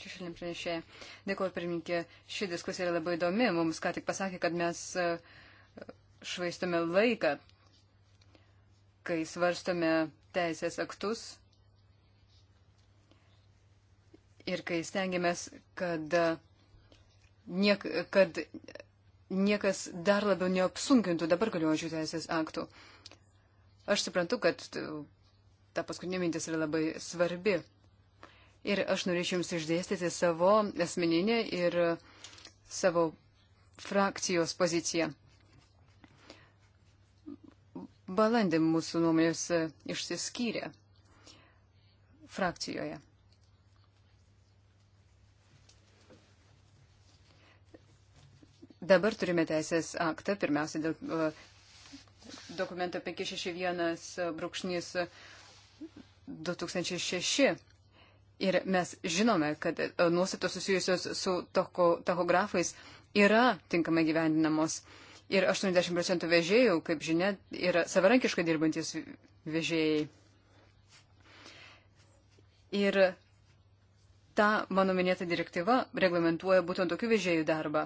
Čia šiandien pranešė. Dėkuoju, pirmininkė. Ši diskusija yra labai įdomi. Mums ką tik pasakė, kad mes uh, švaistome laiką, kai svarstome teisės aktus ir kai stengiamės, kad, uh, niek, kad niekas dar labiau neapsunkintų dabar galiojančių teisės aktų. Aš suprantu, kad ta paskutinė mintis yra labai svarbi. Ir aš norėčiau Jums išdėstyti savo asmeninę ir savo frakcijos poziciją. Balandį mūsų nuomonės išsiskyrė frakcijoje. Dabar turime teisės aktą, pirmiausia dėl dokumento 561-2006. E, Ir mes žinome, kad e, nuostatos susijusios su tachografais yra tinkamai gyvendinamos. Ir 80 procentų vežėjų, kaip žinia, yra savarankiškai dirbantis vežėjai. Ir ta mano minėta direktyva reglamentuoja būtent tokių vežėjų darbą.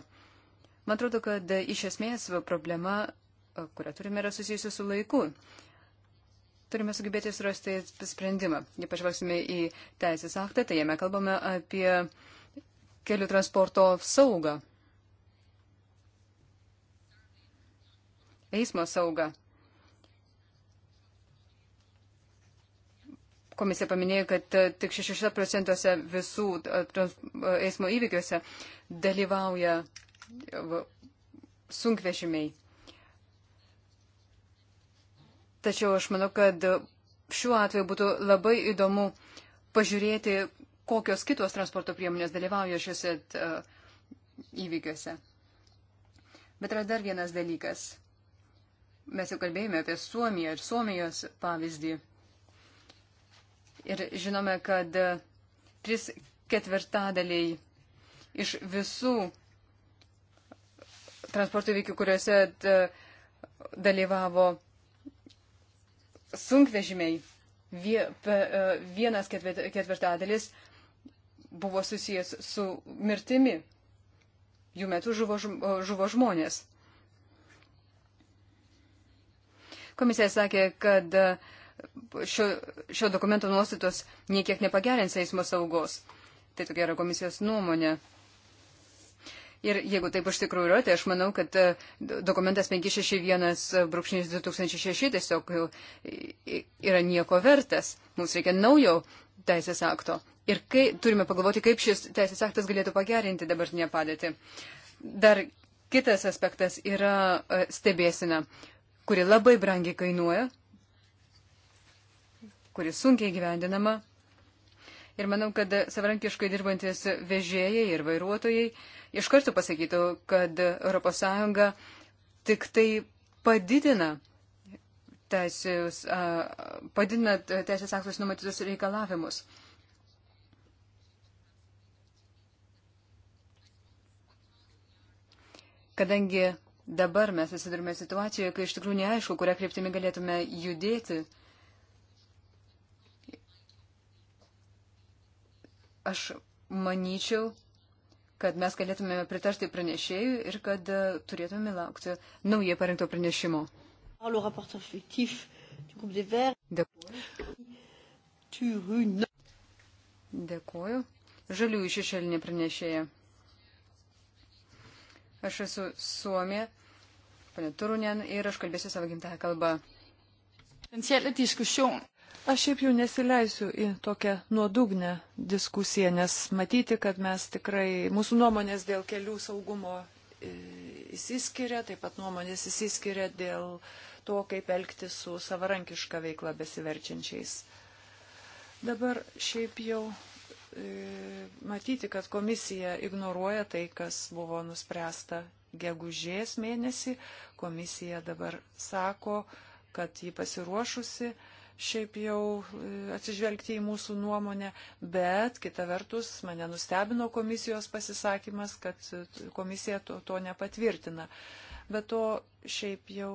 Man atrodo, kad e, iš esmės problema kurią turime, yra susijusi su laiku. Turime sugebėti surasti sprendimą. Jei pažvelgsime į teisės aktą, tai jame kalbame apie kelių transporto saugą. Eismo saugą. komisija paminėjo, kad tik 6 procentuose visų eismo įvykiuose dalyvauja sunkvežimiai. Tačiau aš manau, kad šiuo atveju būtų labai įdomu pažiūrėti, kokios kitos transporto priemonės dalyvauja šiuose e, įvykiuose. Bet yra dar vienas dalykas. Mes jau kalbėjome apie Suomiją ir Suomijos pavyzdį. Ir žinome, kad e, tris ketvirtadaliai iš visų transporto įvykių, kuriuose e, dalyvavo sunkvežimiai e, vienas ketvirtadalis buvo susijęs su mirtimi. Jų metu žuvo, e, žuvo žmonės. Komisija sakė, kad e, šio, šio dokumento nuostatos niekiek nepagerins eismo saugos. Tai tokia yra komisijos nuomonė. Ir jeigu taip iš tikrųjų yra, tai aš manau, kad e, dokumentas 561-2006 e, tiesiog e, yra nieko vertas. Mums reikia naujo teisės akto. Ir kai, turime pagalvoti, kaip šis teisės aktas galėtų pagerinti dabartinę padėtį. Dar kitas aspektas yra stebėsina, kuri labai brangiai kainuoja, kuri sunkiai gyvendinama. Ir manau, kad savarankiškai dirbantis vežėjai ir vairuotojai uh, iš karto pasakytų, kad ES tik tai padidina teisės, padidina teisės aktus numatytus reikalavimus. Kadangi dabar mes susidurime situacijoje, kai iš tikrųjų neaišku, kurią kryptimį galėtume judėti, aš manyčiau, kad mes galėtumėme pritarti pranešėjui ir kad e, turėtume laukti naujai parengto pranešimo. Dėkuoju. Dėkuoju. Žaliųjų šešėlinė pranešėja. Aš esu Suomė, panė Turunen, ir aš kalbėsiu savo gimtąją kalbą. Aš šiaip jau nesileisiu į tokią nuodugnę diskusiją, nes matyti, kad mes tikrai, mūsų nuomonės dėl kelių saugumo įsiskiria, e, taip pat nuomonės įsiskiria dėl to, kaip elgti su savarankiška veikla besiverčiančiais. Dabar šiaip jau e, matyti, kad komisija ignoruoja tai, kas buvo nuspręsta gegužės mėnesį. Komisija dabar sako, kad jį pasiruošusi šiaip jau e, atsižvelgti į mūsų nuomonę, bet kita vertus mane nustebino komisijos pasisakymas, kad e, komisija to, to nepatvirtina. Bet to šiaip jau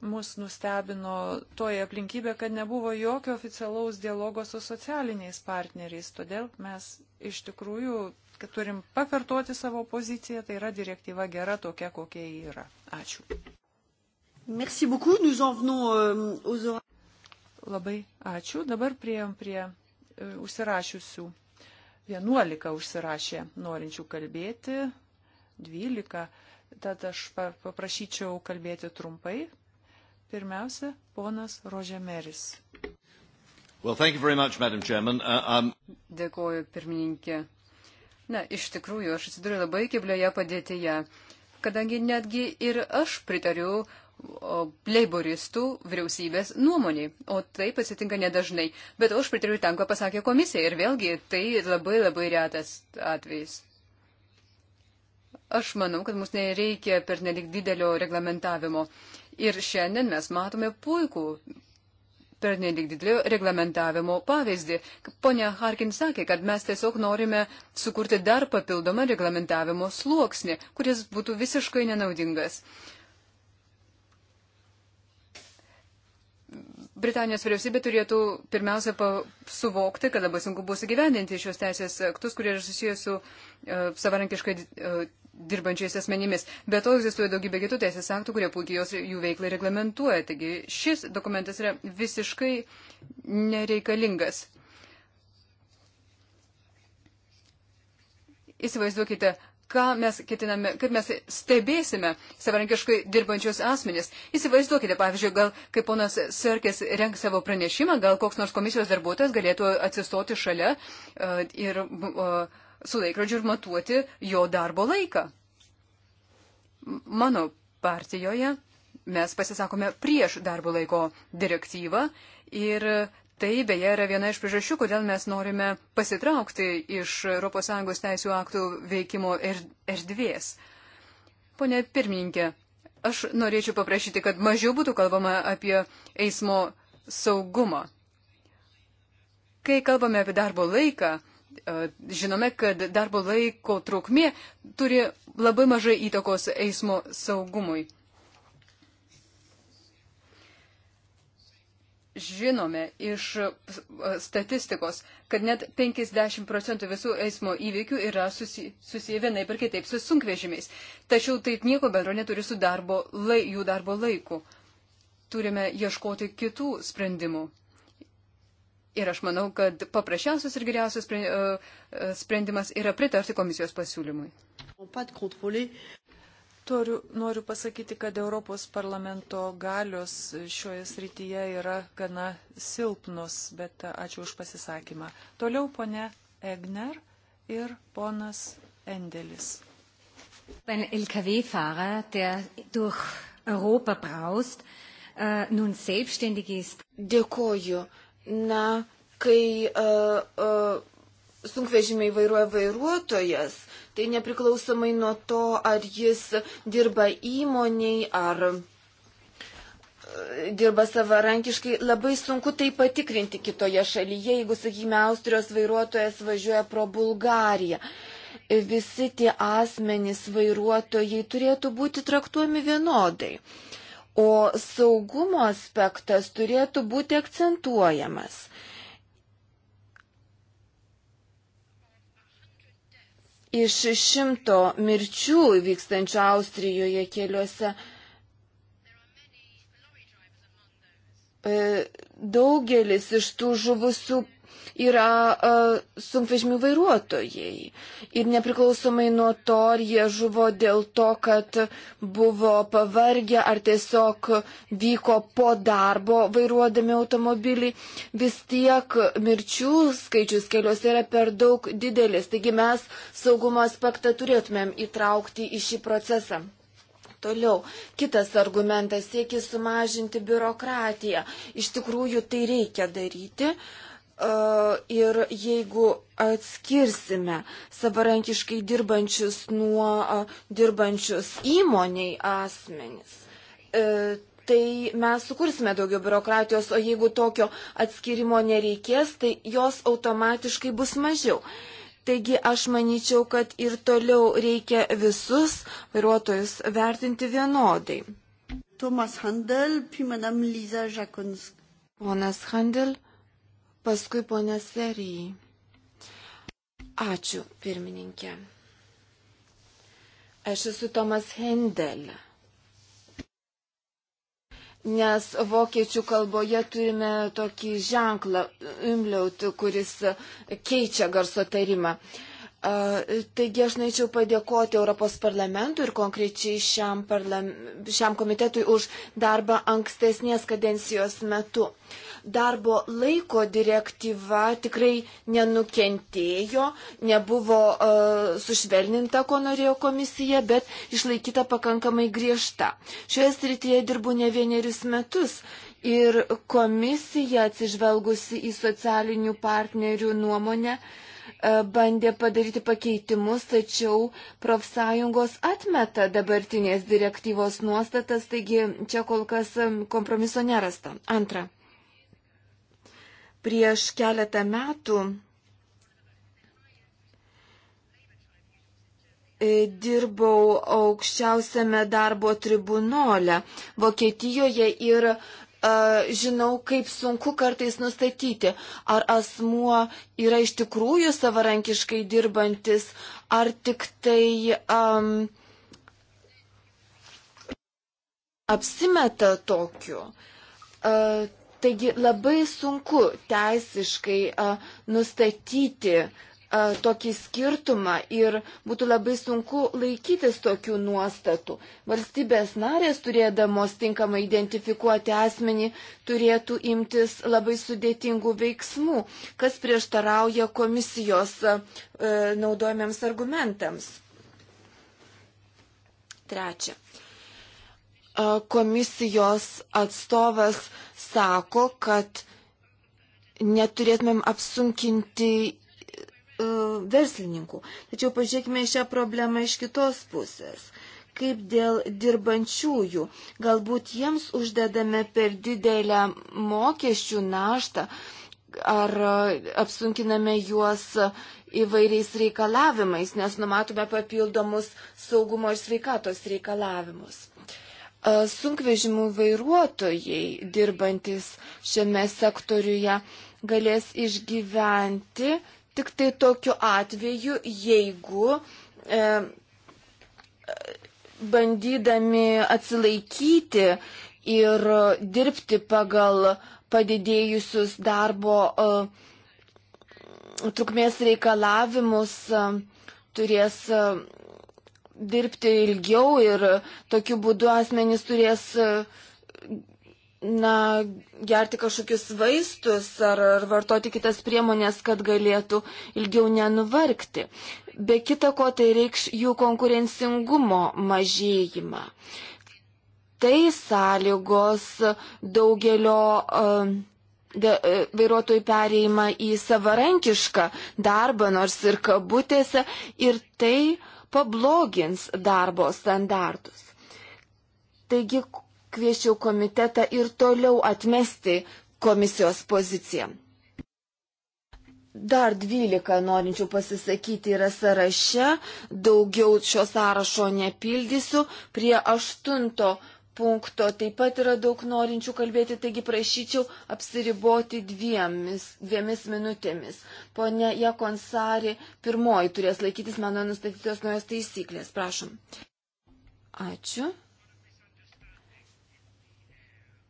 mus nustebino toje aplinkybė, kad nebuvo jokio oficialaus dialogo su socialiniais partneriais. Todėl mes iš tikrųjų kad turim pakartoti savo poziciją, tai yra direktyva gera tokia, kokia yra. Ačiū. Merci beaucoup. Nous en venons euh, aux Labai ačiū. Dabar prieėm prie e, užsirašiusių. 11 užsirašė norinčių kalbėti, 12. Tad aš paprašyčiau kalbėti trumpai. Pirmiausia, ponas Rožemeris. Well, much, uh, um... Dėkoju, pirmininkė. Na, iš tikrųjų, aš atsiduriu labai keblioje padėtyje kadangi netgi ir aš pritariu leiboristų vyriausybės nuomonį. O taip atsitinka nedažnai. Bet aš pritariu tam, ką pasakė komisija. Ir vėlgi tai labai labai retas atvejis. Aš manau, kad mums nereikia pernelik didelio reglamentavimo. Ir šiandien mes matome puikų per nelik didelio reglamentavimo pavyzdį. Pone Harkin sakė, kad mes tiesiog norime sukurti dar papildomą reglamentavimo sluoksnį, kuris būtų visiškai nenaudingas. Britanijos vyriausybė turėtų pirmiausia suvokti, kad labai sunku bus įgyvendinti šios teisės aktus, kurie yra susijęs su uh, savarankiškai uh, dirbančiais asmenimis. Be to egzistuoja daugybė kitų teisės aktų, kurie puikiai jos jų veiklą reglamentuoja. Taigi šis dokumentas yra visiškai nereikalingas. Įsivaizduokite, mes ketiname, kaip mes stebėsime savarankiškai dirbančius asmenis. Įsivaizduokite, pavyzdžiui, gal kai ponas Sirkis renk savo pranešimą, gal koks nors komisijos darbuotojas galėtų atsistoti šalia uh, ir uh, su laikrodžiu ir matuoti jo darbo laiką. Mano partijoje mes pasisakome prieš darbo laiko direktyvą ir tai beje yra viena iš priežasčių, kodėl mes norime pasitraukti iš ES teisų aktų veikimo er-, erdvės. Pone pirmininkė, aš norėčiau paprašyti, kad mažiau būtų kalbama apie eismo saugumą. Kai kalbame apie darbo laiką, E, žinome, kad darbo laiko trukmė turi labai mažai įtakos eismo saugumui. Žinome iš statistikos, kad net 50 procentų visų eismo įvykių yra susi, susiję vienai per kitaip su sunkvežimiais. Tačiau taip nieko bendro neturi su darbo lai, jų darbo laiku. Turime ieškoti kitų sprendimų. Ir aš manau, kad paprasčiausias ir geriausias e, e, sprendimas yra pritarti komisijos pasiūlymui. Toriu, noriu pasakyti, kad Europos parlamento galios šioje srityje yra gana silpnus, bet ačiū už pasisakymą. Toliau ponė Egner ir ponas Endelis. Ein LKW-Fahrer, der durch Europa braust, äh, nun selbstständig ist. Dėkoju. Na, kai uh, uh, sunkvežimiai vairuoja vairuotojas, tai nepriklausomai nuo to, ar jis dirba įmoniai, ar e, dirba savarankiškai, labai sunku tai patikrinti kitoje šalyje, jeigu, sakykime, Austrijos vairuotojas važiuoja pro Bulgariją. Visi tie asmenys vairuotojai turėtų būti traktuojami vienodai. Uh, O saugumo aspektas turėtų būti akcentuojamas. Iš šimto mirčių vykstančių Austrijoje keliuose e, daugelis iš tų žuvusių yra e, sunkvežimių vairuotojai. Ir nepriklausomai nuo to, ar jie žuvo dėl to, kad buvo pavargę, ar tiesiog vyko po darbo vairuodami automobilį, vis tiek mirčių skaičius keliuose yra per daug didelis. Taigi mes saugumo aspektą turėtumėm įtraukti į šį procesą. Toliau, kitas argumentas - siekis sumažinti biurokratiją. Iš tikrųjų, tai reikia daryti. Uh, E, ir jeigu atskirsime savarankiškai dirbančius nuo e, dirbančius įmoniai asmenis, e, tai mes sukursime daugiau biurokratijos, o jeigu tokio atskirimo nereikės, tai jos automatiškai bus mažiau. Taigi aš manyčiau, kad ir toliau reikia visus vairuotojus vertinti vienodai. Tomas Handel, puis Madame Liza Jakonsk. Ponas Handel paskui ponė serijai. Ačiū, pirmininkė. Aš esu Tomas Hendel. Nes vokiečių kalboje turime tokį ženklą, umliaut, kuris keičia garso tarimą. Uh, Taigi aš norėčiau padėkoti Europos parlamentui ir konkrečiai šiam, parlam, šiam komitetui už darbą ankstesnės kadencijos metu. Darbo laiko direktyva tikrai nenukentėjo, nebuvo uh, sušvelninta, ko norėjo komisija, bet išlaikyta pakankamai griežta. Šioje srityje dirbu ne vienerius metus ir komisija atsižvelgusi į socialinių partnerių nuomonę uh, E, bandė padaryti pakeitimus, tačiau profsąjungos atmeta dabartinės direktyvos nuostatas, taigi čia kol kas e, kompromiso nerasta. Antra. Prieš keletą metų e, dirbau aukščiausiame darbo tribunole Vokietijoje ir žinau, kaip sunku kartais nustatyti, ar asmuo yra iš tikrųjų savarankiškai dirbantis, ar tik tai um, apsimeta tokiu. Uh, taigi labai sunku teisiškai uh, nustatyti, tokį skirtumą ir būtų labai sunku laikytis tokių nuostatų. Valstybės narės turėdamos tinkamai identifikuoti asmenį turėtų imtis labai sudėtingų veiksmų, kas prieštarauja komisijos e, naudojamiams argumentams. Trečia. Komisijos atstovas sako, kad neturėtumėm apsunkinti verslininkų. Tačiau pažiūrėkime šią problemą iš kitos pusės. Kaip dėl dirbančiųjų, galbūt jiems uždedame per didelę mokesčių naštą ar apsunkiname juos įvairiais reikalavimais, nes numatome papildomus saugumo ir sveikatos reikalavimus sunkvežimų vairuotojai dirbantis šiame sektoriuje galės išgyventi tik tai tokiu atveju, jeigu e, bandydami atsilaikyti ir dirbti pagal padidėjusius darbo e, trukmės reikalavimus, e, turės e, dirbti ilgiau ir tokiu būdu asmenys turės. E, na, gerti kažkokius vaistus ar, ar vartoti kitas priemonės, kad galėtų ilgiau nenuvargti. Be kita ko, tai reikš jų konkurencingumo mažėjimą. Tai sąlygos daugelio uh, de, uh, vairuotojų pereima į savarankišką darbą, nors ir kabutėse, ir tai pablogins darbo standartus. Taigi, kviečiau komitetą ir toliau atmesti komisijos poziciją. Dar 12 norinčių pasisakyti yra sąraše, daugiau šio sąrašo nepildysiu. Prie 8 punkto taip pat yra daug norinčių kalbėti, taigi prašyčiau apsiriboti dviemis, dviemis minutėmis. Pone Jekonsari, pirmoji turės laikytis mano nustatytos naujos taisyklės. Prašom. Ačiū.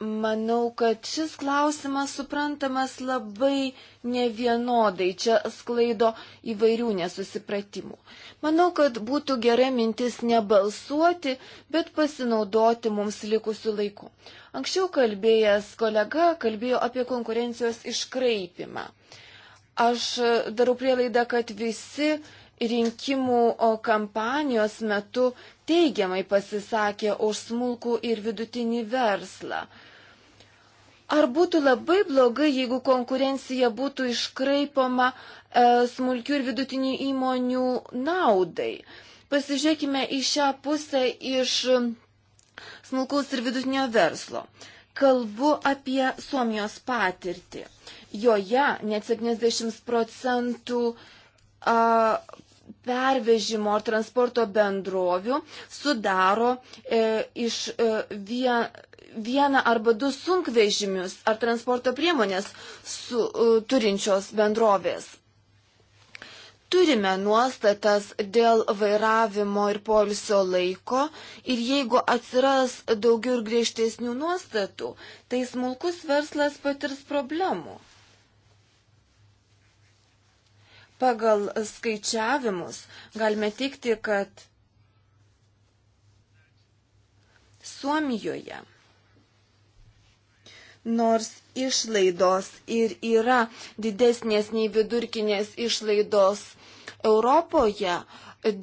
Manau, kad šis klausimas suprantamas labai nevienodai, čia sklaido įvairių nesusipratimų. Manau, kad būtų gera mintis nebalsuoti, bet pasinaudoti mums likusiu laiku. Anksčiau kalbėjęs kolega kalbėjo apie konkurencijos iškraipimą. Aš darau prielaidą, kad visi rinkimų kampanijos metu teigiamai pasisakė už smulkų ir vidutinį verslą. Ar būtų labai blogai, jeigu konkurencija būtų iškraipoma e, smulkių ir vidutinių įmonių naudai? Pasižiūrėkime į šią pusę iš smulkaus ir vidutinio verslo. Kalbu apie Suomijos patirtį. Joje net 70 procentų a, pervežimo ar transporto bendrovių sudaro e, iš e, vien, vieną arba du sunkvežimius ar transporto priemonės su, e, turinčios bendrovės. Turime nuostatas dėl vairavimo ir polisio laiko ir jeigu atsiras daugiau ir griežtesnių nuostatų, tai smulkus verslas patirs problemų. Pagal skaičiavimus galime teikti, kad Suomijoje nors išlaidos ir yra didesnės nei vidurkinės išlaidos Europoje,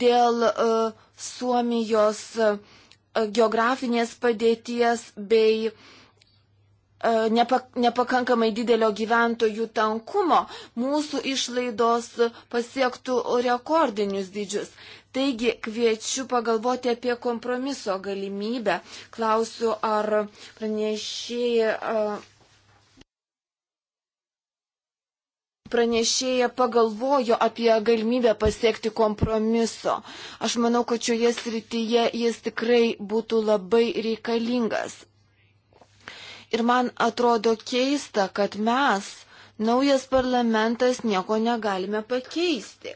dėl e, Suomijos e, geografinės padėties bei uh, E, nepakankamai didelio gyventojų tankumo mūsų išlaidos pasiektų rekordinius dydžius. Taigi kviečiu pagalvoti apie kompromiso galimybę. Klausiu, ar pranešėjai. E, pranešėja pagalvojo apie galimybę pasiekti kompromiso. Aš manau, kad šioje srityje jis tikrai būtų labai reikalingas. Ir man atrodo keista, kad mes, naujas parlamentas, nieko negalime pakeisti.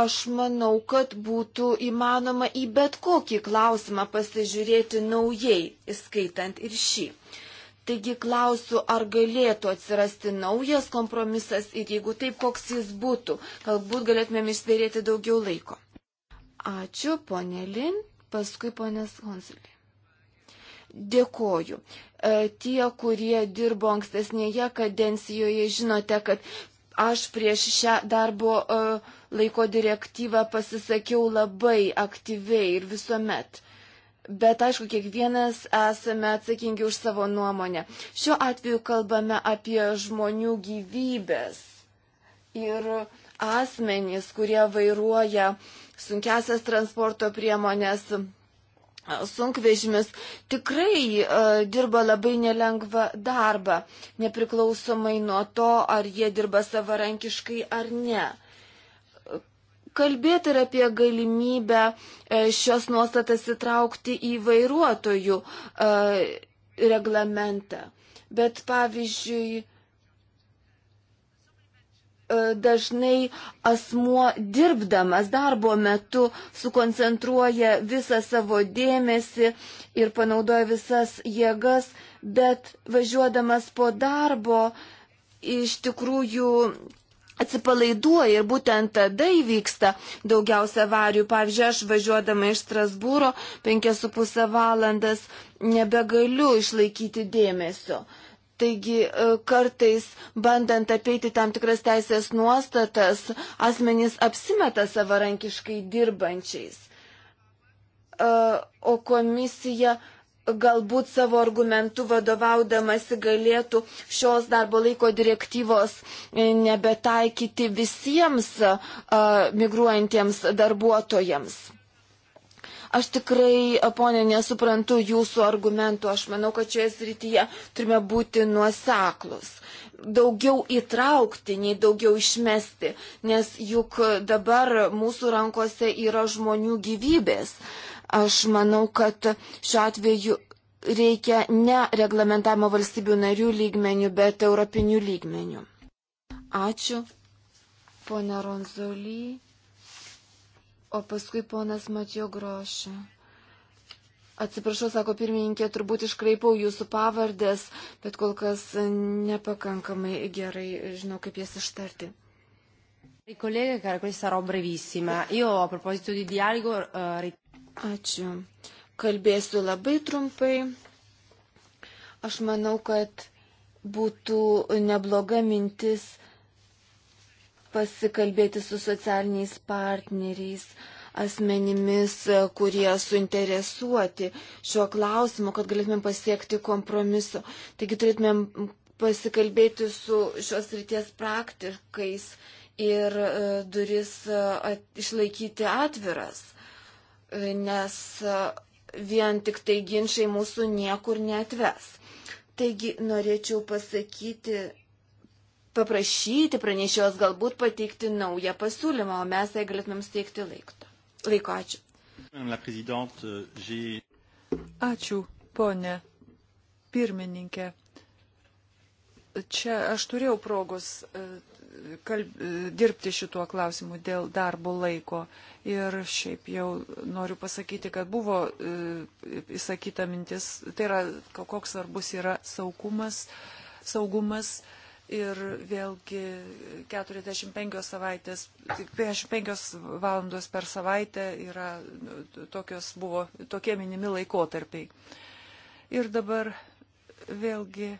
Aš manau, kad būtų įmanoma į bet kokį klausimą pasižiūrėti naujai, įskaitant ir šį. Taigi klausiu, ar galėtų atsirasti naujas kompromisas ir jeigu taip, koks jis būtų, galbūt galėtumėm išsidėrėti daugiau laiko. Ačiū, ponė Lin, paskui ponės Honsulė. Dėkoju. E, tie, kurie dirbo ankstesnėje kadencijoje, žinote, kad aš prieš šią darbo e, laiko direktyvą pasisakiau labai aktyviai ir visuomet. Bet aišku, kiekvienas esame atsakingi už savo nuomonę. Šiuo atveju kalbame apie žmonių gyvybės ir asmenys, kurie vairuoja sunkesias transporto priemonės, sunkvežimis tikrai uh, dirba labai nelengvą darbą, nepriklausomai nuo to, ar jie dirba savarankiškai ar ne. Kalbėti ir apie galimybę e, šios nuostatas įtraukti į vairuotojų uh, reglamentą. Bet pavyzdžiui, E, dažnai asmuo dirbdamas darbo metu sukoncentruoja visą savo dėmesį ir panaudoja visas jėgas, bet važiuodamas po darbo iš tikrųjų atsipalaiduoja ir būtent tada įvyksta daugiausia avarijų. Pavyzdžiui, aš važiuodama iš Strasbūro 5,5 valandas nebegaliu išlaikyti dėmesio. Uh, Taigi e, kartais, bandant apeiti tam tikras teisės nuostatas, asmenys apsimeta savarankiškai dirbančiais. E, o komisija galbūt savo argumentų vadovaudamasi galėtų šios darbo laiko direktyvos e, nebetaikyti visiems migruojantiems darbuotojams. Aš tikrai, ponė, nesuprantu jūsų argumentų. Aš manau, kad šioje srityje turime būti nuoseklus. Daugiau įtraukti, nei daugiau išmesti, nes juk dabar mūsų rankose yra žmonių gyvybės. Aš manau, kad šiuo atveju reikia ne reglamentavimo valstybių narių lygmenių, bet europinių lygmenių. Ačiū, ponė Ronzulį o paskui ponas Matijo Grošė. Atsiprašau, sako pirmininkė, turbūt iškraipau jūsų pavardės, bet kol kas nepakankamai gerai žinau, kaip jas ištarti. Eh, Ačiū. Kalbėsiu labai trumpai. Aš manau, kad būtų nebloga mintis pasikalbėti su socialiniais partneriais, asmenimis, e, kurie suinteresuoti šiuo klausimu, kad galėtumėm pasiekti kompromiso. Taigi turėtumėm pasikalbėti su šios ryties praktikais ir e, duris e, at, išlaikyti atviras, nes vien tik tai ginčiai mūsų niekur netves. Taigi norėčiau pasakyti paprašyti pranešėjos galbūt pateikti naują pasiūlymą, o mes jai galėtumėm steigti laiko. Laiko, ačiū. Ačiū, ponė pirmininkė. Čia aš turėjau progos e, kalb, e, dirbti šituo klausimu dėl darbo laiko. Ir šiaip jau noriu pasakyti, kad buvo e, įsakyta mintis, tai yra, koks svarbus yra saugumas, saugumas ir vėlgi 45 savaitės, 55 valandos per savaitę yra nu, tokios buvo, tokie minimi laikotarpiai. Ir dabar vėlgi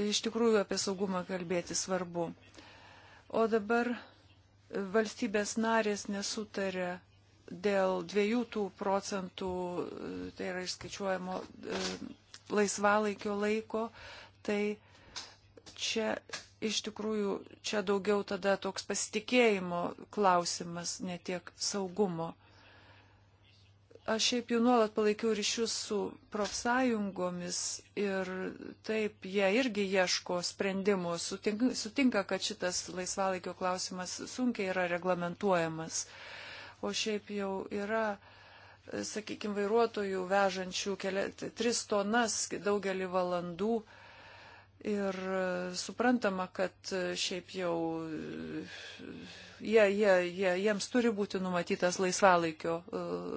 iš tikrųjų apie saugumą kalbėti svarbu. O dabar valstybės narės nesutarė dėl dviejų tų procentų, tai yra išskaičiuojamo e, laisvalaikio laiko, tai čia iš tikrųjų, čia daugiau tada toks pasitikėjimo klausimas, ne tiek saugumo. Aš šiaip jau nuolat palaikiau ryšius su profsąjungomis ir taip jie irgi ieško sprendimų, sutinka, sutinka kad šitas laisvalaikio klausimas sunkiai yra reglamentuojamas. O šiaip jau yra sakykime, vairuotojų vežančių keli, tris tonas daugelį valandų Ir e, suprantama, kad e, šiaip jau e, jie, jie, jie, jiems turi būti numatytas laisvalaikio,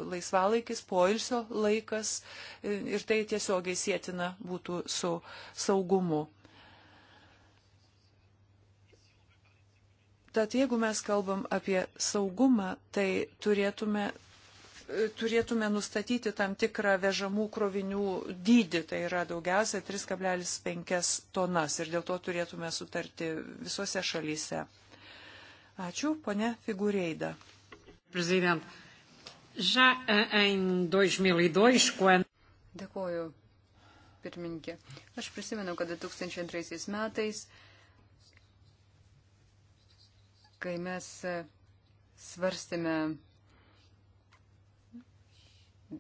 laisvalaikis, poilsio laikas ir tai tiesiogiai sėtina būtų su saugumu. Tad jeigu mes kalbam apie saugumą, tai turėtume turėtume nustatyti tam tikrą vežamų krovinių dydį, tai yra daugiausia 3,5 tonas ir dėl to turėtume sutarti visose šalyse. Ačiū, ponė Figureida. Prezident, já eh, em 2002, e quando... Dėkuoju, pirmininkė. Aš prisimenu, kad 2002 metais, kai mes eh, svarstėme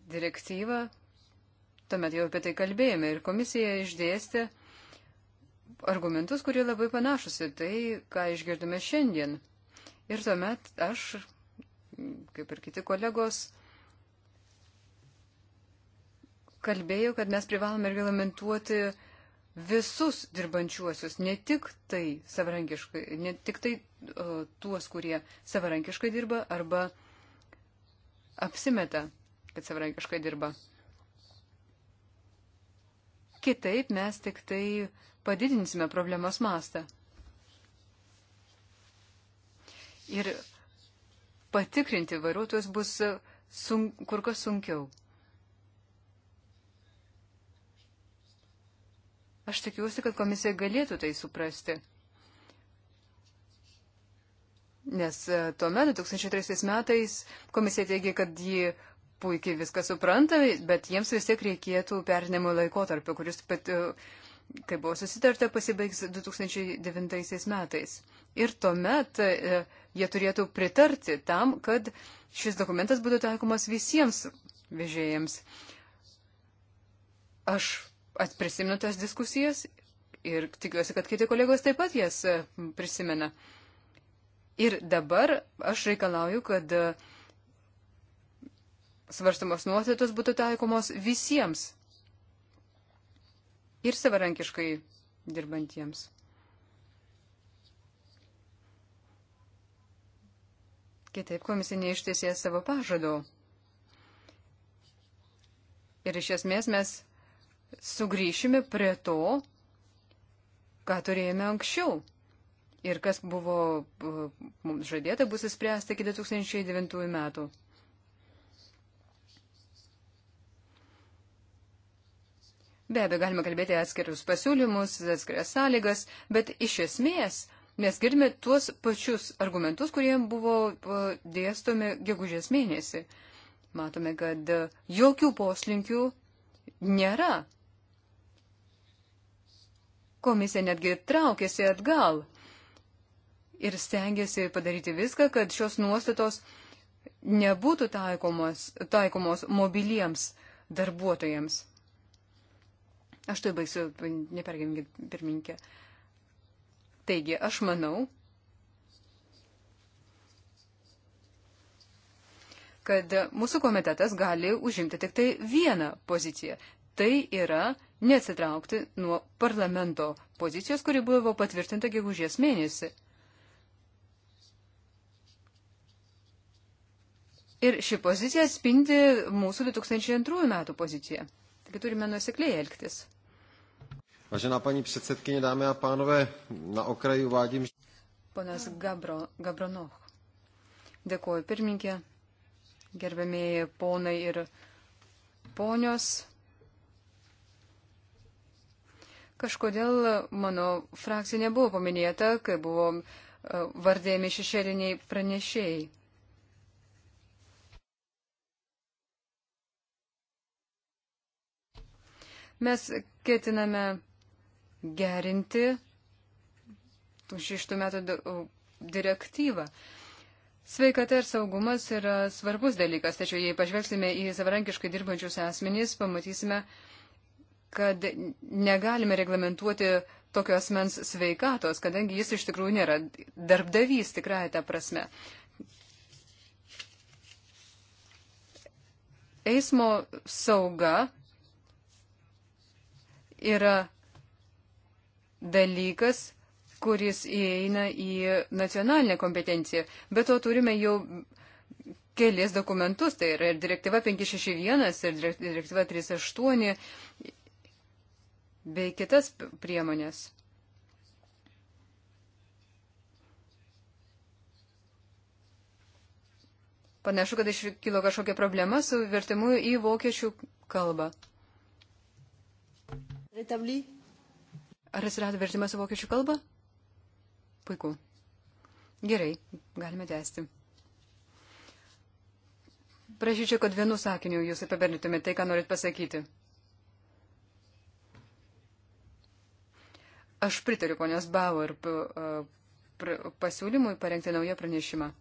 direktyvą, tuomet jau apie tai kalbėjome ir komisija išdėstė argumentus, kurie labai panašus į tai, ką išgirdome šiandien. Ir tuomet aš, kaip ir kiti kolegos, kalbėjau, kad mes privalome reglamentuoti visus dirbančiuosius, ne tik tai savarankiškai, ne tik tai uh, tuos, kurie savarankiškai dirba arba apsimeta kad savarankiškai dirba. Kitaip mes tik tai padidinsime problemos mastą. Ir patikrinti vairuotojus bus sun, kur kas sunkiau. Aš tikiuosi, kad komisija galėtų tai suprasti. Nes e, tuomet, 2003 metais, komisija teigia, kad ji puikiai viską supranta, bet jiems vis tiek reikėtų perinimo laikotarpio, kuris, pat, e, kaip buvo susitarta, pasibaigs 2009 metais. Ir tuomet e, jie turėtų pritarti tam, kad šis dokumentas būtų taikomas visiems vežėjams. Aš atprisimenu tas diskusijas ir tikiuosi, kad kiti kolegos taip pat jas e, prisimena. Ir dabar aš reikalauju, kad uh, svarstamos nuostatos būtų taikomos visiems ir savarankiškai dirbantiems. Kitaip komisija neištėsė savo pažado. Ir iš esmės mes sugrįšime prie to, ką turėjome anksčiau. Ir kas buvo uh, žadėta bus įspręsta iki 2009 metų. Be abejo, galima kalbėti atskirius pasiūlymus, atskirias sąlygas, bet iš esmės mes girdime tuos pačius argumentus, kurie buvo e, dėstomi gegužės mėnesį. Matome, kad e, jokių poslinkių nėra. Komisija netgi traukėsi atgal ir stengiasi padaryti viską, kad šios nuostatos nebūtų taikomos, taikomos mobiliems darbuotojams. Aš tai baigsiu, nepergiminkit pirminkė. Taigi, aš manau, kad mūsų komitetas gali užimti tik tai vieną poziciją. Tai yra neatsitraukti nuo parlamento pozicijos, kuri buvo patvirtinta gegužės mėnesį. Ir ši pozicija spindi mūsų 2002 metų poziciją taigi turime nusikliai elgtis. Vážená paní předsedkyně, dámy a pánové, na okraji uvádím. Ponas Gabro, Gabronoch. Dėkuoju pirmininkė, gerbėmėjai ponai ir ponios. Kažkodėl mano frakcija nebuvo paminėta, kai buvo e, vardėjami šešėliniai pranešėjai. Mes ketiname gerinti šeštų metų direktyvą. Sveikata ir saugumas yra svarbus dalykas, tačiau jei pažvelgsime į savarankiškai dirbančius asmenys, pamatysime, kad negalime reglamentuoti tokio asmens sveikatos, kadangi jis iš tikrųjų nėra darbdavys tikrai tą prasme. Eismo sauga yra dalykas, kuris įeina į nacionalinę kompetenciją. Bet to turime jau kelis dokumentus, tai yra ir direktyva 561 ir direktyva 38 bei kitas priemonės. Panašu, kad iškilo kažkokia problema su vertimu į vokiečių kalbą. Rétabli. Ar atsirado vertimas į vokiečių kalbą? Puiku. Gerai, galime tęsti. Prašyčiau, kad vienu sakiniu jūs apibendrintumėte tai, ką norit pasakyti. Aš pritariu ponios Bauer pasiūlymui parengti naują pranešimą.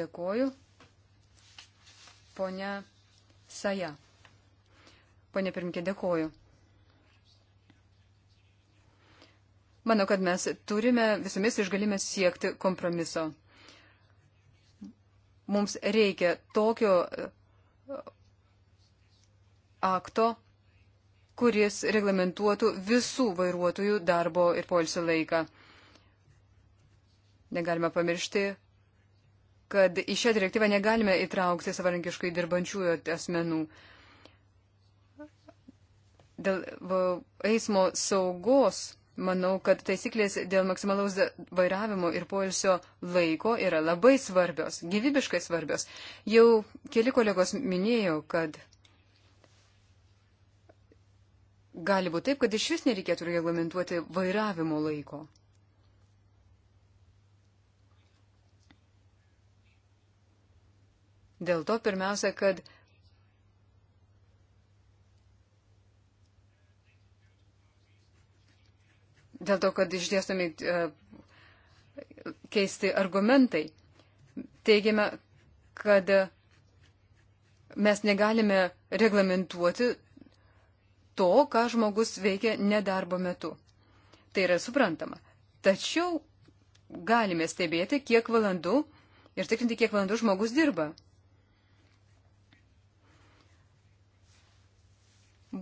Dėkoju. Ponia Saja. Pane pirmkė, dėkoju. Manau, kad mes turime visomis išgalimis siekti kompromiso. Mums reikia tokio e, akto, kuris reglamentuotų visų vairuotojų darbo ir poilsio laiką. Negalime pamiršti, kad į šią direktyvą negalime įtraukti savarankiškai dirbančiųjų asmenų. Uh, dėl eismo saugos manau, kad taisyklės dėl maksimalaus vairavimo ir poilsio laiko yra labai svarbios, gyvybiškai svarbios. Jau keli kolegos minėjo, kad gali būti taip, kad iš vis nereikėtų reglamentuoti vairavimo laiko. Dėl to pirmiausia, kad dėl to, kad išdėstomi e, keisti argumentai. Teigiame, kad mes negalime reglamentuoti to, ką žmogus veikia nedarbo metu. Tai yra suprantama. Tačiau galime stebėti, kiek valandų ir tikrinti, kiek valandų žmogus dirba.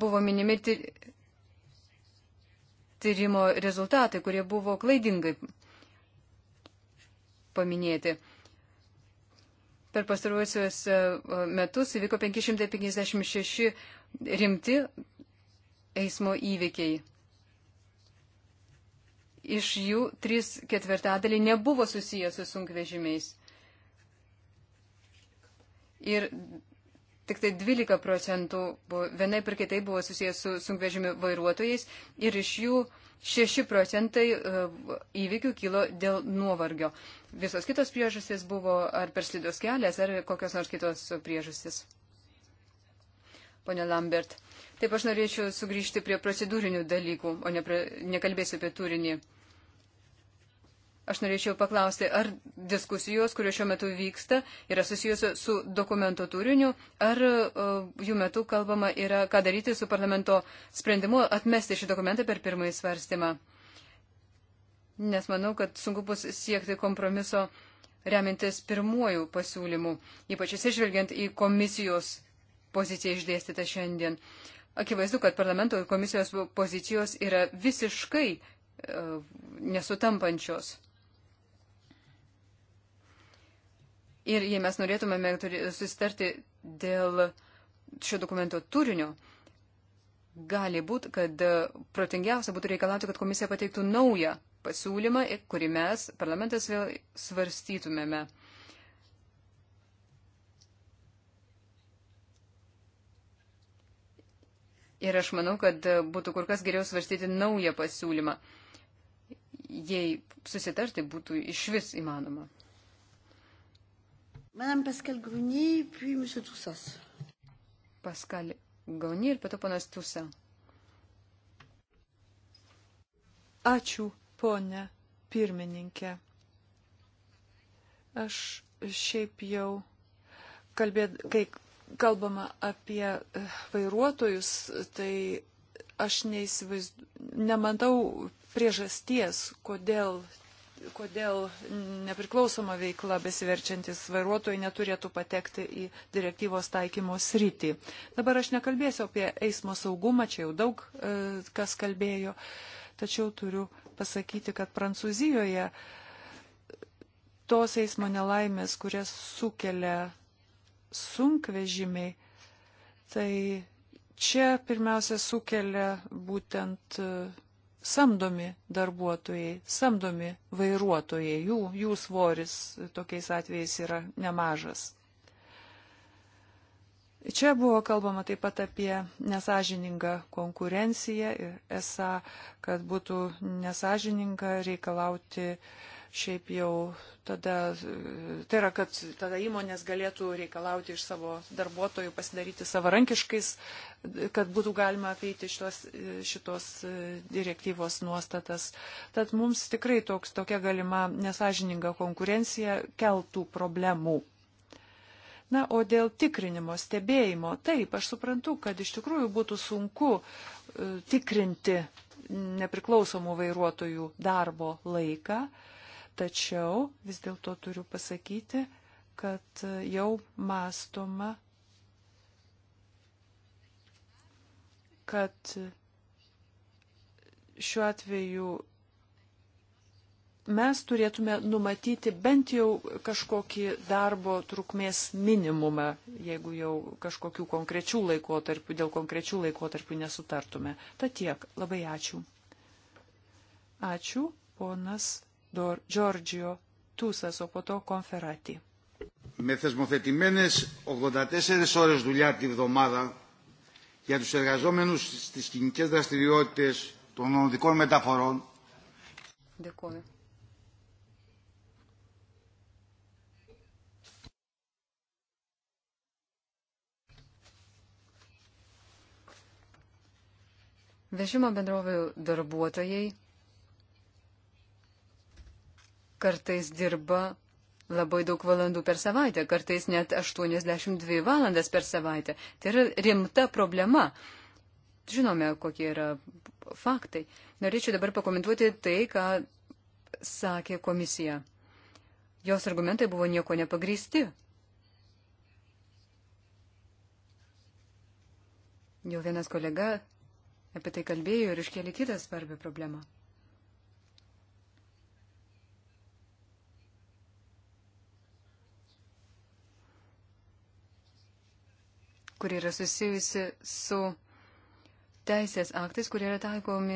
Buvo minimi tyrimo rezultatai, kurie buvo klaidingai paminėti. Per pastaruosius e, metus įvyko 556 rimti eismo įvykiai. Iš jų trys ketvirtadaliai nebuvo susijęs su sunkvežimiais. Ir tik tai 12 procentų vienai per kitai buvo susijęs su sunkvežimių vairuotojais ir iš jų 6 procentai e, įvykių kilo dėl nuovargio. Visos kitos priežastys buvo ar perslidos kelias, ar kokios nors kitos priežastys. Pone Lambert, taip aš norėčiau sugrįžti prie procedūrinių dalykų, o ne prie, nekalbėsiu apie turinį. Aš norėčiau paklausti, ar diskusijos, kurios šiuo metu vyksta, yra susijusios su dokumento turiniu, ar uh, jų metu kalbama yra, ką daryti su parlamento sprendimu atmesti šį dokumentą per pirmąjį svarstymą. Nes manau, kad sunku bus siekti kompromiso remintis pirmuoju pasiūlymu, ypač atsižvelgiant į komisijos poziciją išdėstytą šiandien. Akivaizdu, kad parlamento ir komisijos pozicijos yra visiškai uh, nesutampančios. Ir jei mes norėtumėme susitarti dėl šio dokumento turinio, gali būti, kad e, protingiausia būtų reikalauti, kad komisija pateiktų naują pasiūlymą, e, kurį mes, parlamentas, vėl svarstytumėme. Ir aš manau, kad e, būtų kur kas geriau svarstyti naują pasiūlymą, jei susitarti būtų iš vis įmanoma. Madame Pascal Grunier, puis Monsieur Toussas. Pascal Grunier ir pato panas Tusa. Ačiū, ponė pirmininkė. Aš šiaip jau kalbėt, kai kalbama apie eh, vairuotojus, tai aš neįsivaizdu, nematau priežasties, kodėl kodėl nepriklausoma veikla besiverčiantis vairuotojai neturėtų patekti į direktyvos taikymo sritį. Dabar aš nekalbėsiu apie eismo saugumą, čia jau daug e, kas kalbėjo, tačiau turiu pasakyti, kad Prancūzijoje tos eismo nelaimės, kurias sukelia sunkvežimiai, tai čia pirmiausia sukelia būtent samdomi darbuotojai, samdomi vairuotojai, jų, jų svoris tokiais atvejais yra nemažas. Čia buvo kalbama taip pat apie nesažiningą konkurenciją ir esą, kad būtų nesažininga reikalauti uh, šiaip jau tada, tai yra, kad tada įmonės galėtų reikalauti iš savo darbuotojų pasidaryti savarankiškais, kad būtų galima apeiti šitos, šitos direktyvos nuostatas. Tad mums tikrai toks, tokia galima nesažininga konkurencija keltų problemų. Na, o dėl tikrinimo, stebėjimo, taip, aš suprantu, kad iš tikrųjų būtų sunku e, tikrinti nepriklausomų vairuotojų darbo laiką, Tačiau vis dėlto turiu pasakyti, kad jau mastoma, kad šiuo atveju mes turėtume numatyti bent jau kažkokį darbo trukmės minimumą, jeigu jau kažkokių konkrečių laikotarpių, dėl konkrečių laikotarpių nesutartume. Ta tiek. Labai ačiū. Ačiū, ponas Giorgio Τούσας, οποτό Κονφεράτη. Με θεσμοθετημένες 84 ώρες δουλειά τη βδομάδα για τους εργαζόμενους στις κοινικές δραστηριότητες των οδικών μεταφορών. Δεκόμε. Vežimo bendrovių darbuotojai kartais dirba labai daug valandų per savaitę, kartais net 82 valandas per savaitę. Tai yra rimta problema. Žinome, kokie yra faktai. Norėčiau dabar pakomentuoti tai, ką sakė komisija. Jos argumentai buvo nieko nepagrysti. Jau vienas kolega apie tai kalbėjo ir iškėlė kitą svarbią problemą. kuri yra susijusi su teisės aktais, kurie yra taikomi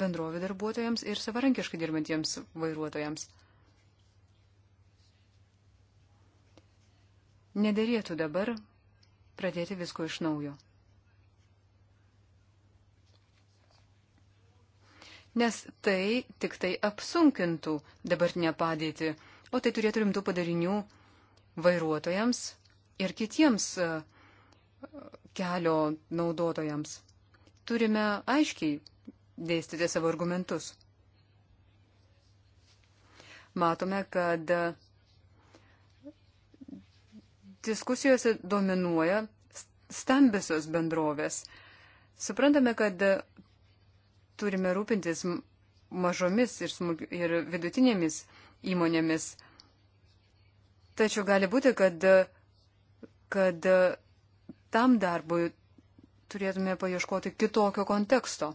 bendrovių darbuotojams ir savarankiškai dirbantiems vairuotojams. Nederėtų dabar pradėti visko iš naujo. Nes tai tik tai apsunkintų dabartinę padėtį, o tai turėtų rimtų padarinių vairuotojams ir kitiems uh, kelio naudotojams. Turime aiškiai dėstyti savo argumentus. Matome, kad diskusijose dominuoja stambiosios bendrovės. Suprantame, kad turime rūpintis mažomis ir, smulk, ir vidutinėmis įmonėmis. Tačiau gali būti, kad, kad tam darbui turėtume paieškoti kitokio konteksto.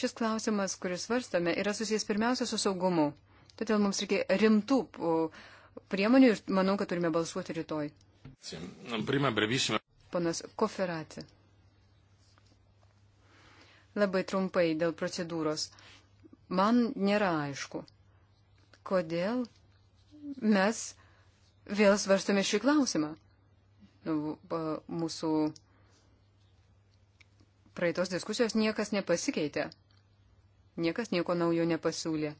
Šis klausimas, kuris svarstame, yra susijęs pirmiausia su saugumu. Todėl mums reikia rimtų priemonių ir manau, kad turime balsuoti rytoj. Panas Koferati. Labai trumpai dėl procedūros. Man nėra aišku, kodėl mes vėl svarstame šį klausimą mūsų praeitos diskusijos niekas nepasikeitė. Niekas nieko naujo nepasiūlė.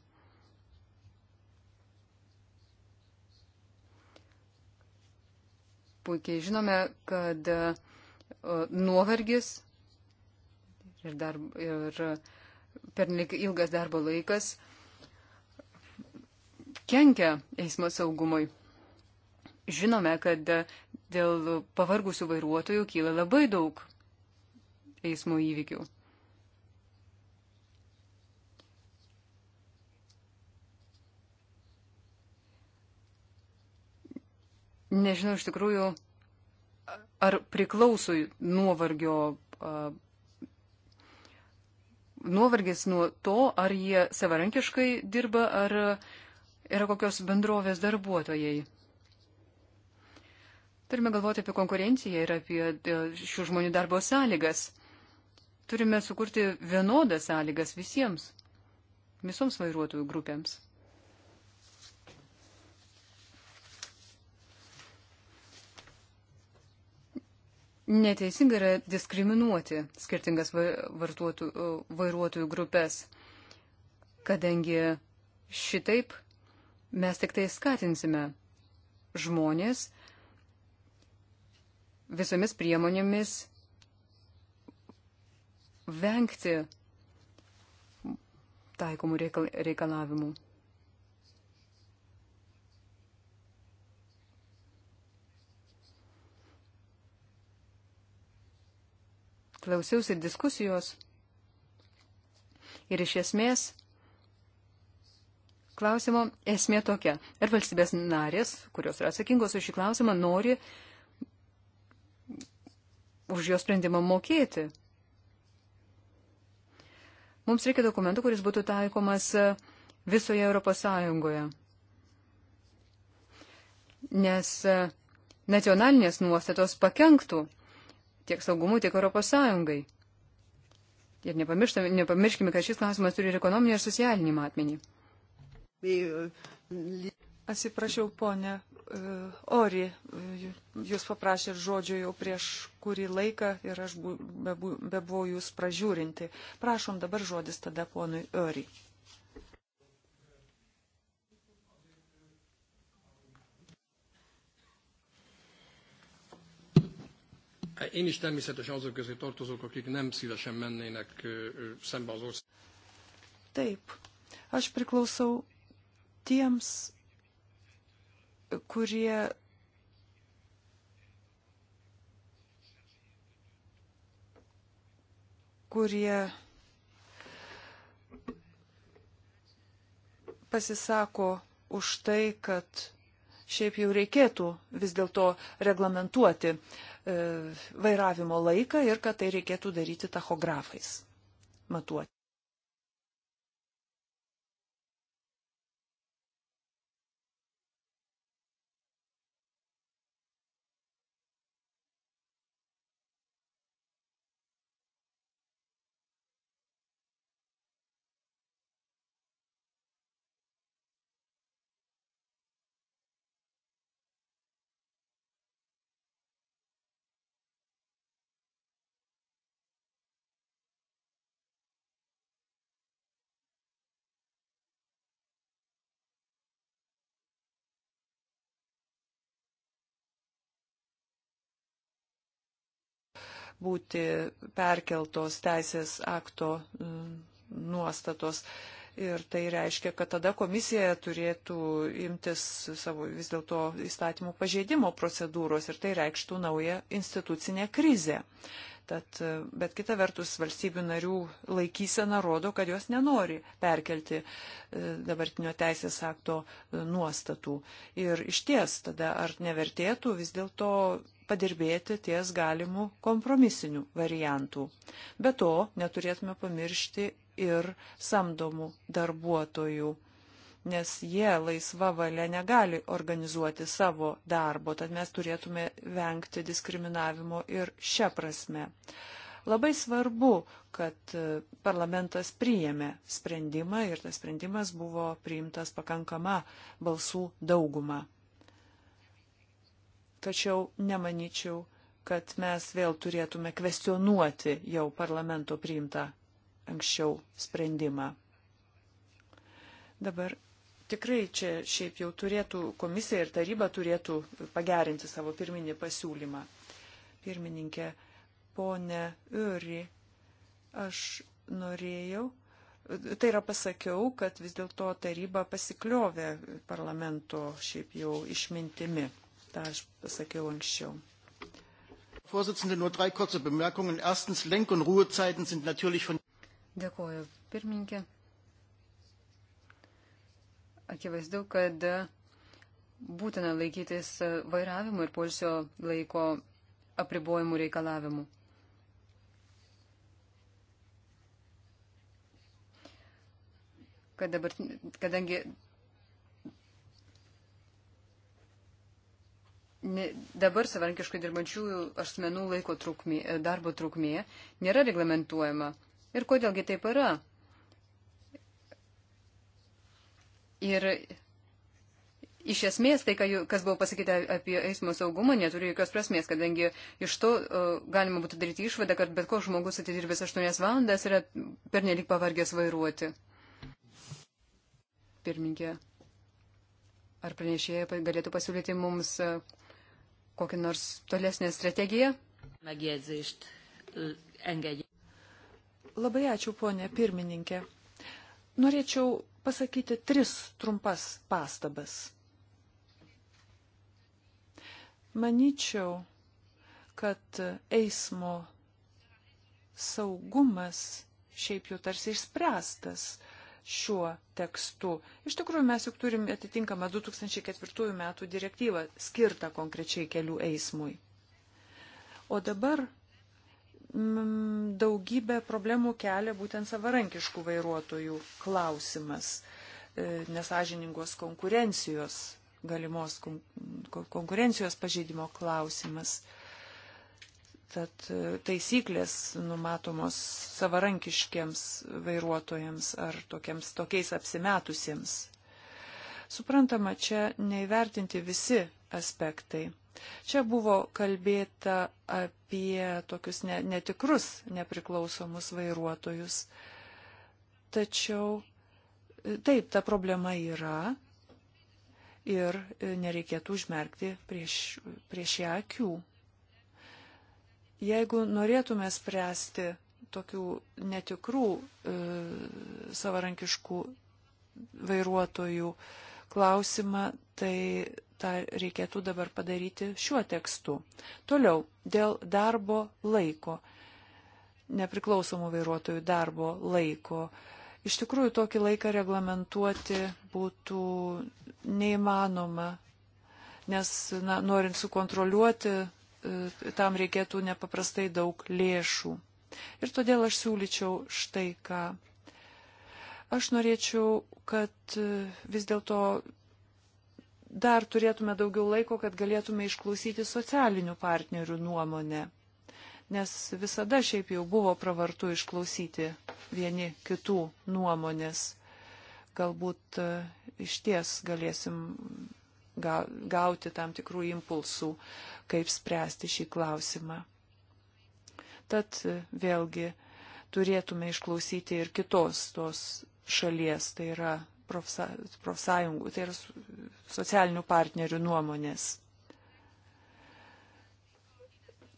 Puikiai žinome, kad e, nuovargis ir, darb, ir pernelik ilgas darbo laikas kenkia eismo saugumui. Žinome, kad dėl pavargusių vairuotojų kyla labai daug eismo įvykių. Nežinau iš tikrųjų, ar priklauso nuovargio, nuovargis nuo to, ar jie savarankiškai dirba, ar yra kokios bendrovės darbuotojai. Turime galvoti apie konkurenciją ir apie e, šių žmonių darbo sąlygas. Turime sukurti vienodas sąlygas visiems, visoms vairuotojų grupėms. Neteisinga yra diskriminuoti skirtingas e, vairuotojų grupės, kadangi šitaip mes tik tai skatinsime žmonės, visomis priemonėmis vengti taikomų reikalavimų. Klausiausi diskusijos ir iš esmės klausimo esmė tokia. Ir valstybės narės, kurios yra atsakingos už šį klausimą, nori uh, už jo sprendimą mokėti. Mums reikia dokumentų, kuris būtų taikomas visoje Europos Sąjungoje. Nes nacionalinės nuostatos pakenktų tiek saugumui, tiek Europos Sąjungai. Ir nepamirškime, kad šis klausimas turi ir ekonominį, ir socialinį matmenį. Uh, Atsiprašau, ponė e, Ori, e, jūs paprašėt žodžio jau prieš kurį laiką ir aš bebuvau jūs pražiūrinti. Prašom dabar žodis tada ponui Ori. Én is természetesen azok közé tartozok, akik nem szívesen mennének szembe az ország. Taip, aš priklausau tiems kurie kurie pasisako už tai, kad šiaip jau reikėtų vis dėlto reglamentuoti e, vairavimo laiką ir kad tai reikėtų daryti tachografais matuoti. būti perkeltos teisės akto e, nuostatos. Ir tai reiškia, kad tada komisija turėtų imtis savo vis dėlto įstatymų pažeidimo procedūros ir tai reikštų naują institucinę krizę. Tad, e, bet kita vertus, valstybių narių laikysena rodo, kad jos nenori perkelti e, dabartinio teisės akto nuostatų. Ir iš ties tada ar nevertėtų vis dėlto padirbėti ties galimų kompromisinių variantų. Be to, neturėtume pamiršti ir samdomų darbuotojų, nes jie laisva valia negali organizuoti savo darbo, tad mes turėtume vengti diskriminavimo ir šią prasme. Labai svarbu, kad e, parlamentas priėmė sprendimą ir tas sprendimas buvo priimtas pakankama balsų dauguma tačiau nemanyčiau, kad mes vėl turėtume kvestionuoti jau parlamento priimtą anksčiau sprendimą. Dabar tikrai čia šiaip jau turėtų komisija ir taryba turėtų pagerinti savo pirminį pasiūlymą. Pirmininkė, ponė Uri, aš norėjau, tai yra pasakiau, kad vis dėlto taryba pasikliovė parlamento šiaip jau išmintimi tą aš pasakiau anksčiau. Vorsitzende, nur drei kurze Bemerkungen. Erstens, Lenk- und Ruhezeiten sind natürlich von. Dėkuoju, pirmininkė. Akivaizdu, kad būtina laikytis vairavimo ir polsio laiko apribojimų reikalavimų. Kad dabar, kadangi dabar savarankiškai dirbančių asmenų laiko trukmė, e, darbo trukmė nėra reglamentuojama. Ir kodėlgi taip yra? Ir iš esmės tai, kas buvo pasakyta apie eismo saugumą, neturi jokios prasmės, kadangi iš to uh, galima būtų daryti išvadą, kad bet koks žmogus atidirbęs 8 valandas yra pernelik pavargęs vairuoti. Pirminkė, ar pranešėja galėtų pasiūlyti mums. Uh, kokią nors tolesnę strategiją? Labai ačiū, ponė pirmininkė. Norėčiau pasakyti tris trumpas pastabas. Maničiau, kad eismo saugumas šiaip jau tarsi išspręstas šiuo tekstu. Iš tikrųjų, mes juk turim atitinkamą 2004 metų direktyvą skirtą konkrečiai kelių eismui. O dabar m, mm, daugybę problemų kelia būtent savarankiškų vairuotojų klausimas, e, nesažiningos konkurencijos, galimos kon, konkurencijos pažeidimo klausimas. Tad e, taisyklės numatomos savarankiškiams vairuotojams ar tokiems, tokiais apsimetusiems. Suprantama, čia neįvertinti visi aspektai. Čia buvo kalbėta apie tokius netikrus nepriklausomus vairuotojus. Tačiau e, taip, ta problema yra ir e, nereikėtų užmerkti prieš, prieš ją akių. Jeigu norėtume spręsti tokių netikrų e, savarankiškų vairuotojų klausimą, tai tą reikėtų dabar padaryti šiuo tekstu. Toliau, dėl darbo laiko, nepriklausomų vairuotojų darbo laiko. Iš tikrųjų, tokį laiką reglamentuoti būtų neįmanoma, nes na, norint sukontroliuoti E, tam reikėtų nepaprastai daug lėšų. Ir todėl aš siūlyčiau štai ką. Aš norėčiau, kad e, vis dėlto dar turėtume daugiau laiko, kad galėtume išklausyti socialinių partnerių nuomonę. Nes visada šiaip jau buvo pravartu išklausyti vieni kitų nuomonės. Galbūt e, iš ties galėsim gauti tam tikrų impulsų, kaip spręsti šį klausimą. Tad vėlgi turėtume išklausyti ir kitos tos šalies, tai yra profsąjungų, tai yra socialinių partnerių nuomonės.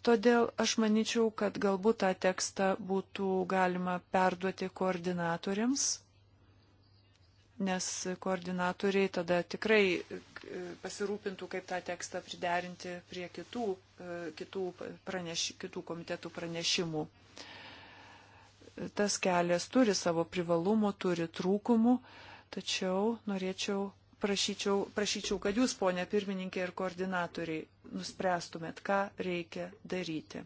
Todėl aš manyčiau, kad galbūt tą tekstą būtų galima perduoti koordinatoriams nes koordinatoriai tada tikrai e, pasirūpintų, kaip tą tekstą priderinti prie kitų, e, kitų, praneš, kitų komitetų pranešimų. Tas kelias turi savo privalumų, turi trūkumų, tačiau norėčiau prašyčiau, prašyčiau, kad jūs, ponė pirmininkė ir koordinatoriai, nuspręstumėt, ką reikia daryti.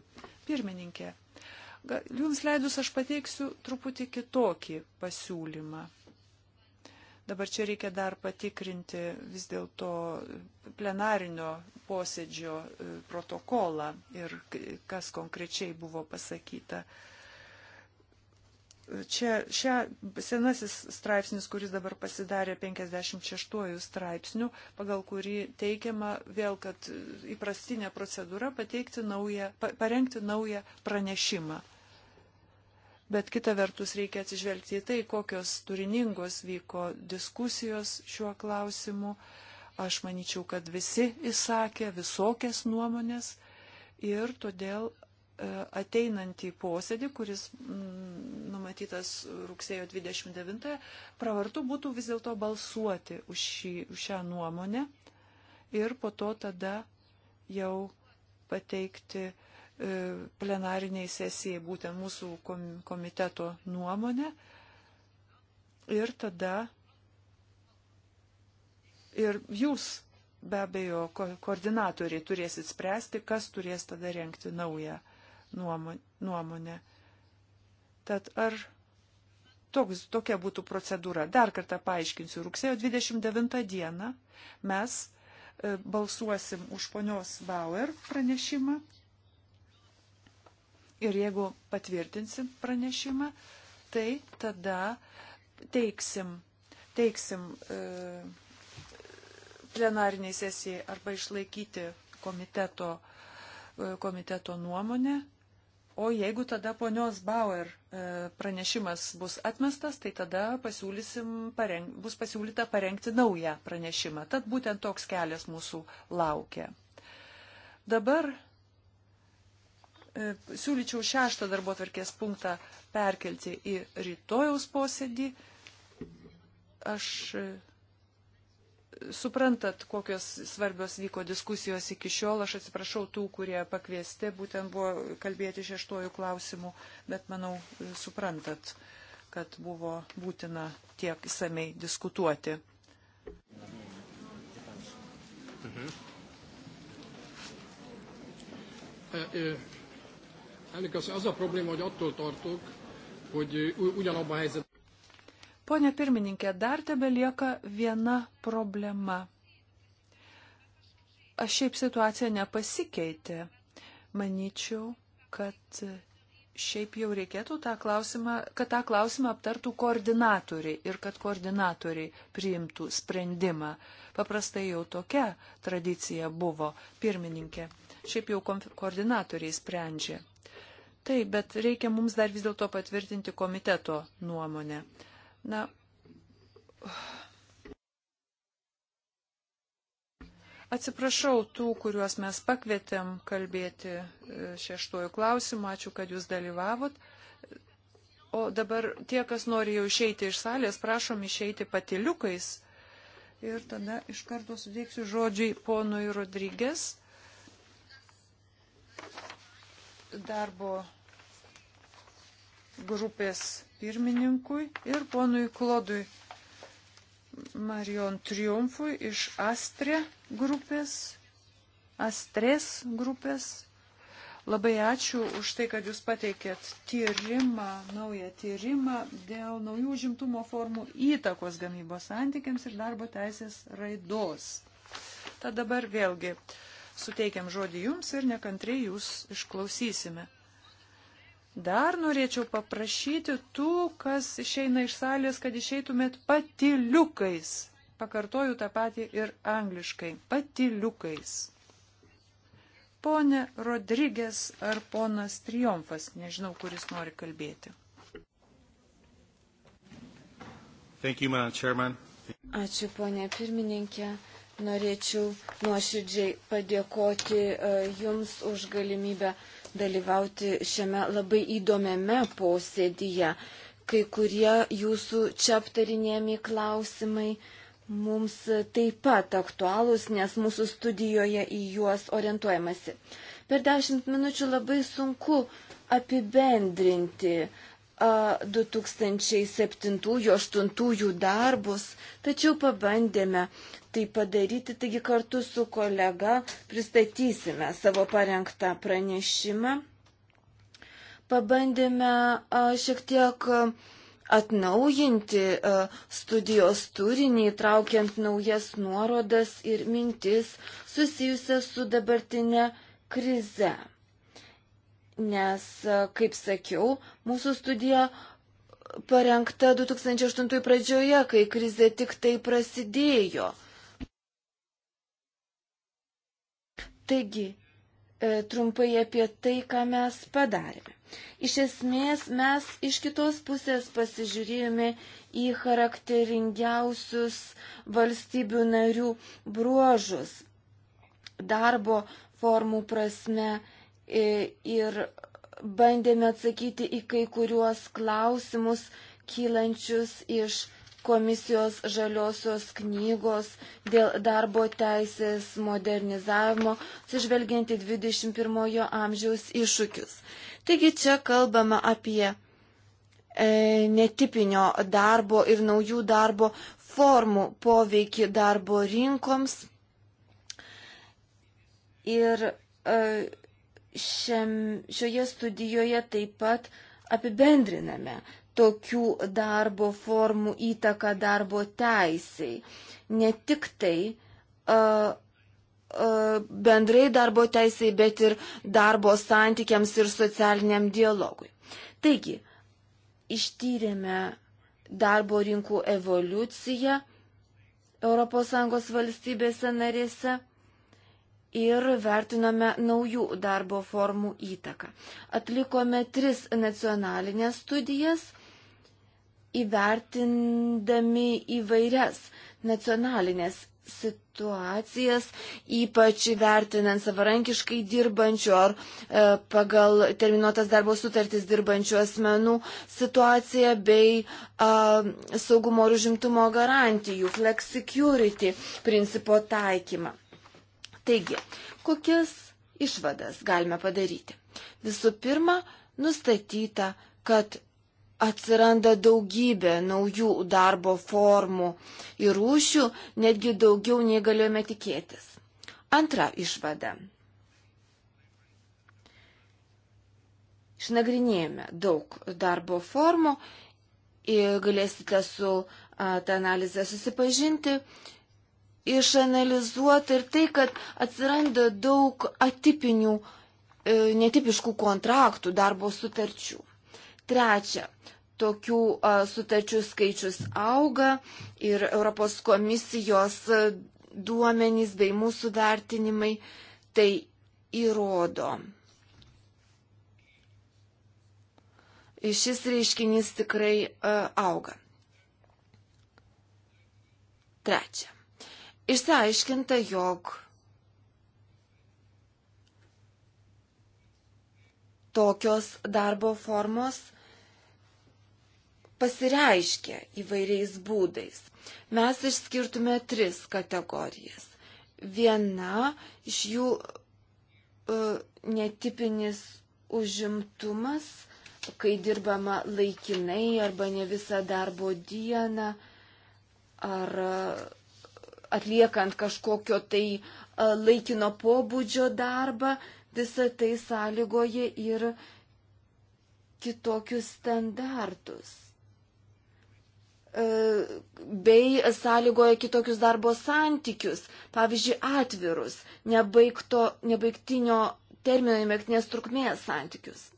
Pirmininkė, jums leidus aš pateiksiu truputį kitokį pasiūlymą. Dabar čia reikia dar patikrinti vis dėlto plenarinio posėdžio e, protokolą ir kas konkrečiai buvo pasakyta. Čia šia, senasis straipsnis, kuris dabar pasidarė 56 straipsnių, pagal kurį teikiama vėl, kad įprastinė procedūra pateikti naują, parengti naują pranešimą bet kita vertus reikia atsižvelgti į tai, kokios turiningos vyko diskusijos šiuo klausimu. Aš manyčiau, kad visi įsakė visokias nuomonės ir todėl e, ateinantį posėdį, kuris mm, numatytas rugsėjo 29, pravartu būtų vis dėlto balsuoti už, šį, už šią nuomonę ir po to tada jau pateikti uh, E, plenariniai sesijai būtent mūsų komiteto nuomonę. Ir tada ir jūs be abejo ko, koordinatoriai turėsit spręsti, kas turės tada renkti naują nuomonę. Tad ar toks, tokia būtų procedūra? Dar kartą paaiškinsiu. Rugsėjo 29 dieną mes e, balsuosim už ponios Bauer pranešimą Ir jeigu patvirtinsim pranešimą, tai tada teiksim, teiksim e, plenariniai sesijai arba išlaikyti komiteto, e, komiteto nuomonę. O jeigu tada ponios Bauer e, pranešimas bus atmestas, tai tada pareng, bus pasiūlyta parengti naują pranešimą. Tad būtent toks kelias mūsų laukia. Dabar E, siūlyčiau šeštą darbo tvarkės punktą perkelti į rytojaus posėdį. Aš e, suprantat, kokios svarbios vyko diskusijos iki šiol. Aš atsiprašau tų, kurie pakviesti, būtent buvo kalbėti šeštojų klausimų, bet manau, e, suprantat, kad buvo būtina tiek įsamei diskutuoti. Mhm. Uh, uh. Elnök asszony, az a probléma, hogy attól tartok, hogy ugyanabban a helyzetben. Pone pirmininkė, dar tebe lieka viena problema. Aš šiaip situacija nepasikeitė. Maničiau, kad e, šiaip jau reikėtų tą klausimą, kad tą klausimą aptartų koordinatoriai ir kad koordinatoriai priimtų sprendimą. Paprastai jau tokia tradicija buvo pirmininkė. Šiaip jau koordinatoriai sprendžia. Taip, bet reikia mums dar vis dėlto patvirtinti komiteto nuomonę. Na, Atsiprašau tų, kuriuos mes pakvietėm kalbėti e, šeštuoju klausimu. Ačiū, kad jūs dalyvavot. O dabar tie, kas nori jau išeiti iš salės, prašom išeiti patiliukais. Ir tada iš karto sudėksiu žodžiai ponui Rodrygės darbo grupės pirmininkui ir ponui Klodui Marion Triumfui iš Astre grupės, Astres grupės. Labai ačiū už tai, kad jūs pateikėt tyrimą, naują tyrimą dėl naujų žimtumo formų įtakos gamybos santykiams ir darbo teisės raidos. Tad dabar vėlgi uh, suteikiam žodį jums ir nekantriai jūs išklausysime. Dar norėčiau paprašyti tų, kas išeina iš salės, kad išeitumėt patiliukais. Pakartoju tą patį ir angliškai. Patiliukais. Pone Rodrygės ar ponas Triumfas, nežinau, kuris nori kalbėti. Thank you, Ačiū, ponė pirmininkė norėčiau nuoširdžiai padėkoti e, Jums už galimybę dalyvauti šiame labai įdomiame posėdyje. Kai kurie Jūsų čia aptarinėjami klausimai mums taip pat aktualūs, nes mūsų studijoje į juos orientuojamasi. Per dešimt minučių labai sunku apibendrinti uh, 2007-2008 darbus, tačiau pabandėme tai padaryti, taigi kartu su kolega pristatysime savo parengtą pranešimą. Pabandėme šiek tiek atnaujinti studijos turinį, traukiant naujas nuorodas ir mintis susijusias su dabartinė krize nes, e, kaip sakiau, mūsų studija parengta 2008 pradžioje, kai krizė tik tai prasidėjo. Taigi, e, trumpai apie tai, ką mes padarėme. Iš esmės, mes iš kitos pusės pasižiūrėjome į charakteringiausius valstybių narių bruožus darbo formų prasme E, ir bandėme atsakyti į kai kuriuos klausimus kylančius iš komisijos žaliosios knygos dėl darbo teisės modernizavimo, atsižvelgiant į 21 amžiaus iššūkius. Taigi čia kalbama apie e, netipinio darbo ir naujų darbo formų poveikį darbo rinkoms. Ir e, šiam, šioje studijoje taip pat apibendriname tokių darbo formų įtaką darbo teisai. Ne tik tai uh, uh, bendrai darbo teisai, bet ir darbo santykiams ir socialiniam dialogui. Taigi, ištyrėme darbo rinkų evoliuciją ES valstybėse narėse ir vertinome naujų darbo formų įtaką. Atlikome tris nacionalinės studijas, įvertindami įvairias nacionalinės situacijas, ypač vertinant savarankiškai dirbančių ar e, pagal terminuotas darbo sutartis dirbančių asmenų situaciją bei e, saugumo ir užimtumo garantijų, flexicurity principo taikymą. Taigi, kokias išvadas galime padaryti? Visų pirma, nustatyta, kad atsiranda daugybė naujų darbo formų ir rūšių, netgi daugiau nei galėjome tikėtis. Antra išvada. Išnagrinėjome daug darbo formų ir galėsite su ta analize susipažinti išanalizuota ir tai, kad atsiranda daug atipinių, e, netipiškų kontraktų darbo sutarčių. Trečia, tokių a, sutarčių skaičius auga ir Europos komisijos a, duomenys bei mūsų vertinimai tai įrodo. Ir šis reiškinys tikrai a, auga. Trečia išsiaiškinta, jog tokios darbo formos pasireiškia įvairiais būdais. Mes išskirtume tris kategorijas. Viena iš jų uh, netipinis užimtumas, kai dirbama laikinai arba ne visą darbo dieną, ar uh, atliekant kažkokio tai laikino pobūdžio darbą, visą tai sąlygoja ir kitokius standartus. E, bei sąlygoja kitokius darbo santykius, pavyzdžiui, atvirus, nebaigto, nebaigtinio termino įmektinės trukmės santykius.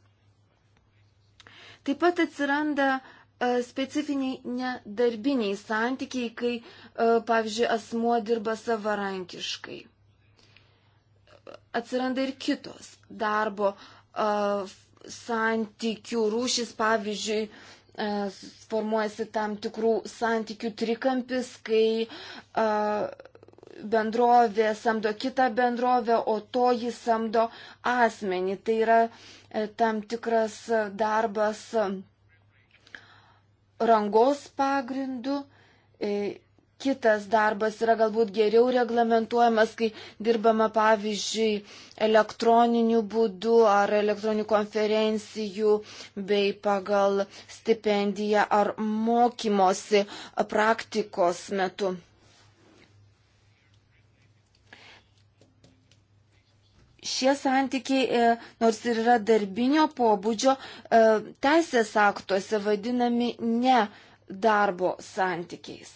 Taip pat atsiranda uh, E, specifiniai nedarbiniai santykiai, kai, e, pavyzdžiui, asmuo dirba savarankiškai. Atsiranda ir kitos darbo e, santykių rūšis, pavyzdžiui, formuojasi tam tikrų santykių trikampis, kai bendrovė samdo kitą bendrovę, o to jį samdo asmenį. Tai yra tam tikras darbas rangos pagrindu, e, kitas darbas yra galbūt geriau reglamentuojamas, kai dirbama pavyzdžiui elektroniniu būdu ar elektroninių konferencijų bei pagal stipendiją ar mokymosi praktikos metu. šie santykiai, e, nors ir yra darbinio pobūdžio, e, teisės aktuose vadinami ne darbo santykiais.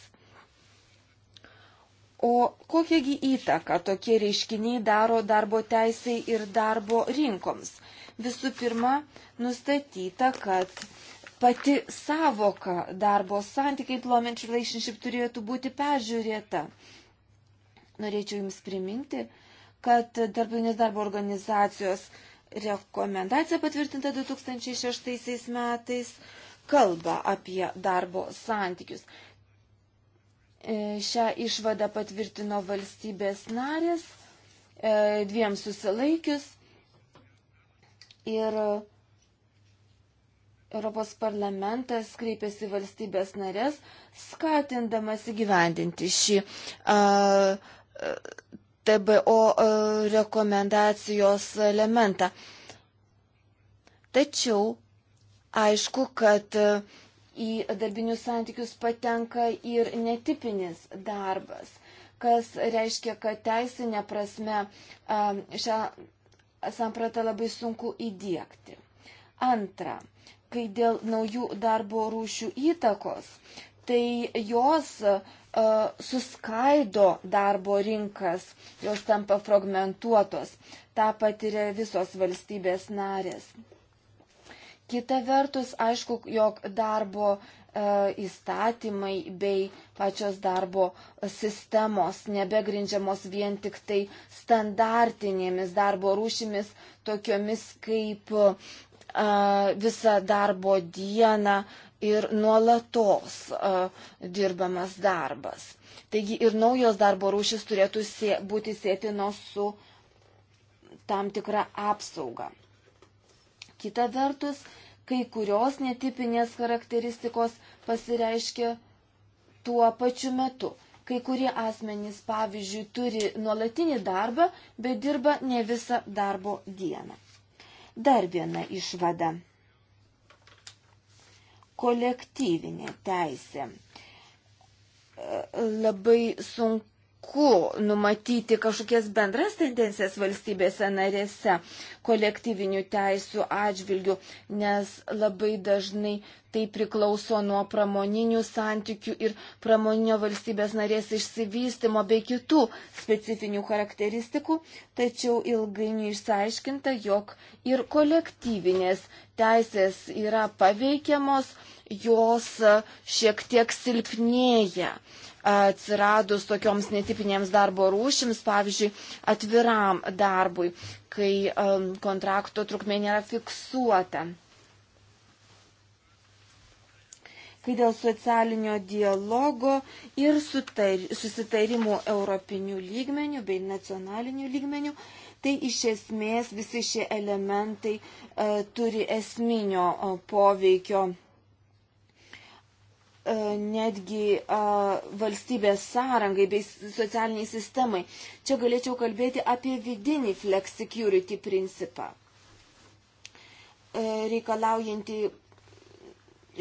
O kokiagi įtaka tokie reiškiniai daro darbo teisai ir darbo rinkoms? Visų pirma, nustatyta, kad pati savoka darbo santykiai employment relationship turėtų būti peržiūrėta. Norėčiau Jums priminti, kad darbinės darbo organizacijos rekomendacija patvirtinta 2006 metais kalba apie darbo santykius. E, šią išvadą patvirtino valstybės narės e, dviem susilaikius ir Europos parlamentas kreipėsi valstybės narės, skatindamas įgyvendinti šį a, a, TBO e, rekomendacijos elementą. Tačiau aišku, kad e, į darbinius santykius patenka ir netipinis darbas, kas reiškia, kad teisinė prasme e, šią sampratą labai sunku įdėkti. Antra, kai dėl naujų darbo rūšių įtakos, tai jos uh, E, suskaido darbo rinkas, jos tampa fragmentuotos. Ta patiria visos valstybės narės. Kita vertus, aišku, jog darbo e, įstatymai bei pačios darbo sistemos nebegrindžiamos vien tik tai standartinėmis darbo rūšimis, tokiomis kaip visą darbo dieną ir nuolatos dirbamas darbas. Taigi ir naujos darbo rūšis turėtų sė, būti sėtinos su tam tikra apsauga. Kita vertus, kai kurios netipinės charakteristikos pasireiškia tuo pačiu metu. Kai kurie asmenys, pavyzdžiui, turi nuolatinį darbą, bet dirba ne visą darbo dieną. Dar viena išvada. Kolektyvinė teisė. Labai sunku sunku numatyti kažkokias bendras tendencijas valstybėse narėse kolektyvinių teisų atžvilgių, nes labai dažnai tai priklauso nuo pramoninių santykių ir pramoninio valstybės narės išsivystimo bei kitų specifinių charakteristikų, tačiau ilgainiui išsiaiškinta, jog ir kolektyvinės teisės yra paveikiamos, jos šiek tiek silpnėja atsiradus tokioms netipinėms darbo rūšims, pavyzdžiui, atviram darbui, kai um, kontrakto trukmė nėra fiksuota. Kai dėl socialinio dialogo ir susitarimų europinių lygmenių bei nacionalinių lygmenių, tai iš esmės visi šie elementai e, turi esminio poveikio E, netgi a, e, valstybės sąrangai bei socialiniai sistemai. Čia galėčiau kalbėti apie vidinį flex security principą, e, reikalaujantį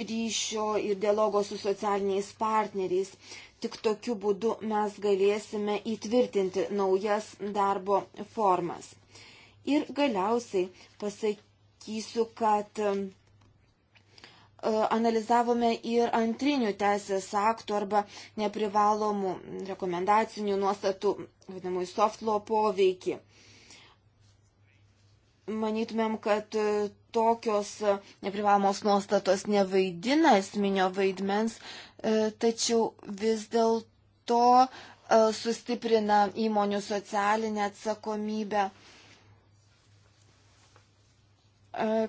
ryšio ir dialogo su socialiniais partneriais. Tik tokiu būdu mes galėsime įtvirtinti naujas darbo formas. Ir galiausiai pasakysiu, kad E, analizavome ir antrinių teisės aktų arba neprivalomų rekomendacinių nuostatų, vadinamųjų soft law poveikį. Manytumėm, kad tokios neprivalomos nuostatos nevaidina esminio vaidmens, e, tačiau vis dėlto e, sustiprina įmonių socialinę atsakomybę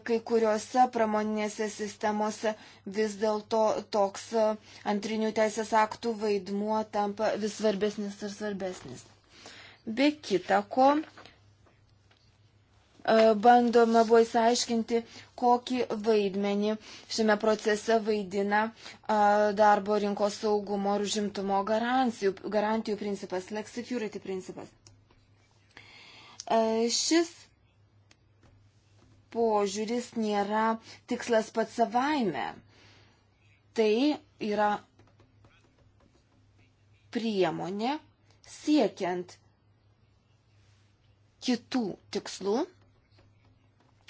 kai kuriuose pramoninėse sistemose vis dėlto toks e, antrinių teisės aktų vaidmuo tampa vis svarbesnis ir svarbesnis. Be kita ko, e, bandoma buvo įsiaiškinti, kokį vaidmenį šiame procese vaidina e, darbo rinkos saugumo ir užimtumo garantijų, garantijų principas, flex security principas. Šis požiūris nėra tikslas pats savaime. Tai yra priemonė siekiant kitų tikslų,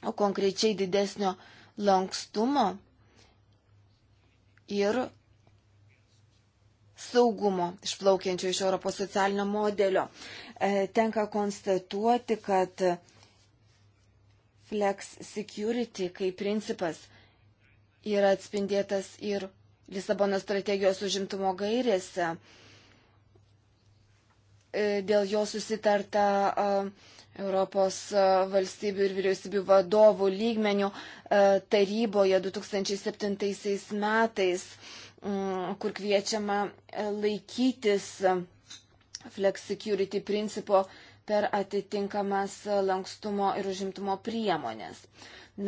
o konkrečiai didesnio lankstumo ir saugumo išplaukiančio iš Europos socialinio modelio. E, tenka konstatuoti, kad Flex security kaip principas yra atspindėtas ir Lisabono strategijos užimtumo gairėse. E, dėl jo susitarta e, Europos e, valstybių ir vyriausybių vadovų lygmenių taryboje 2007 metais, mm, kur kviečiama laikytis flex security principo per atitinkamas lankstumo ir užimtumo priemonės.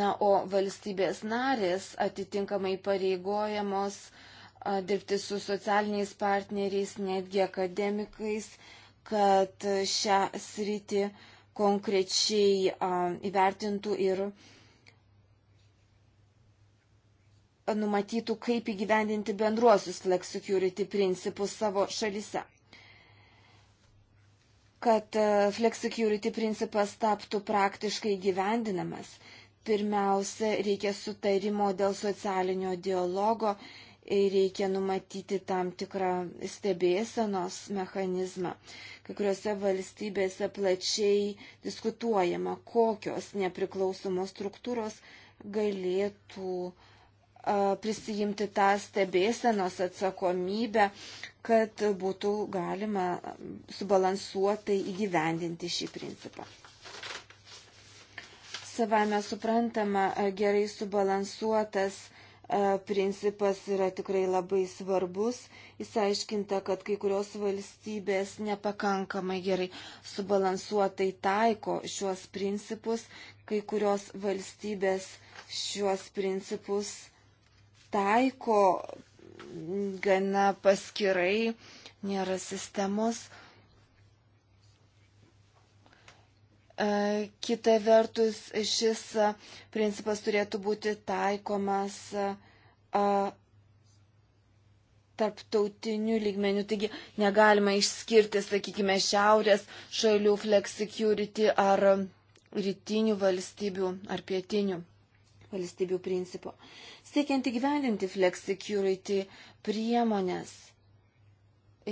Na, o valstybės narės atitinkamai pareigojamos dirbti su socialiniais partneriais, netgi akademikais, kad šią sritį konkrečiai a, įvertintų ir numatytų, kaip įgyvendinti bendruosius flex security principus savo šalise kad e, flexicurity principas taptų praktiškai gyvendinamas. Pirmiausia, reikia sutarimo dėl socialinio dialogo ir reikia numatyti tam tikrą stebėsenos mechanizmą. Kai kuriuose valstybėse plačiai diskutuojama, kokios nepriklausomos struktūros galėtų e, prisijimti tą stebėsenos atsakomybę, kad būtų galima subalansuotai įgyvendinti šį principą. Savame suprantama, gerai subalansuotas e, principas yra tikrai labai svarbus. Jis aiškinta, kad kai kurios valstybės nepakankamai gerai subalansuotai taiko šiuos principus, kai kurios valstybės šiuos principus taiko gana paskirai, nėra sistemos. E, kita vertus, šis principas turėtų būti taikomas e, tarptautiniu lygmeniu. Taigi negalima išskirti, sakykime, šiaurės šalių flexicurity ar rytinių valstybių ar pietinių valstybių principo. Siekiant įgyvendinti flex security priemonės,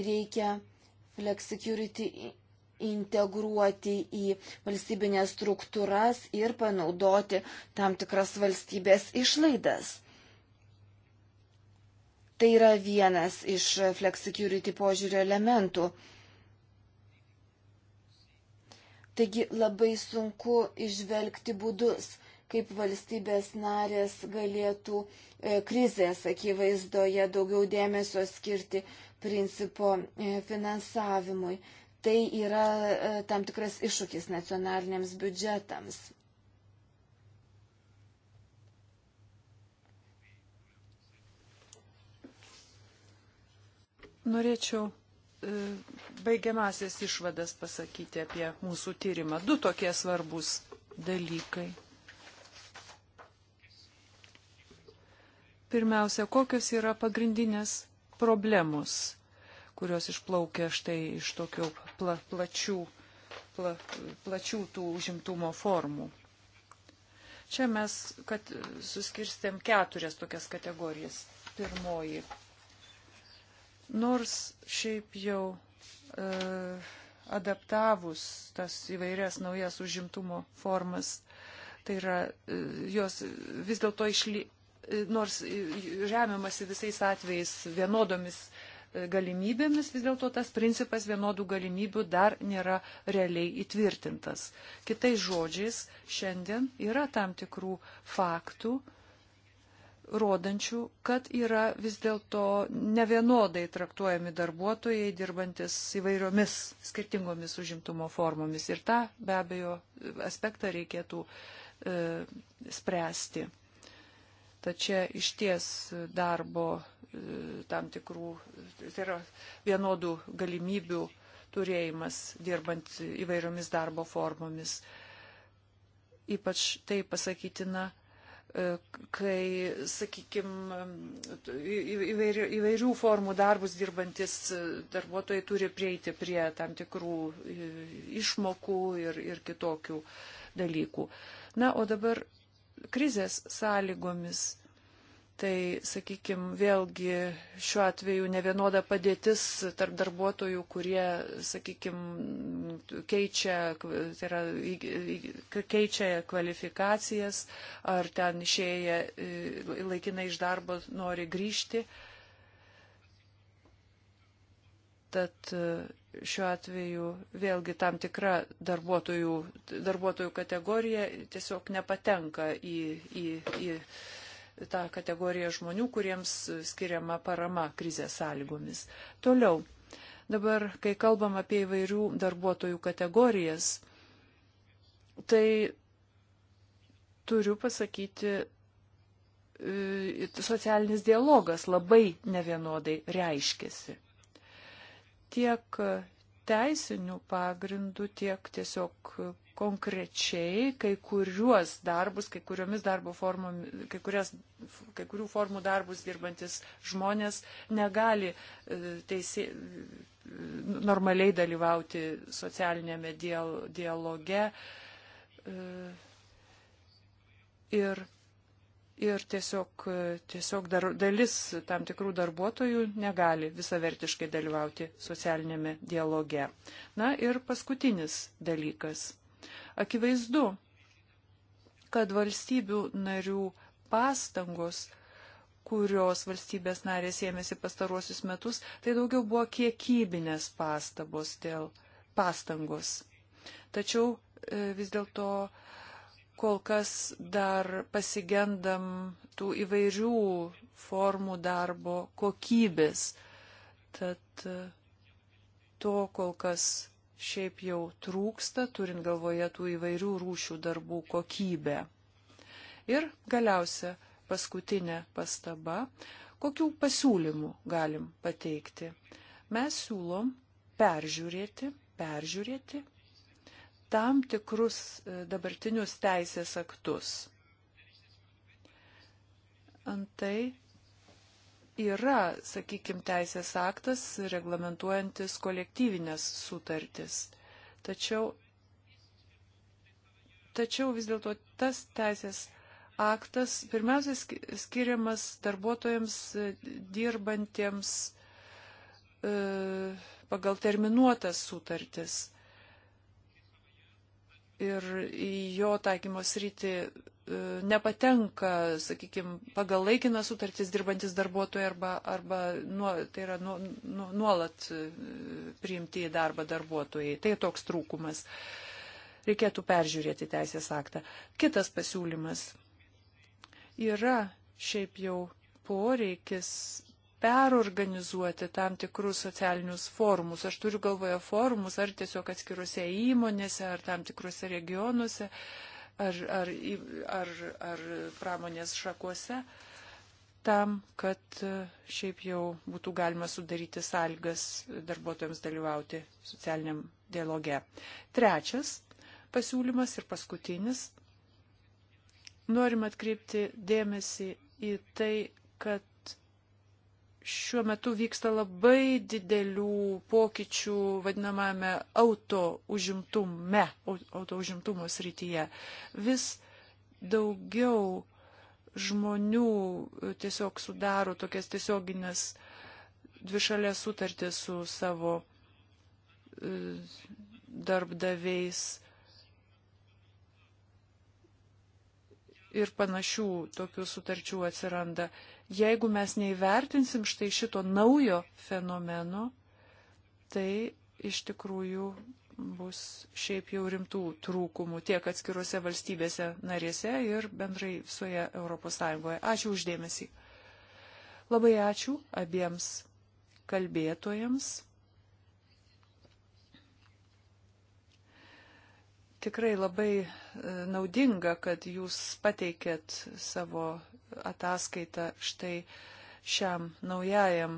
reikia flex security integruoti į valstybinės struktūras ir panaudoti tam tikras valstybės išlaidas. Tai yra vienas iš flexicurity požiūrio elementų. Taigi labai sunku išvelgti būdus, kaip valstybės narės galėtų e, krizės akivaizdoje daugiau dėmesio skirti principo e, finansavimui. Tai yra e, tam tikras iššūkis nacionaliniams biudžetams. Norėčiau baigiamasis išvadas pasakyti apie mūsų tyrimą. Du tokie svarbus dalykai. Pirmiausia, kokios yra pagrindinės problemos, kurios išplaukia štai iš tokių pla, plačių, pla, plačių tų užimtumo formų. Čia mes kad, suskirstėm keturias tokias kategorijas. Pirmoji. Nors šiaip jau e, adaptavus tas įvairias naujas užimtumo formas, tai yra e, jos vis dėlto išli, nors žemiamasi visais atvejais vienodomis e, galimybėmis, vis dėlto tas principas vienodų galimybių dar nėra realiai įtvirtintas. Kitais žodžiais, šiandien yra tam tikrų faktų, rodančių, kad yra vis dėlto nevienodai traktuojami darbuotojai, dirbantis įvairiomis skirtingomis užimtumo formomis. Ir tą be abejo aspektą reikėtų e, spręsti. Tačiau iš ties darbo e, tam tikrų, tai yra vienodų galimybių turėjimas dirbant įvairiomis darbo formomis. Ypač tai pasakytina, e, kai, sakykime, įvairių, įvairių formų darbus dirbantis e, darbuotojai turi prieiti prie tam tikrų išmokų ir, ir kitokių dalykų. Na, o dabar krizės sąlygomis. Tai, sakykime, vėlgi šiuo atveju nevienoda padėtis tarp darbuotojų, kurie, sakykime, keičia, tai yra, keičia kvalifikacijas ar ten išėję laikinai iš darbo nori grįžti. Tad šiuo atveju vėlgi tam tikra darbuotojų, darbuotojų kategorija tiesiog nepatenka į, į, į tą kategoriją žmonių, kuriems skiriama parama krizės sąlygomis. Toliau, dabar, kai kalbam apie įvairių darbuotojų kategorijas, tai turiu pasakyti, e, socialinis dialogas labai nevienodai reiškėsi tiek teisinių pagrindų, tiek tiesiog konkrečiai kai kuriuos darbus, kai kuriomis darbo formomis, kai, kurias, kai kurių formų darbus dirbantis žmonės negali e, teisė, e, normaliai dalyvauti socialinėme dialoge. E, ir ir tiesiog, tiesiog dar, dalis tam tikrų darbuotojų negali visavertiškai dalyvauti socialinėme dialoge. Na ir paskutinis dalykas. Akivaizdu, kad valstybių narių pastangos kurios valstybės narės ėmėsi pastaruosius metus, tai daugiau buvo kiekybinės pastabos dėl pastangos. Tačiau e, vis dėlto kol kas dar pasigendam tų įvairių formų darbo kokybės. Tad e, to kol kas šiaip jau trūksta, turint galvoje tų įvairių rūšių darbų kokybę. Ir galiausia, paskutinė pastaba, kokių pasiūlymų galim pateikti. Mes siūlom peržiūrėti, peržiūrėti, tam tikrus e, dabartinius teisės aktus. Antai yra, sakykime, teisės aktas reglamentuojantis kolektyvinės sutartis. Tačiau, tačiau vis dėlto tas teisės aktas pirmiausia skiriamas darbuotojams e, dirbantiems e, pagal terminuotas sutartis ir į jo taikymo sritį e, nepatenka, sakykime, pagal laikiną sutartis dirbantis darbuotojai arba, arba nuo, tai yra nu, nu, nuolat e, priimti į darbą darbuotojai. Tai toks trūkumas. Reikėtų peržiūrėti teisės aktą. Kitas pasiūlymas. Yra šiaip jau poreikis perorganizuoti tam tikrus socialinius forumus. Aš turiu galvoje forumus ar tiesiog atskiruose įmonėse, ar tam tikrose regionuose, ar, ar, ar, ar pramonės šakose, tam, kad e, šiaip jau būtų galima sudaryti sąlygas darbuotojams dalyvauti socialiniam dialoge. Trečias pasiūlymas ir paskutinis. Norim atkreipti dėmesį į tai, kad šiuo metu vyksta labai didelių pokyčių vadinamame auto užimtume, auto užimtumo srityje. Vis daugiau žmonių e, tiesiog sudaro tokias tiesioginės dvišalės sutartys su savo e, darbdaviais ir panašių tokių sutarčių atsiranda jeigu mes neįvertinsim štai šito naujo fenomeno, tai iš tikrųjų bus šiaip jau rimtų trūkumų tiek atskiruose valstybėse narėse ir bendrai visoje ES. Ačiū uždėmesį. Labai ačiū abiems kalbėtojams. tikrai labai e, naudinga, kad jūs pateikėt savo ataskaitą štai šiam naujajam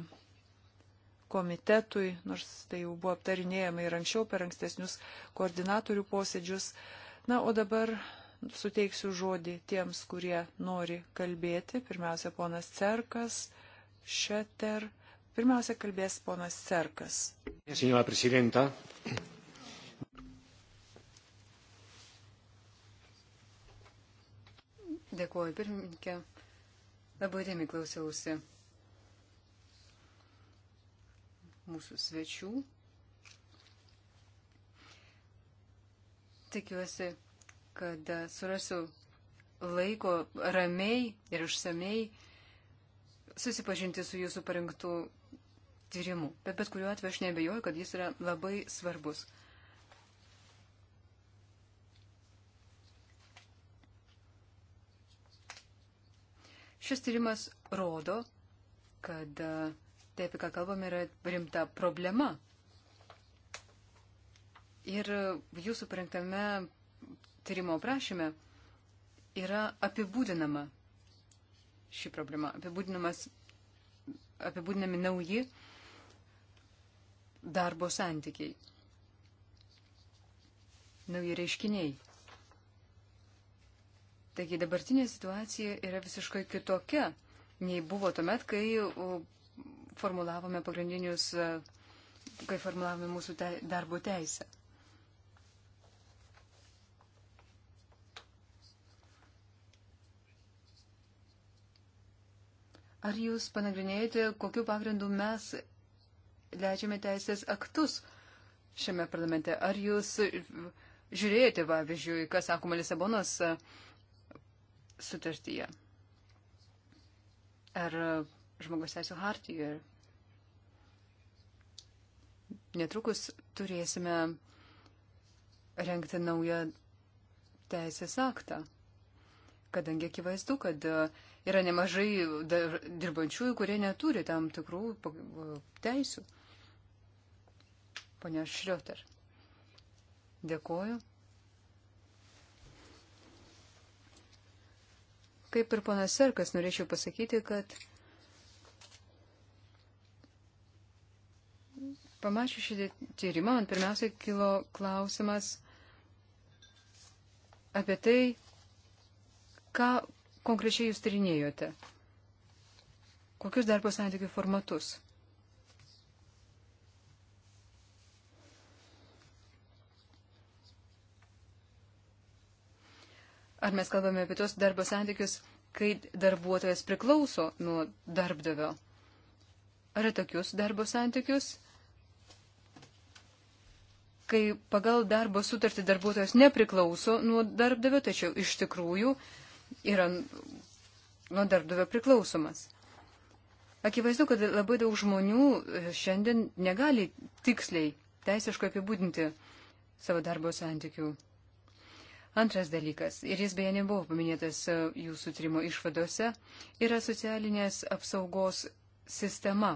komitetui, nors tai jau buvo aptarinėjama ir anksčiau per ankstesnius koordinatorių posėdžius. Na, o dabar suteiksiu žodį tiems, kurie nori kalbėti. Pirmiausia, ponas Cerkas, Šeter. Pirmiausia, kalbės ponas Cerkas. Senora prezidenta, Dėkuoju, pirmininkė. Labai dėmi klausiausi mūsų svečių. Tikiuosi, kad surasiu laiko ramiai ir išsamei susipažinti su jūsų parinktų tyrimų. Bet bet kuriuo atveju aš nebejoju, kad jis yra labai svarbus. Šis tyrimas rodo, kad e, tai, apie ką kalbame, yra rimta problema. Ir jūsų parengtame tyrimo prašyme yra apibūdinama ši problema, apibūdinami nauji darbo santykiai, nauji reiškiniai. Taigi dabartinė situacija yra visiškai kitokia, nei buvo tuomet, kai formulavome pagrindinius, e, kai formulavome mūsų te, darbo teisę. Ar jūs panagrinėjate, kokiu pagrindu mes leidžiame teisės aktus šiame parlamente? Ar jūs žiūrėjote, pavyzdžiui, kas sakoma Lisabonos uh, sutartyje ar žmogus teisų hartijoje. Netrukus turėsime renkti naują teisės aktą, kadangi akivaizdu, kad yra nemažai dirbančiųjų, kurie neturi tam tikrų teisų. Pone Šrioter, dėkoju. Kaip ir ponas Serkas, norėčiau pasakyti, kad pamačius šį tyrimą, man pirmiausia kilo klausimas apie tai, ką konkrečiai jūs tyrinėjote, kokius darbo santykių formatus. Ar mes kalbame apie tos darbo santykius, kai darbuotojas priklauso nuo darbdavio? Ar tokius darbo santykius, kai pagal darbo sutartį darbuotojas nepriklauso nuo darbdavio, tačiau iš tikrųjų yra nuo darbdavio priklausomas? Akivaizdu, kad labai daug žmonių e, šiandien negali tiksliai teisiškai apibūdinti savo darbo santykių. Antras dalykas, ir jis beje nebuvo paminėtas e, jūsų trimo išvadose, yra socialinės apsaugos sistema.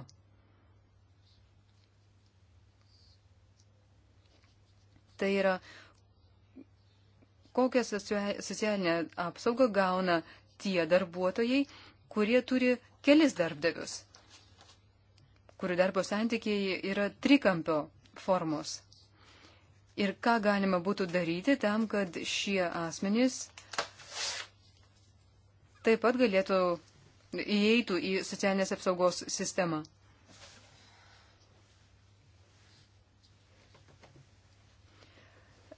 Tai yra, kokią socialinę apsaugą gauna tie darbuotojai, kurie turi kelis darbdavius, kurių darbo santykiai yra trikampio formos ir ką galima būtų daryti tam, kad šie asmenys taip pat galėtų įeitų į socialinės apsaugos sistemą.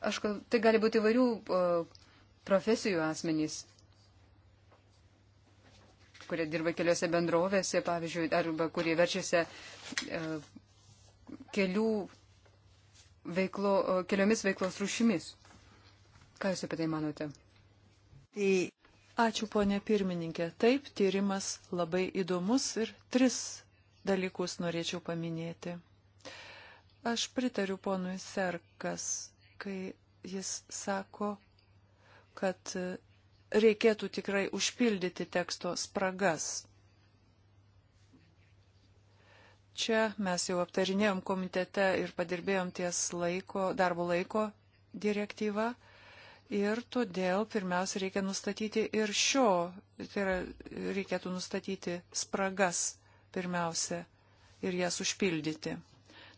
Aš, tai gali būti įvairių profesijų asmenys, kurie dirba keliose bendrovėse, pavyzdžiui, arba kurie verčiasi e, kelių veiklo, keliomis veiklos rušimis. Ką Jūs apie tai manote? Tai Ačiū, ponė pirmininkė. Taip, tyrimas labai įdomus ir tris dalykus norėčiau paminėti. Aš pritariu ponui Serkas, kai jis sako, kad reikėtų tikrai užpildyti teksto spragas čia mes jau aptarinėjom komitete ir padirbėjom ties laiko, darbo laiko direktyva. Ir todėl pirmiausia reikia nustatyti ir šio, tai yra reikėtų nustatyti spragas pirmiausia ir jas užpildyti.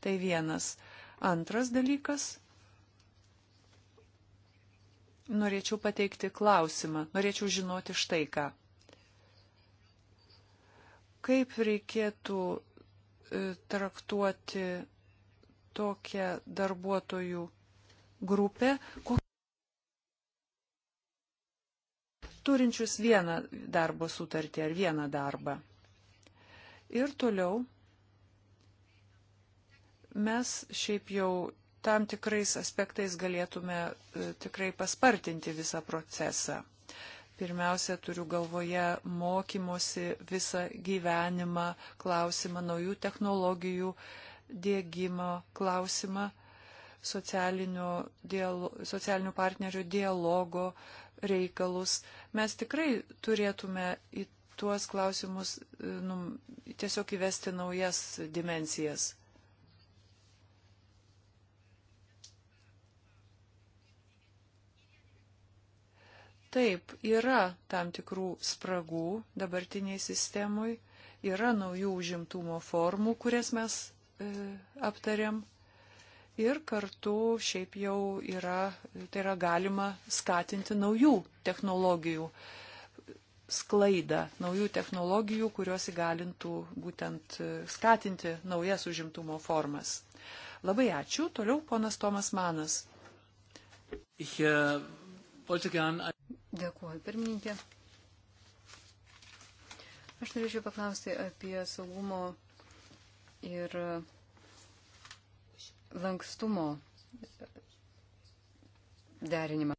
Tai vienas. Antras dalykas. Norėčiau pateikti klausimą, norėčiau žinoti štai ką. Kaip reikėtų E, traktuoti tokią darbuotojų grupę, turinčius vieną darbo sutartį ar vieną darbą. Ir toliau mes šiaip jau tam tikrais aspektais galėtume e, tikrai paspartinti visą procesą. Pirmiausia, turiu galvoje mokymosi visą gyvenimą, klausimą naujų technologijų, dėgymo klausimą, socialinių, dialo, socialinių partnerių dialogo reikalus. Mes tikrai turėtume į tuos klausimus nu, tiesiog įvesti naujas dimensijas. Taip, yra tam tikrų spragų dabartiniai sistemui, yra naujų užimtumo formų, kurias mes e, aptariam. Ir kartu šiaip jau yra, tai yra galima skatinti naujų technologijų sklaidą, naujų technologijų, kurios įgalintų būtent e, skatinti naujas užimtumo formas. Labai ačiū. Toliau ponas Tomas Manas. Ich, uh, Dėkuoju, pirmininkė. Aš norėčiau paklausti apie saugumo ir lankstumo derinimą.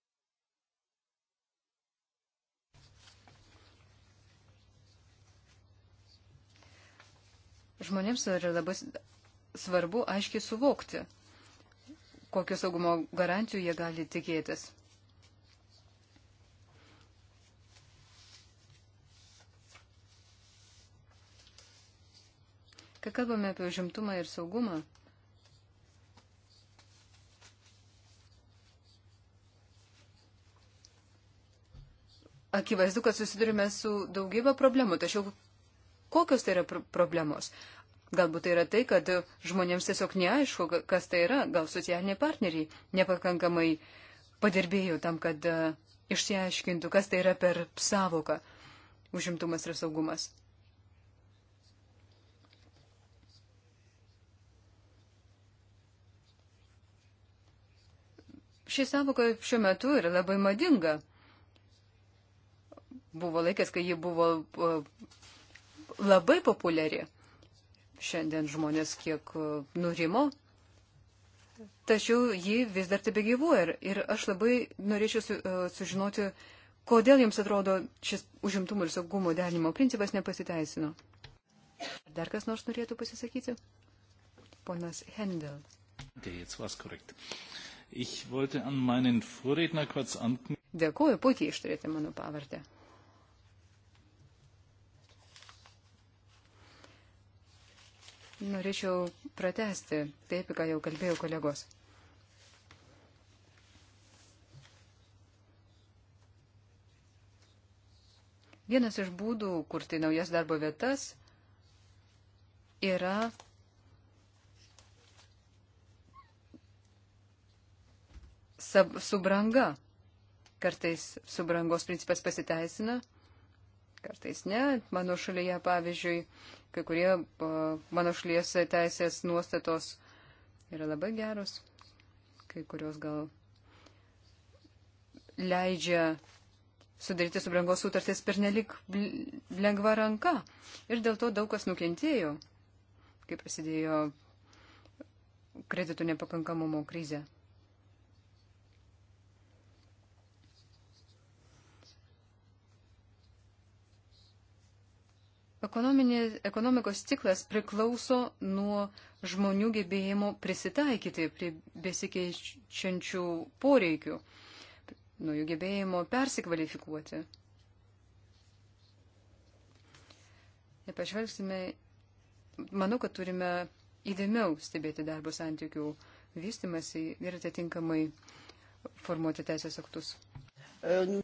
Žmonėms yra labai svarbu aiškiai suvokti, kokio saugumo garantijų jie gali tikėtis. Kai kalbame apie užimtumą ir saugumą, akivaizdu, kad susidurime su daugybė problemų, tačiau kokios tai yra pr problemos? Galbūt tai yra tai, kad žmonėms tiesiog neaišku, kas tai yra, gal socialiniai partneriai nepakankamai padirbėjo tam, kad e, išsiaiškintų, kas tai yra per savoką užimtumas ir saugumas. Ši savoka šiuo metu yra labai madinga. Buvo laikas, kai ji buvo e, labai populiari. Šiandien žmonės kiek e, nurimo, tačiau ji vis dar tebe gyvuoja. Ir aš labai norėčiau su, e, sužinoti, kodėl jums atrodo šis užimtumo ir saugumo derinimo principas nepasiteisino. Dar kas nors norėtų pasisakyti? Ponas Hendel. Okay, Dėkuoju, puikiai ištarėte mano pavardę. Norėčiau pratesti taip, ką jau kalbėjo kolegos. Vienas iš būdų kurti naujas darbo vietas yra subranga. Kartais subrangos principas pasiteisina, kartais ne. Mano šalyje, pavyzdžiui, kai kurie mano šalies teisės nuostatos yra labai geros, kai kurios gal leidžia sudaryti subrangos sutartis per nelik lengva ranka. Ir dėl to daug kas nukentėjo, kai prasidėjo kreditų nepakankamumo krizė. Ekonomikos ciklas priklauso nuo žmonių gebėjimo prisitaikyti prie besikeičiančių poreikių, nuo jų gebėjimo persikvalifikuoti. Jei pažvelgsime, manau, kad turime įdėmiau stebėti darbo santykių vystimasi ir atitinkamai formuoti teisės aktus. Euh,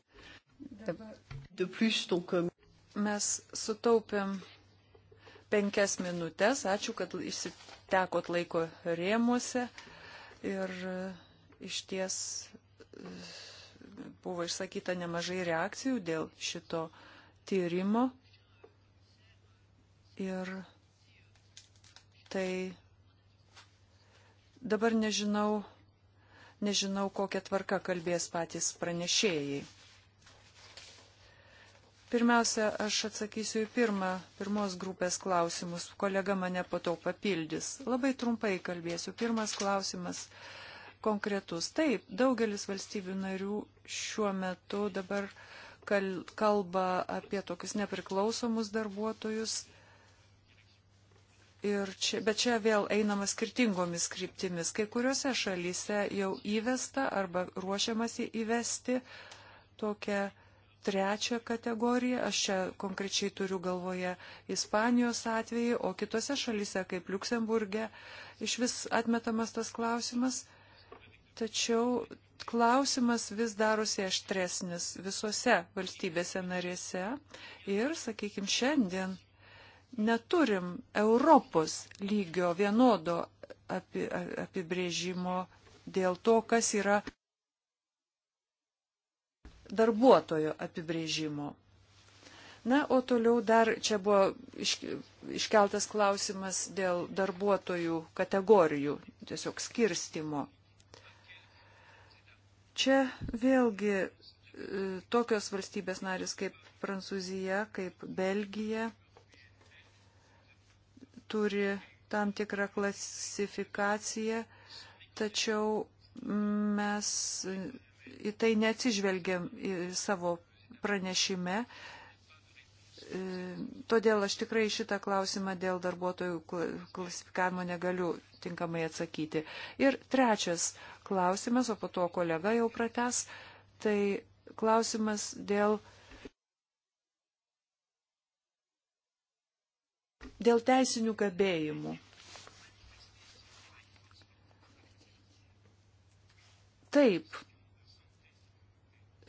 Dabar. De plus, donc, euh, Mes sutaupėm penkias minutės. Ačiū, kad išsitekot laiko rėmuose. Ir e, iš ties e, buvo išsakyta nemažai reakcijų dėl šito tyrimo. Ir tai dabar nežinau, nežinau, kokią tvarką kalbės patys pranešėjai. Pirmiausia, aš atsakysiu į pirmą, pirmos grupės klausimus. Kolega mane po to papildys. Labai trumpai kalbėsiu. Pirmas klausimas konkretus. Taip, daugelis valstybių narių šiuo metu dabar kalba apie tokius nepriklausomus darbuotojus. Ir čia, bet čia vėl einama skirtingomis kryptimis. Kai kuriuose šalyse jau įvesta arba ruošiamasi įvesti tokią trečią kategoriją, aš čia konkrečiai turiu galvoje Ispanijos atvejį, o kitose šalise, kaip Luksemburgė, iš vis atmetamas tas klausimas. Tačiau klausimas vis darosi aštresnis visose valstybėse narėse ir, sakykime, šiandien neturim Europos lygio vienodo apibrėžimo dėl to, kas yra darbuotojo apibrėžimo. Na, o toliau dar čia buvo iš, iškeltas klausimas dėl darbuotojų kategorijų, tiesiog skirstimo. Čia vėlgi e, tokios valstybės narės kaip Prancūzija, kaip Belgija turi tam tikrą klasifikaciją, tačiau mes į tai neatsižvelgiam savo pranešime. E, todėl aš tikrai šitą klausimą dėl darbuotojų klasifikavimo negaliu tinkamai atsakyti. Ir trečias klausimas, o po to kolega jau prates, tai klausimas dėl, dėl teisinių gabėjimų. Taip,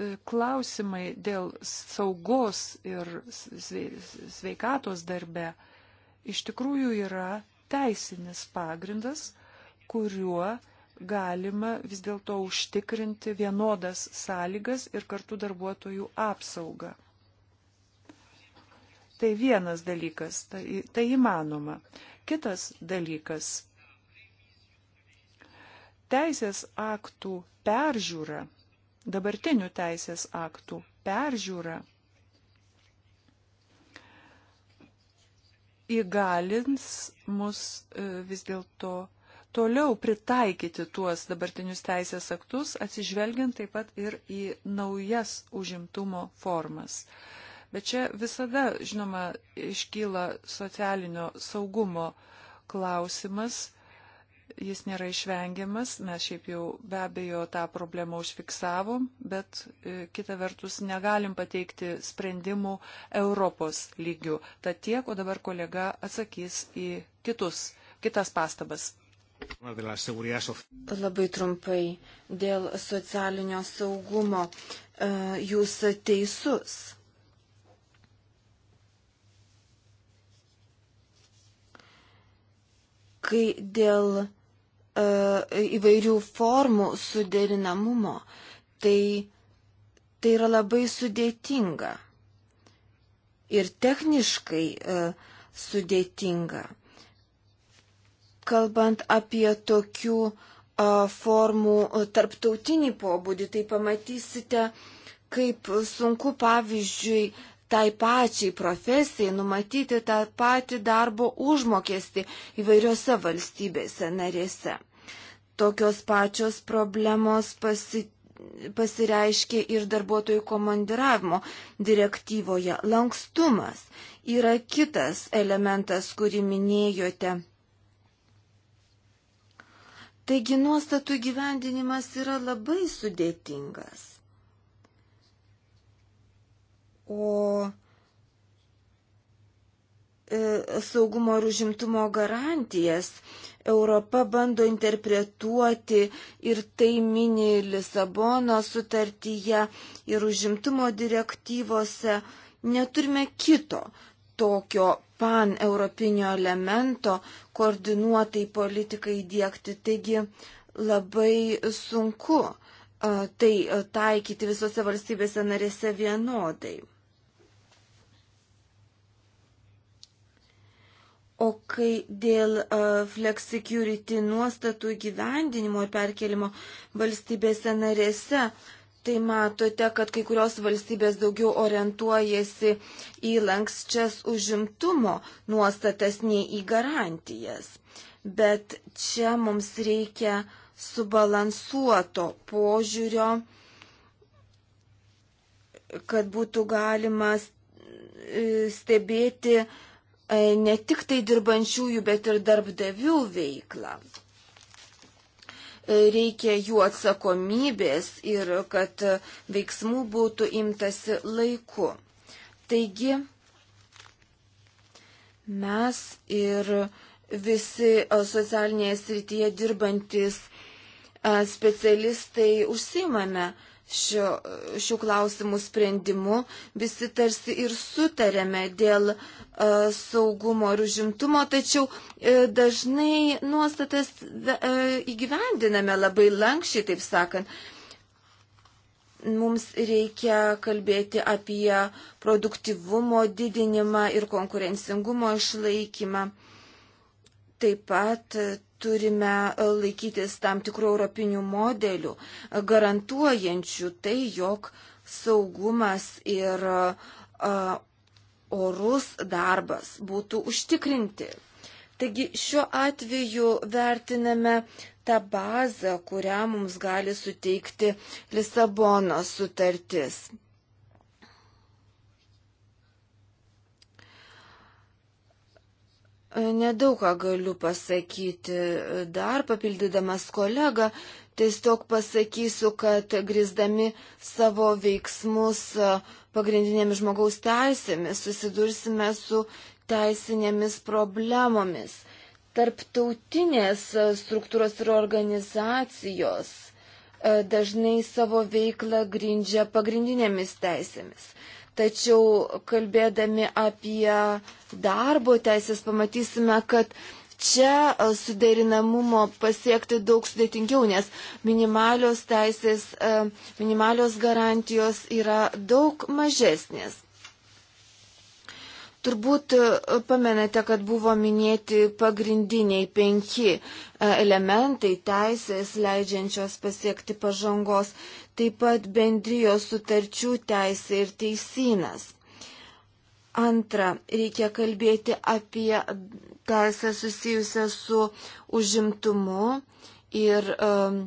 E, klausimai dėl saugos ir sveikatos darbe iš tikrųjų yra teisinis pagrindas, kuriuo galima vis dėlto užtikrinti vienodas sąlygas ir kartu darbuotojų apsaugą. Tai vienas dalykas, tai, tai įmanoma. Kitas dalykas - teisės aktų peržiūra dabartinių teisės aktų peržiūra įgalins mus e, vis dėlto toliau pritaikyti tuos dabartinius teisės aktus, atsižvelgiant taip pat ir į naujas užimtumo formas. Bet čia visada, žinoma, iškyla socialinio saugumo klausimas jis nėra išvengiamas, mes šiaip jau be abejo tą problemą užfiksavom, bet e, kita vertus negalim pateikti sprendimų Europos lygių. Tad tiek, o dabar kolega atsakys į kitus, kitas pastabas. Labai trumpai dėl socialinio saugumo. E, jūs teisus. kai dėl E, įvairių formų suderinamumo, tai, tai yra labai sudėtinga ir techniškai e, sudėtinga. Kalbant apie tokių e, formų tarptautinį pobūdį, tai pamatysite, kaip sunku pavyzdžiui tai pačiai profesijai numatyti tą patį darbo užmokestį įvairiose valstybėse narėse. Tokios pačios problemos pasitikė pasireiškia ir darbuotojų komandiravimo direktyvoje. Lankstumas yra kitas elementas, kurį minėjote. Taigi nuostatų gyvendinimas yra labai sudėtingas. O e, saugumo ir užimtumo garantijas Europa bando interpretuoti ir tai mini Lisabono sutartyje ir užimtumo direktyvose. Neturime kito tokio pan-europinio elemento koordinuotai politikai dėkti. Taigi labai sunku e, tai taikyti visose valstybėse narėse vienodai. O kai dėl uh, flex security nuostatų gyvendinimo ir perkelimo valstybėse narėse, tai matote, kad kai kurios valstybės daugiau orientuojasi į lankščias užimtumo nuostatas nei į garantijas. Bet čia mums reikia subalansuoto požiūrio, kad būtų galima e, stebėti uh, E, ne tik tai dirbančiųjų, bet ir darbdavių veiklą. E, reikia jų atsakomybės ir kad veiksmų būtų imtasi laiku. Taigi, mes ir visi socialinėje srityje dirbantis e, specialistai užsimame šio, šių klausimų sprendimu visi tarsi ir sutarėme dėl e, saugumo ir užimtumo, tačiau e, dažnai nuostatas e, įgyvendiname labai lankščiai, taip sakant. Mums reikia kalbėti apie produktivumo didinimą ir konkurencingumo išlaikymą. Taip pat turime e, laikytis tam tikrų europinių modelių, e, garantuojančių tai, jog saugumas ir e, orus darbas būtų užtikrinti. Taigi šiuo atveju vertiname tą bazę, kurią mums gali suteikti Lisabono sutartis. Nedaug ką galiu pasakyti. Dar papildydamas kolegą, tiesiog pasakysiu, kad grįsdami savo veiksmus pagrindinėmis žmogaus teisėmis susidursime su teisinėmis problemomis. Tarptautinės struktūros ir organizacijos e, dažnai savo veiklą grindžia pagrindinėmis teisėmis. Tačiau kalbėdami apie darbo teisės pamatysime, kad čia e, suderinamumo pasiekti daug sudėtingiau, nes minimalios teisės, e, minimalios garantijos yra daug mažesnės. Turbūt e, pamenate, kad buvo minėti pagrindiniai penki elementai teisės leidžiančios pasiekti pažangos taip pat bendrijos sutarčių teisė ir teisinas. Antra, reikia kalbėti apie teisę susijusią su užimtumu ir um,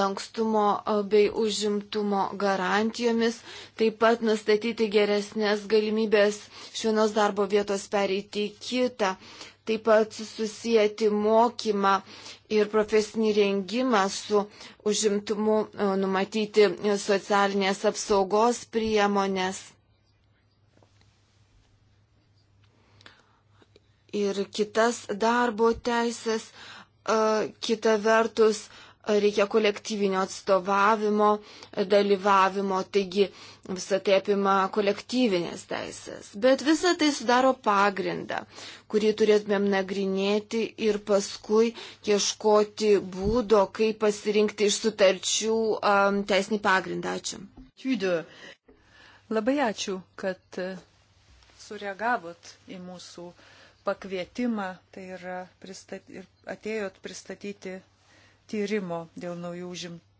lankstumo uh, bei užimtumo garantijomis, taip pat nustatyti geresnės galimybės iš vienos darbo vietos pereiti į kitą, taip pat susijęti mokymą ir profesinį rengimą su užimtumu, e, numatyti socialinės apsaugos priemonės. Ir kitas darbo teisės, e, kita vertus, reikia kolektyvinio atstovavimo, dalyvavimo, taigi visą tai apima kolektyvinės teisės. Bet visą tai sudaro pagrindą, kurį turėtumėm nagrinėti ir paskui ieškoti būdo, kaip pasirinkti iš sutarčių um, teisinį pagrindą. Ačiū. Labai ačiū, kad e, sureagavot į mūsų pakvietimą tai yra pristat, ir atėjot pristatyti tyrimo dėl naujų užimtų